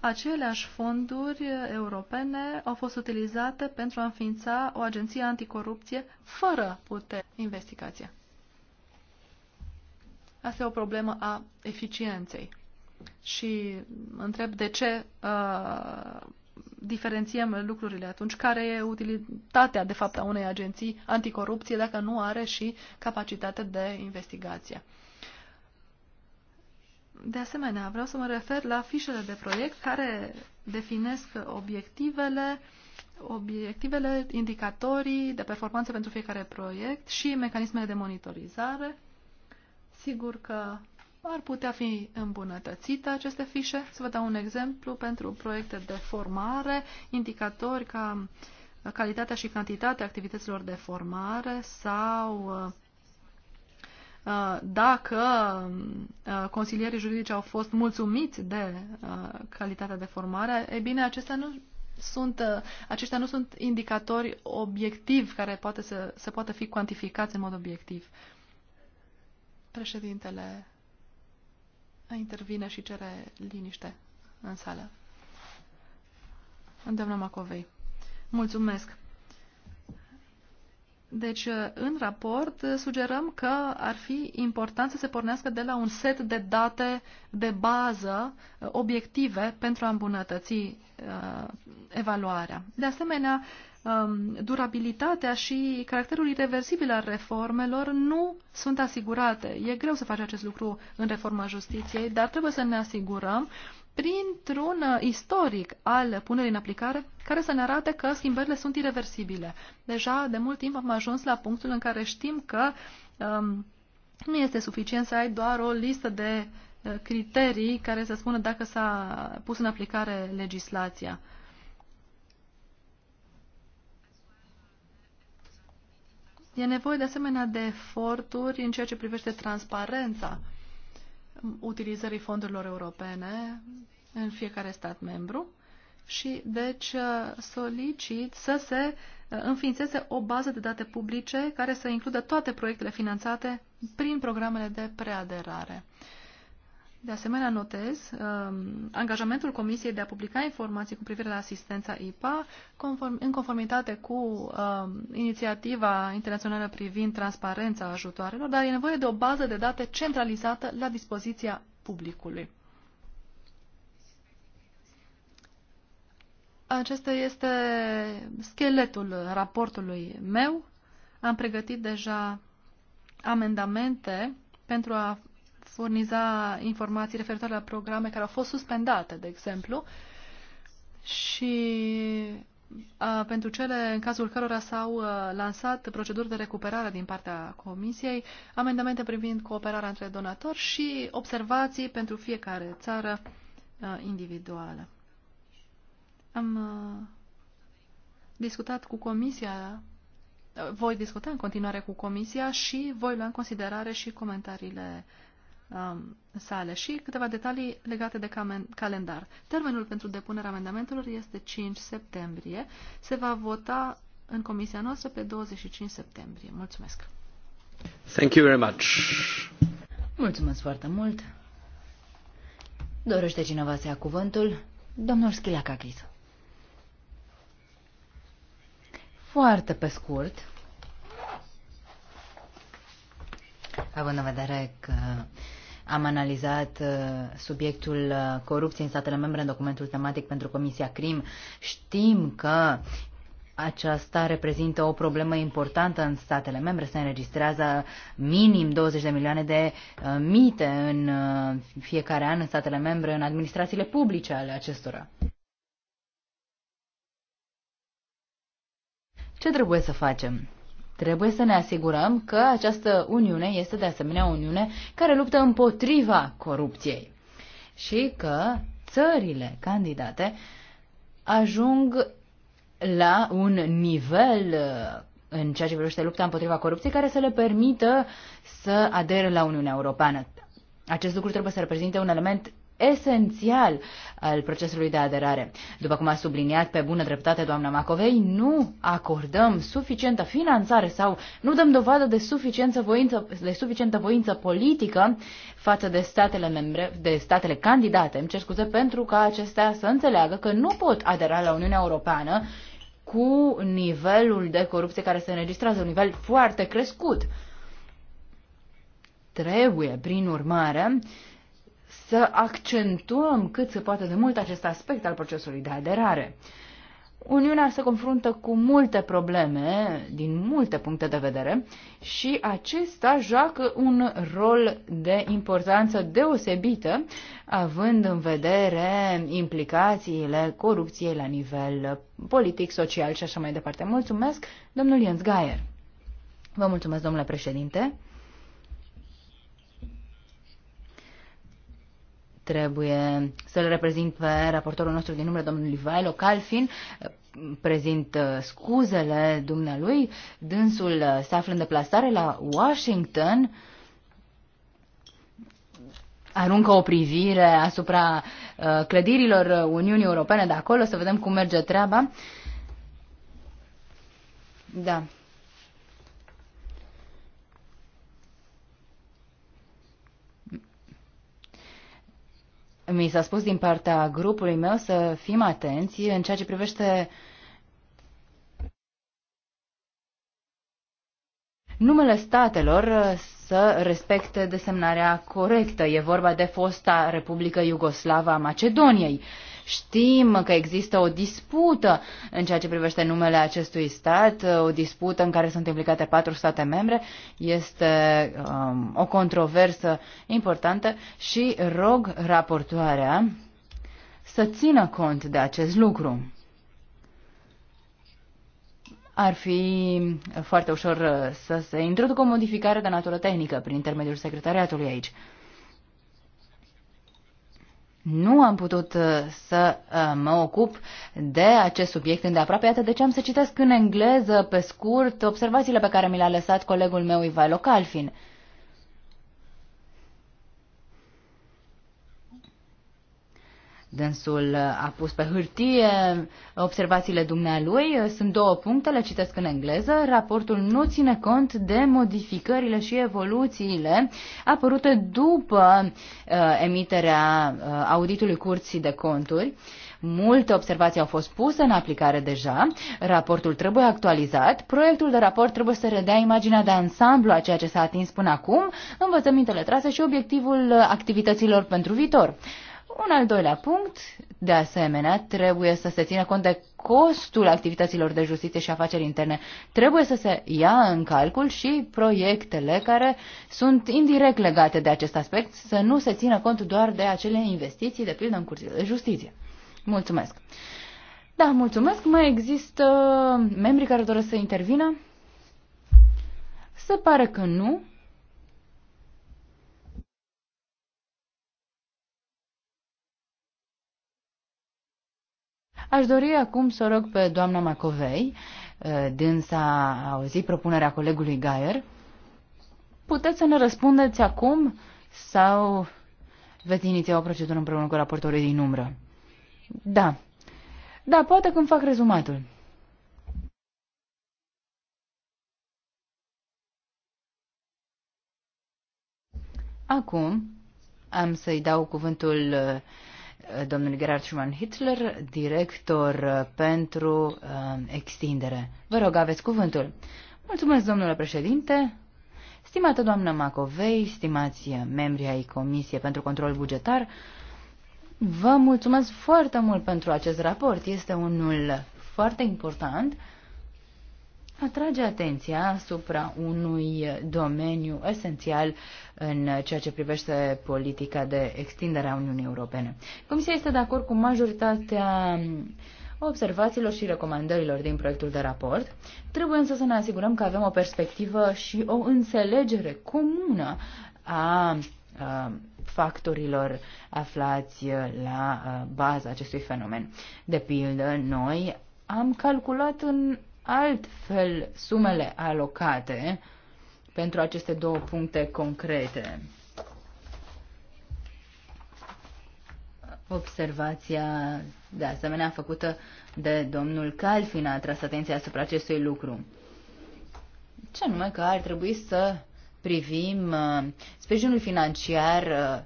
aceleași fonduri europene au fost utilizate pentru a înființa o agenție anticorupție fără putere investigație. Asta e o problemă a eficienței și întreb de ce uh, diferențiem lucrurile atunci, care e utilitatea de fapt a unei agenții anticorupție dacă nu are și capacitate de investigație. De asemenea, vreau să mă refer la fișele de proiect care definesc obiectivele, obiectivele, indicatorii de performanță pentru fiecare proiect și mecanismele de monitorizare. Sigur că ar putea fi îmbunătățită aceste fișe. Să vă dau un exemplu pentru proiecte de formare, indicatori ca calitatea și cantitatea activităților de formare sau uh, uh, dacă uh, consilierii juridici au fost mulțumiți de calitatea de formare, e bine, acestea nu sunt, aceștia nu sunt indicatori obiectivi care poate să, să poată fi cuantificați în mod obiectiv. Președintele intervine și cere liniște în sală. Îndemnă Macovei, mulțumesc. Deci, în raport, sugerăm că ar fi important să se pornească de la un set de date de bază obiective pentru a îmbunătăți uh, evaluarea. De asemenea, Um, durabilitatea și caracterul irreversibil al reformelor nu sunt asigurate. E greu să faci acest lucru în reforma justiției, dar trebuie să ne asigurăm printr-un uh, istoric al punerii în aplicare care să ne arate că schimbările sunt irreversibile. Deja de mult timp am ajuns la punctul în care știm că um, nu este suficient să ai doar o listă de uh, criterii care să spună dacă s-a pus în aplicare legislația. Uh, E nevoie de asemenea de eforturi în ceea ce privește transparența utilizării fondurilor europene în fiecare stat membru și deci solicit să se înființeze o bază de date publice care să includă toate proiectele finanțate prin programele de preaderare. De asemenea, notez um, angajamentul Comisiei de a publica informații cu privire la asistența IPA conform, în conformitate cu um, inițiativa internațională privind transparența ajutoarelor, dar e nevoie de o bază de date centralizată la dispoziția publicului. Acesta este scheletul raportului meu. Am pregătit deja amendamente pentru a furniza informații referitoare la programe care au fost suspendate, de exemplu, și a, pentru cele în cazul cărora s-au lansat proceduri de recuperare din partea Comisiei, amendamente privind cooperarea între donatori și observații pentru fiecare țară a, individuală. Am a, discutat cu Comisia voi discuta în continuare cu Comisia și voi lua în considerare și comentariile um, sale și câteva detalii legate de calendar. Termenul pentru depunerea amendamentelor este 5 septembrie. Se va vota în comisia noastră pe 25 septembrie. Mulțumesc! Thank you very much! Mulțumesc foarte mult! Dorește cineva să ia cuvântul? Domnul Schilacakis. Foarte pe scurt, având în vedere că am analizat uh, subiectul uh, corupției în statele membre în documentul tematic pentru Comisia CRIM, știm că aceasta reprezintă o problemă importantă în statele membre. Se înregistrează minim 20 de milioane de uh, mite în fiecare an în statele membre, în administrațiile publice ale acestora. Ce trebuie să facem? Trebuie să ne asigurăm că această Uniune este de asemenea o Uniune care luptă împotriva corupției și că țările candidate ajung la un nivel uh, în ceea ce privește lupta împotriva corupției care să le permită să adere la Uniunea Europeană. Acest lucru trebuie să reprezinte un element esențial al procesului de aderare. După cum a subliniat pe bună dreptate doamna Macovei, nu acordăm suficientă finanțare sau nu dăm dovadă de, suficientă voință, de suficientă voință politică față de statele membre, de statele candidate, îmi cer scuze, pentru ca acestea să înțeleagă că nu pot adera la Uniunea Europeană cu nivelul de corupție care se înregistrează, un nivel foarte crescut. Trebuie, prin urmare, să accentuăm cât se poate de mult acest aspect al procesului de aderare. Uniunea se confruntă cu multe probleme din multe puncte de vedere și acesta joacă un rol de importanță deosebită, având în vedere implicațiile corupției la nivel politic, social și așa mai departe. Mulțumesc, domnul Jens Geier. Vă mulțumesc, domnule președinte. Trebuie să-l reprezint pe raportorul nostru din numele domnului Vailo Calfin, uh, prezint uh, scuzele dumnealui. Dânsul uh, se află în deplasare la Washington aruncă o privire asupra clădirilor Uniunii Europene de acolo, să vedem cum merge treaba. Da, mi s-a spus din partea grupului meu să fim atenți în ceea ce privește numele statelor să respecte desemnarea corectă. E vorba de fosta Republică Iugoslava a Macedoniei. Știm că există o dispută în ceea ce privește numele acestui stat, o dispută în care sunt implicate patru state membre. Este um, o controversă importantă și rog raportoarea să țină cont de acest lucru ar fi foarte ușor să se introducă o modificare de natură tehnică prin intermediul secretariatului aici nu am putut uh, să uh, mă ocup de acest subiect îndeaproape. Iată de ce am să citesc în engleză, pe scurt, observațiile pe care mi le-a lăsat colegul meu Ivailo Calfin. Dânsul a pus pe hârtie observațiile dumnealui. Sunt două puncte, le citesc în engleză. Raportul nu ține cont de modificările și evoluțiile apărute după uh, emiterea uh, auditului Curții de Conturi. Multe observații au fost puse în aplicare deja, raportul trebuie actualizat, proiectul de raport trebuie să redea imaginea de ansamblu a ceea ce s-a atins până acum, învățămintele trase și obiectivul activităților pentru viitor. Un al doilea punct, de asemenea, trebuie să se țină cont de costul activităților de justiție și afaceri interne. Trebuie să se ia în calcul și proiectele care sunt indirect legate de acest aspect, să nu se țină cont doar de acele investiții, de pildă, în curțile de justiție. Mulțumesc! Da, mulțumesc. Mai există membrii care doresc să intervină? Se pare că nu. Aș dori acum să o rog pe doamna Macovei, uh, dânsa a auzit propunerea colegului Gaier. Puteți să ne răspundeți acum sau veți iniția o procedură împreună cu raportorii din umbră? Da. Da, poate când fac rezumatul. Acum am să-i dau cuvântul uh, Domnul Gerhard Schumann Hitler, director uh, pentru uh, extindere. Vă rog, aveți cuvântul. Mulțumesc, domnule președinte. Stimată doamnă Macovei, stimați uh, membri ai Comisiei pentru Control Bugetar, vă mulțumesc foarte mult pentru acest raport. Este unul foarte important atrage atenția asupra unui domeniu esențial în ceea ce privește politica de extindere a Uniunii Europene. Comisia este de acord cu majoritatea observațiilor și recomandărilor din proiectul de raport. Trebuie însă să ne asigurăm că avem o perspectivă și o înțelegere comună a factorilor aflați la baza acestui fenomen. De pildă, noi am calculat în altfel sumele alocate pentru aceste două puncte concrete. Observația, de asemenea, făcută de domnul Calfin a atras atenția asupra acestui lucru. Ce anume că ar trebui să privim uh, sprijinul financiar uh,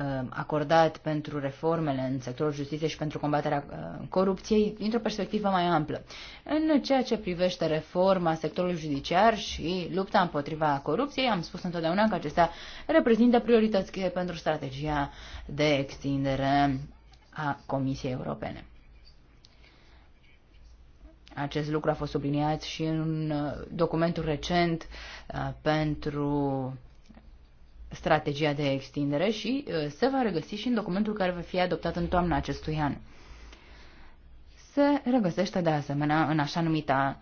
Um, acordat pentru reformele în sectorul justiției și pentru combaterea uh, corupției dintr-o perspectivă mai amplă. În ceea ce privește reforma sectorului judiciar și lupta împotriva corupției, am spus întotdeauna că acestea reprezintă priorități pentru strategia de extindere a Comisiei Europene. Acest lucru a fost subliniat și în uh, documentul recent uh, pentru strategia de extindere și uh, se va regăsi și în documentul care va fi adoptat în toamna acestui an. Se regăsește de asemenea în așa numita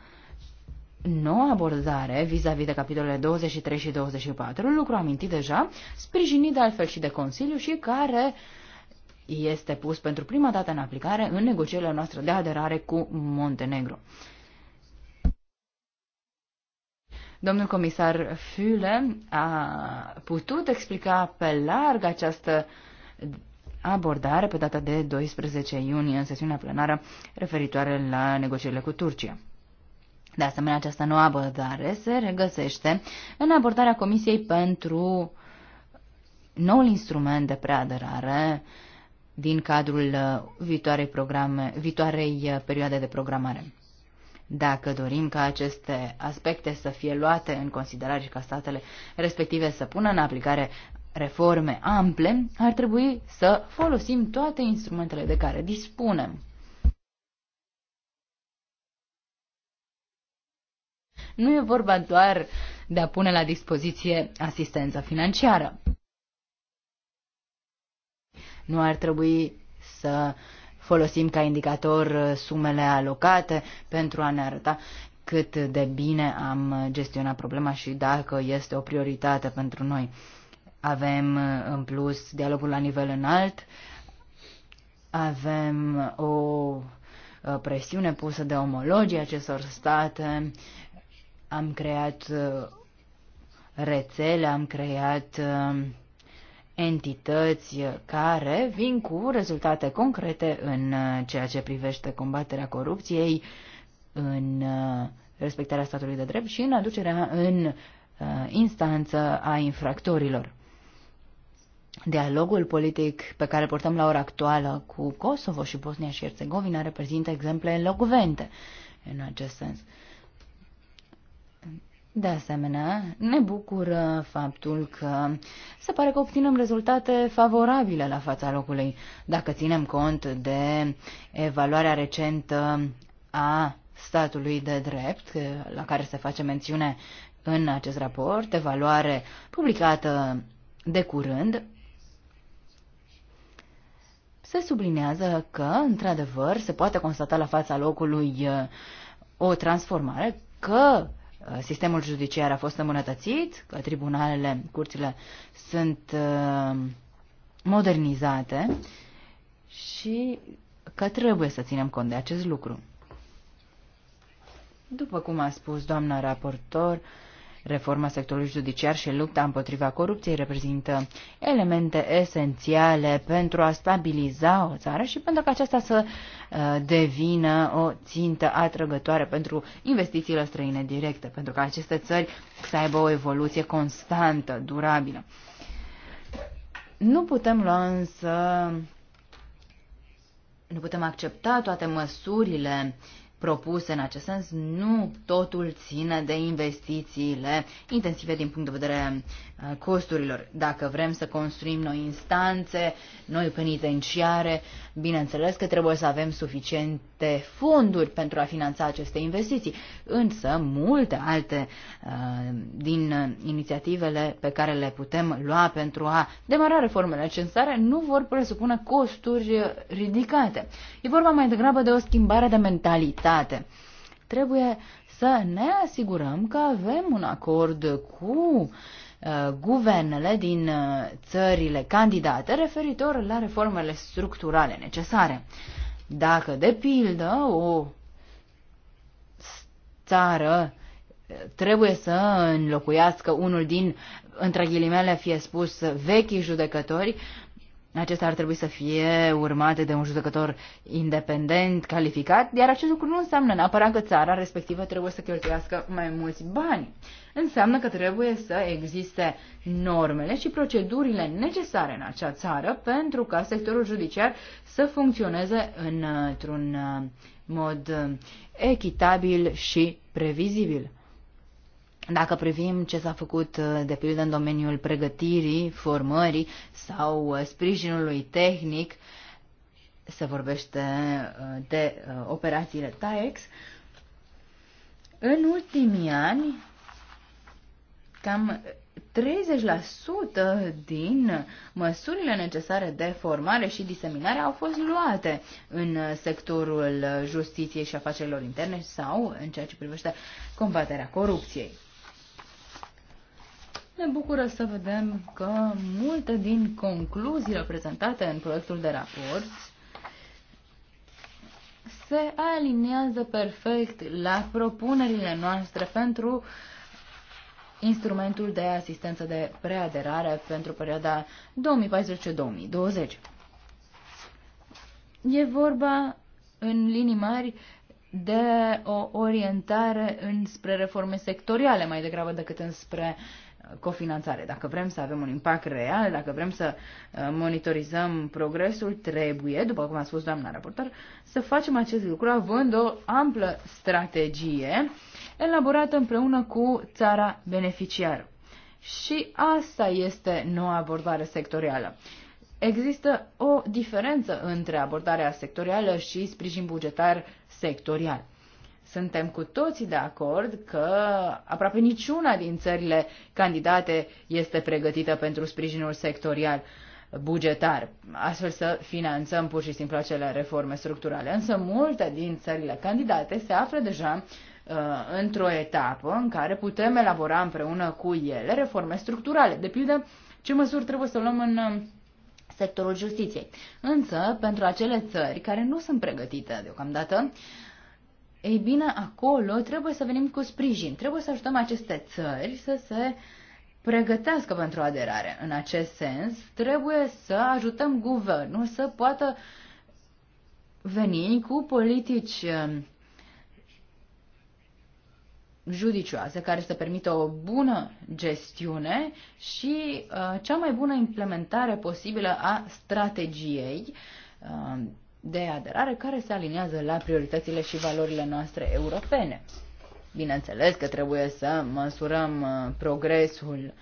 noua abordare vis-a-vis -vis de capitolele 23 și 24, lucru amintit deja, sprijinit de altfel și de Consiliu și care este pus pentru prima dată în aplicare în negocierile noastre de aderare cu Montenegro. Domnul comisar Füle a putut explica pe larg această abordare pe data de 12 iunie în sesiunea plenară referitoare la negocierile cu Turcia. De asemenea, această nouă abordare se regăsește în abordarea Comisiei pentru noul instrument de preaderare din cadrul viitoarei, programe, viitoarei uh, perioade de programare. Dacă dorim ca aceste aspecte să fie luate în considerare și ca statele respective să pună în aplicare reforme ample, ar trebui să folosim toate instrumentele de care dispunem. Nu e vorba doar de a pune la dispoziție asistență financiară. Nu ar trebui să uh, folosim ca indicator uh, sumele alocate pentru a ne arăta cât de bine am gestionat problema și dacă este o prioritate pentru noi. Avem uh, în plus dialogul la nivel înalt, avem o uh, presiune pusă de omologii acestor state, am creat rețele, am creat entități care vin cu rezultate concrete în uh, ceea ce privește combaterea corupției, în uh, respectarea statului de drept și în aducerea în uh, instanță a infractorilor. Dialogul politic pe care portăm la ora actuală cu Kosovo și Bosnia și Herțegovina reprezintă exemple locuvente în acest sens. De asemenea, ne bucură faptul că se pare că obținem rezultate favorabile la fața locului, dacă ținem cont de evaluarea recentă a statului de drept, la care se face mențiune în acest raport, evaluare publicată de curând, se sublinează că, într-adevăr, se poate constata la fața locului uh, o transformare, că Uh, sistemul judiciar a fost îmbunătățit, că tribunalele, curțile sunt uh, modernizate și că trebuie să ținem cont de acest lucru. După cum a spus doamna raportor, uh, Reforma sectorului judiciar și lupta împotriva corupției reprezintă elemente esențiale pentru a stabiliza o țară și pentru ca aceasta să uh, devină o țintă atrăgătoare pentru investițiile străine directe, pentru ca aceste țări să aibă o evoluție constantă, durabilă. Nu putem lua însă nu putem accepta toate măsurile propuse în acest sens, nu totul ține de investițiile intensive din punct de vedere costurilor. Dacă vrem să construim noi instanțe, noi penitenciare, bineînțeles că trebuie să avem suficiente fonduri pentru a finanța aceste investiții. Însă, multe alte uh, din inițiativele pe care le putem lua pentru a demara reformele necesare nu vor presupune costuri ridicate. E vorba mai degrabă de o schimbare de mentalitate. Trebuie să ne asigurăm că avem un acord cu uh, Uh, guvernele din uh, țările candidate referitor la reformele structurale necesare. Dacă, de pildă, o țară uh, trebuie să înlocuiască unul din, între ghilimele fie spus, vechi judecători, Acestea ar trebui să fie urmate de un judecător independent, calificat, iar acest lucru nu înseamnă neapărat că țara respectivă trebuie să cheltuiască mai mulți bani. Înseamnă că trebuie să existe normele și procedurile necesare în acea țară pentru ca sectorul judiciar să funcționeze într-un uh, mod uh, echitabil și previzibil. Dacă privim ce s-a făcut, uh, de pildă, în domeniul pregătirii, formării sau uh, sprijinului tehnic, se vorbește uh, de operațiile TAEX, în ultimii ani, cam 30% din măsurile necesare de formare și diseminare au fost luate în sectorul justiției și afacerilor interne sau în ceea ce privește combaterea corupției. Ne bucură să vedem că multe din concluziile prezentate în proiectul de raport se aliniază perfect la propunerile noastre pentru instrumentul de asistență de preaderare pentru perioada 2014-2020. E vorba, în linii mari, de o orientare înspre reforme sectoriale mai degrabă decât înspre uh, cofinanțare. Dacă vrem să avem un impact real, dacă vrem să uh, monitorizăm progresul, trebuie, după cum a spus doamna raportor, să facem acest lucru având o amplă strategie elaborată împreună cu țara beneficiară. Și asta este noua abordare sectorială. Există o diferență între abordarea sectorială și sprijin bugetar sectorial. Suntem cu toții de acord că aproape niciuna din țările candidate este pregătită pentru sprijinul sectorial bugetar, astfel să finanțăm pur și simplu acele reforme structurale. Însă multe din țările candidate se află deja uh, într-o etapă în care putem elabora împreună cu ele reforme structurale. De pildă, ce măsuri trebuie să luăm în uh, sectorul justiției. Însă, pentru acele țări care nu sunt pregătite deocamdată, uh, ei bine, acolo trebuie să venim cu sprijin, trebuie să ajutăm aceste țări să se pregătească pentru aderare. În acest sens, trebuie să ajutăm guvernul să poată veni cu politici um, judicioase care să permită o bună gestiune și uh, cea mai bună implementare posibilă a strategiei uh, de aderare care se aliniază la prioritățile și valorile noastre europene. Bineînțeles că trebuie să măsurăm uh, progresul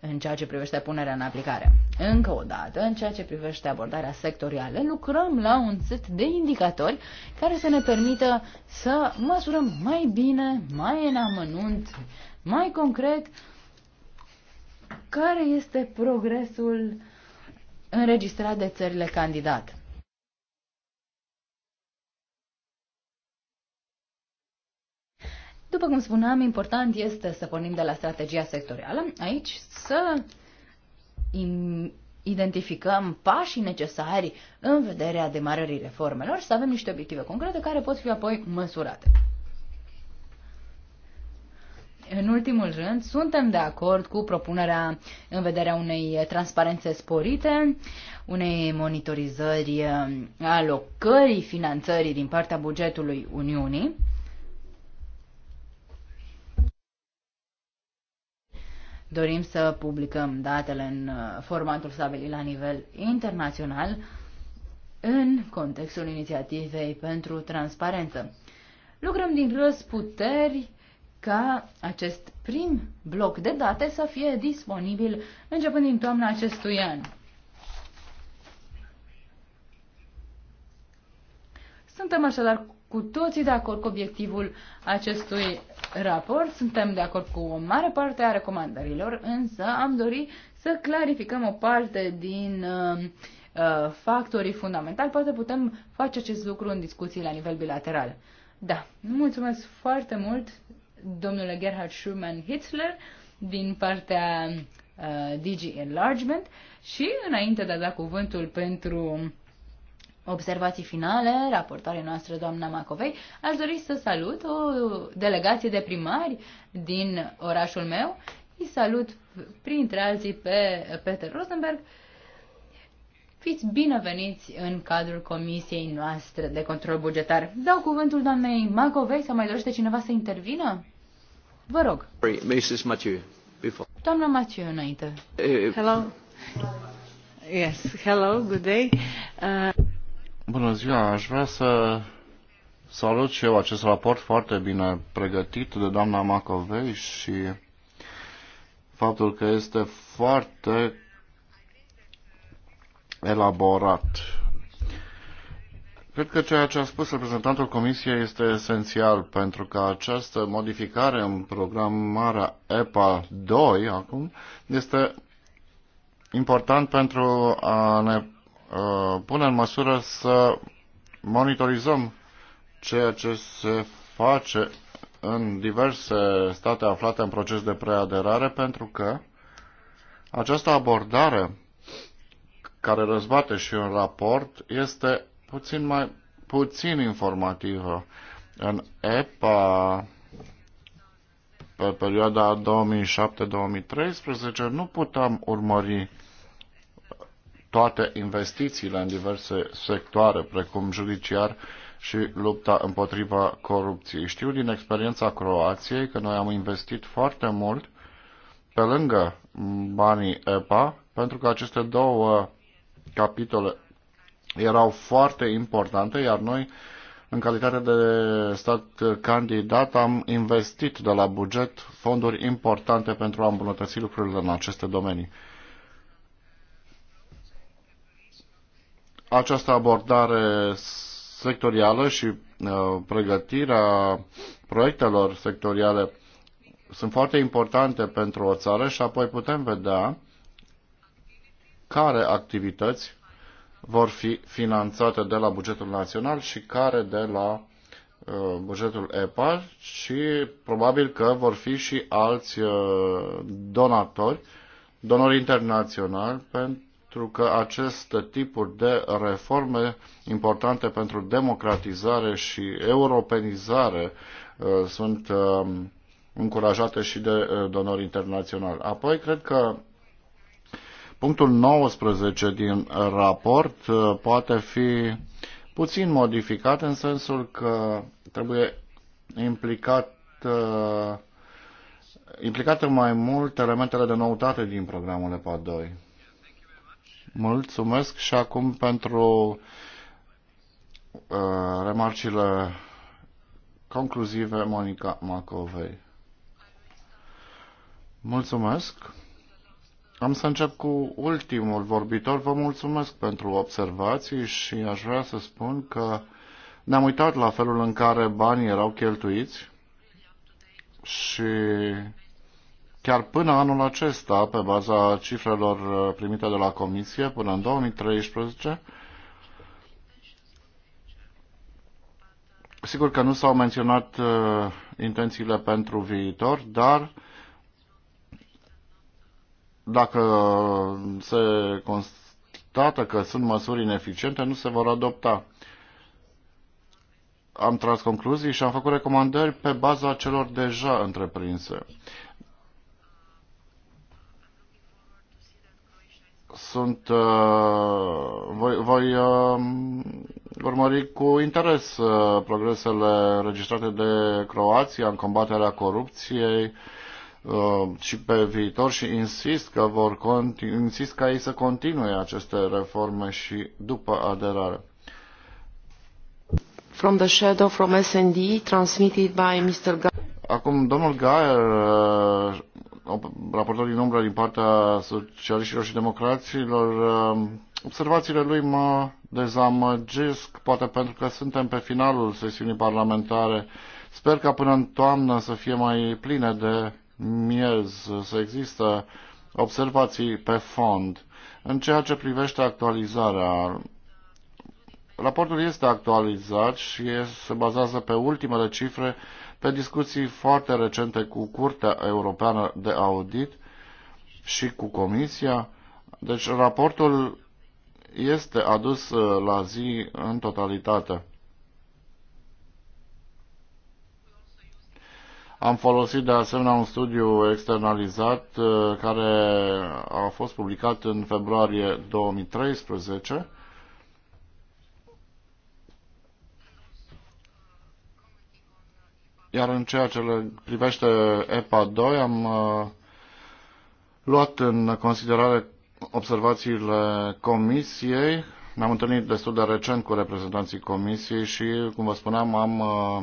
în ceea ce privește punerea în aplicare. Încă o dată, în ceea ce privește abordarea sectorială, lucrăm la un set de indicatori care să ne permită să măsurăm mai bine, mai în amănunt, mai concret care este progresul înregistrat de țările candidat. După cum spuneam, important este să pornim de la strategia sectorială, aici să identificăm pașii necesari în vederea demarării reformelor, să avem niște obiective concrete care pot fi apoi măsurate. În ultimul rând, suntem de acord cu propunerea în vederea unei transparențe sporite, unei monitorizări a alocării finanțării din partea bugetului Uniunii. dorim să publicăm datele în uh, formatul stabilit la nivel internațional în contextul inițiativei pentru transparență. Lucrăm din răsputeri ca acest prim bloc de date să fie disponibil începând din toamna acestui an. Suntem așadar cu toții de acord cu obiectivul acestui raport, suntem de acord cu o mare parte a recomandărilor, însă am dorit să clarificăm o parte din uh, uh factorii fundamentali. Poate putem face acest lucru în discuții la nivel bilateral. Da, mulțumesc foarte mult, domnule Gerhard Schumann Hitler, din partea uh, DG Enlargement și înainte de a da cuvântul pentru observații finale, raportarea noastră, doamna Macovei, aș dori să salut o delegație de primari din orașul meu. Îi salut, printre alții, pe Peter Rosenberg. Fiți bineveniți în cadrul comisiei noastre de control bugetar. Dau cuvântul doamnei Macovei sau mai dorește cineva să intervină? Vă rog. Mrs. Mathieu, before. Doamna Mathieu, înainte. Eh, hello. Yes, hello, good day. Uh... Bună ziua, aș vrea să salut și eu acest raport foarte bine pregătit de doamna Macovei și faptul că este foarte elaborat. Cred că ceea ce a spus reprezentantul Comisiei este esențial pentru că această modificare în programarea EPA 2 acum este important pentru a ne Uh, pune în măsură să monitorizăm ceea ce se face în diverse state aflate în proces de preaderare, pentru că această abordare care răzbate și un raport este puțin mai puțin informativă. În EPA, pe perioada 2007-2013, nu putem urmări toate investițiile în diverse sectoare, precum judiciar și lupta împotriva corupției. Știu din experiența Croației că noi am investit foarte mult pe lângă banii EPA, pentru că aceste două capitole erau foarte importante, iar noi, în calitate de stat candidat, am investit de la buget fonduri importante pentru a îmbunătăți lucrurile în aceste domenii. această abordare sectorială și uh, pregătirea proiectelor sectoriale sunt foarte importante pentru o țară și apoi putem vedea care activități vor fi finanțate de la bugetul național și care de la uh, bugetul EPA și probabil că vor fi și alți uh, donatori, donori internaționali pentru pentru că aceste tipuri de reforme importante pentru democratizare și europenizare uh, sunt um, încurajate și de uh, donori internaționali. Apoi, cred că punctul 19 din raport uh, poate fi puțin modificat în sensul că trebuie implicat implicate mai mult elementele de noutate din programul EPA 2. Mulțumesc și acum pentru uh, remarcile concluzive Monica Macovei. Mulțumesc. Am să încep cu ultimul vorbitor. Vă mulțumesc pentru observații și aș vrea să spun că ne-am uitat la felul în care banii erau cheltuiți și Chiar până anul acesta, pe baza cifrelor uh, primite de la Comisie, până în 2013, sigur că nu s-au menționat uh, intențiile pentru viitor, dar dacă se constată că sunt măsuri ineficiente, nu se vor adopta. Am tras concluzii și am făcut recomandări pe baza celor deja întreprinse. sunt, uh, voi, voi um, urmări cu interes uh, progresele înregistrate de Croația în combaterea corupției uh, și pe viitor și insist că vor insist ca ei să continue aceste reforme și după aderare. From the shadow from SND transmitted by Mr. Acum, domnul Gaer raportorii din umbră din partea socialiștilor și democraților. Um, observațiile lui mă dezamăgesc, poate pentru că suntem pe finalul sesiunii parlamentare. Sper ca până în toamnă să fie mai pline de miez, să există observații pe fond. În ceea ce privește actualizarea, raportul este actualizat și se bazează pe ultimele cifre pe discuții foarte recente cu Curtea Europeană de Audit și cu Comisia. Deci raportul este adus uh, la zi în totalitate. Am folosit de asemenea un studiu externalizat uh, care a fost publicat în februarie 2013 Iar în ceea ce le privește EPA 2, am uh, luat în considerare observațiile Comisiei. Ne-am întâlnit destul de recent cu reprezentanții Comisiei și, cum vă spuneam, am uh,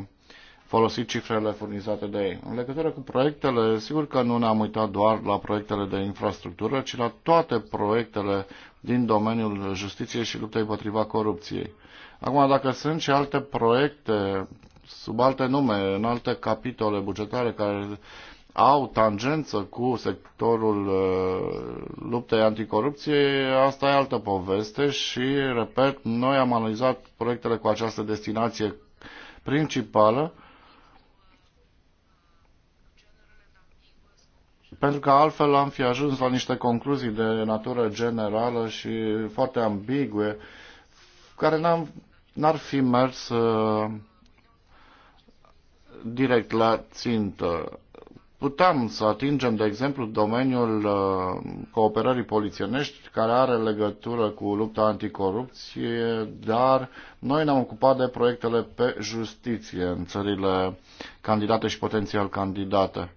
folosit cifrele furnizate de ei. În legătură cu proiectele, sigur că nu ne-am uitat doar la proiectele de infrastructură, ci la toate proiectele din domeniul justiției și luptei împotriva corupției. Acum, dacă sunt și alte proiecte sub alte nume, în alte capitole bugetare care au tangență cu sectorul uh, luptei anticorupție, asta e altă poveste și, repet, noi am analizat proiectele cu această destinație principală pentru că altfel am fi ajuns la niște concluzii de natură generală și foarte ambigue, care n-ar fi mers uh, direct la țintă. Putem să atingem, de exemplu, domeniul uh, cooperării polițienești, care are legătură cu lupta anticorupție, dar noi ne-am ocupat de proiectele pe justiție în țările candidate și potențial candidate.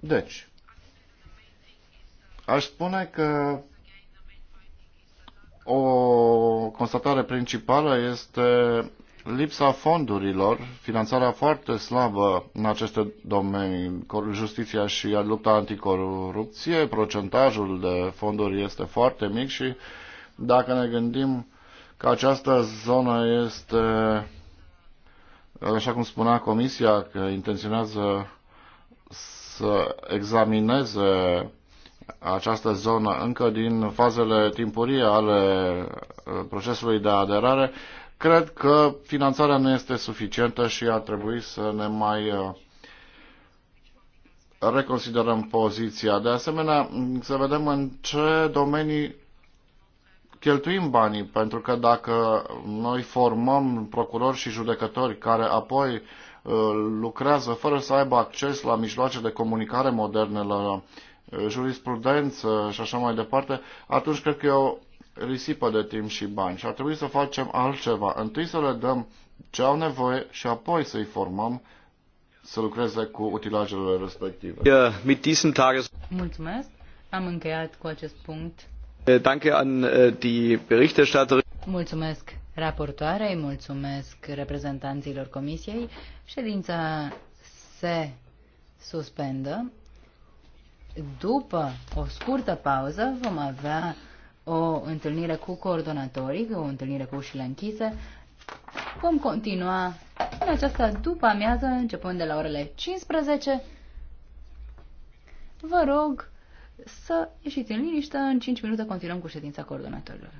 Deci, Aș spune că o constatare principală este lipsa fondurilor, finanțarea foarte slabă în aceste domenii, justiția și lupta anticorupție, procentajul de fonduri este foarte mic și dacă ne gândim că această zonă este, așa cum spunea Comisia, că intenționează să examineze această zonă încă din fazele timpurii ale uh, procesului de aderare, cred că finanțarea nu este suficientă și ar trebui să ne mai uh, reconsiderăm poziția. De asemenea, să vedem în ce domenii cheltuim banii, pentru că dacă noi formăm procurori și judecători care apoi uh, lucrează fără să aibă acces la mijloace de comunicare moderne, la Eh, jurisprudență și așa mai departe, atunci cred că e o risipă de timp și bani și ar trebui să facem altceva. Întâi să le dăm ce au nevoie și apoi să-i formăm să lucreze cu utilajele respective. Mulțumesc. Am încheiat cu acest punct. Eh, danke an eh, die Berichterstatterin. Mulțumesc raportoarei, mulțumesc reprezentanților comisiei. Ședința se suspendă. După o scurtă pauză vom avea o întâlnire cu coordonatorii, o întâlnire cu ușile închise. Vom continua în aceasta după amiază, începând de la orele 15. Vă rog să ieșiți în liniște, în 5 minute continuăm cu ședința coordonatorilor.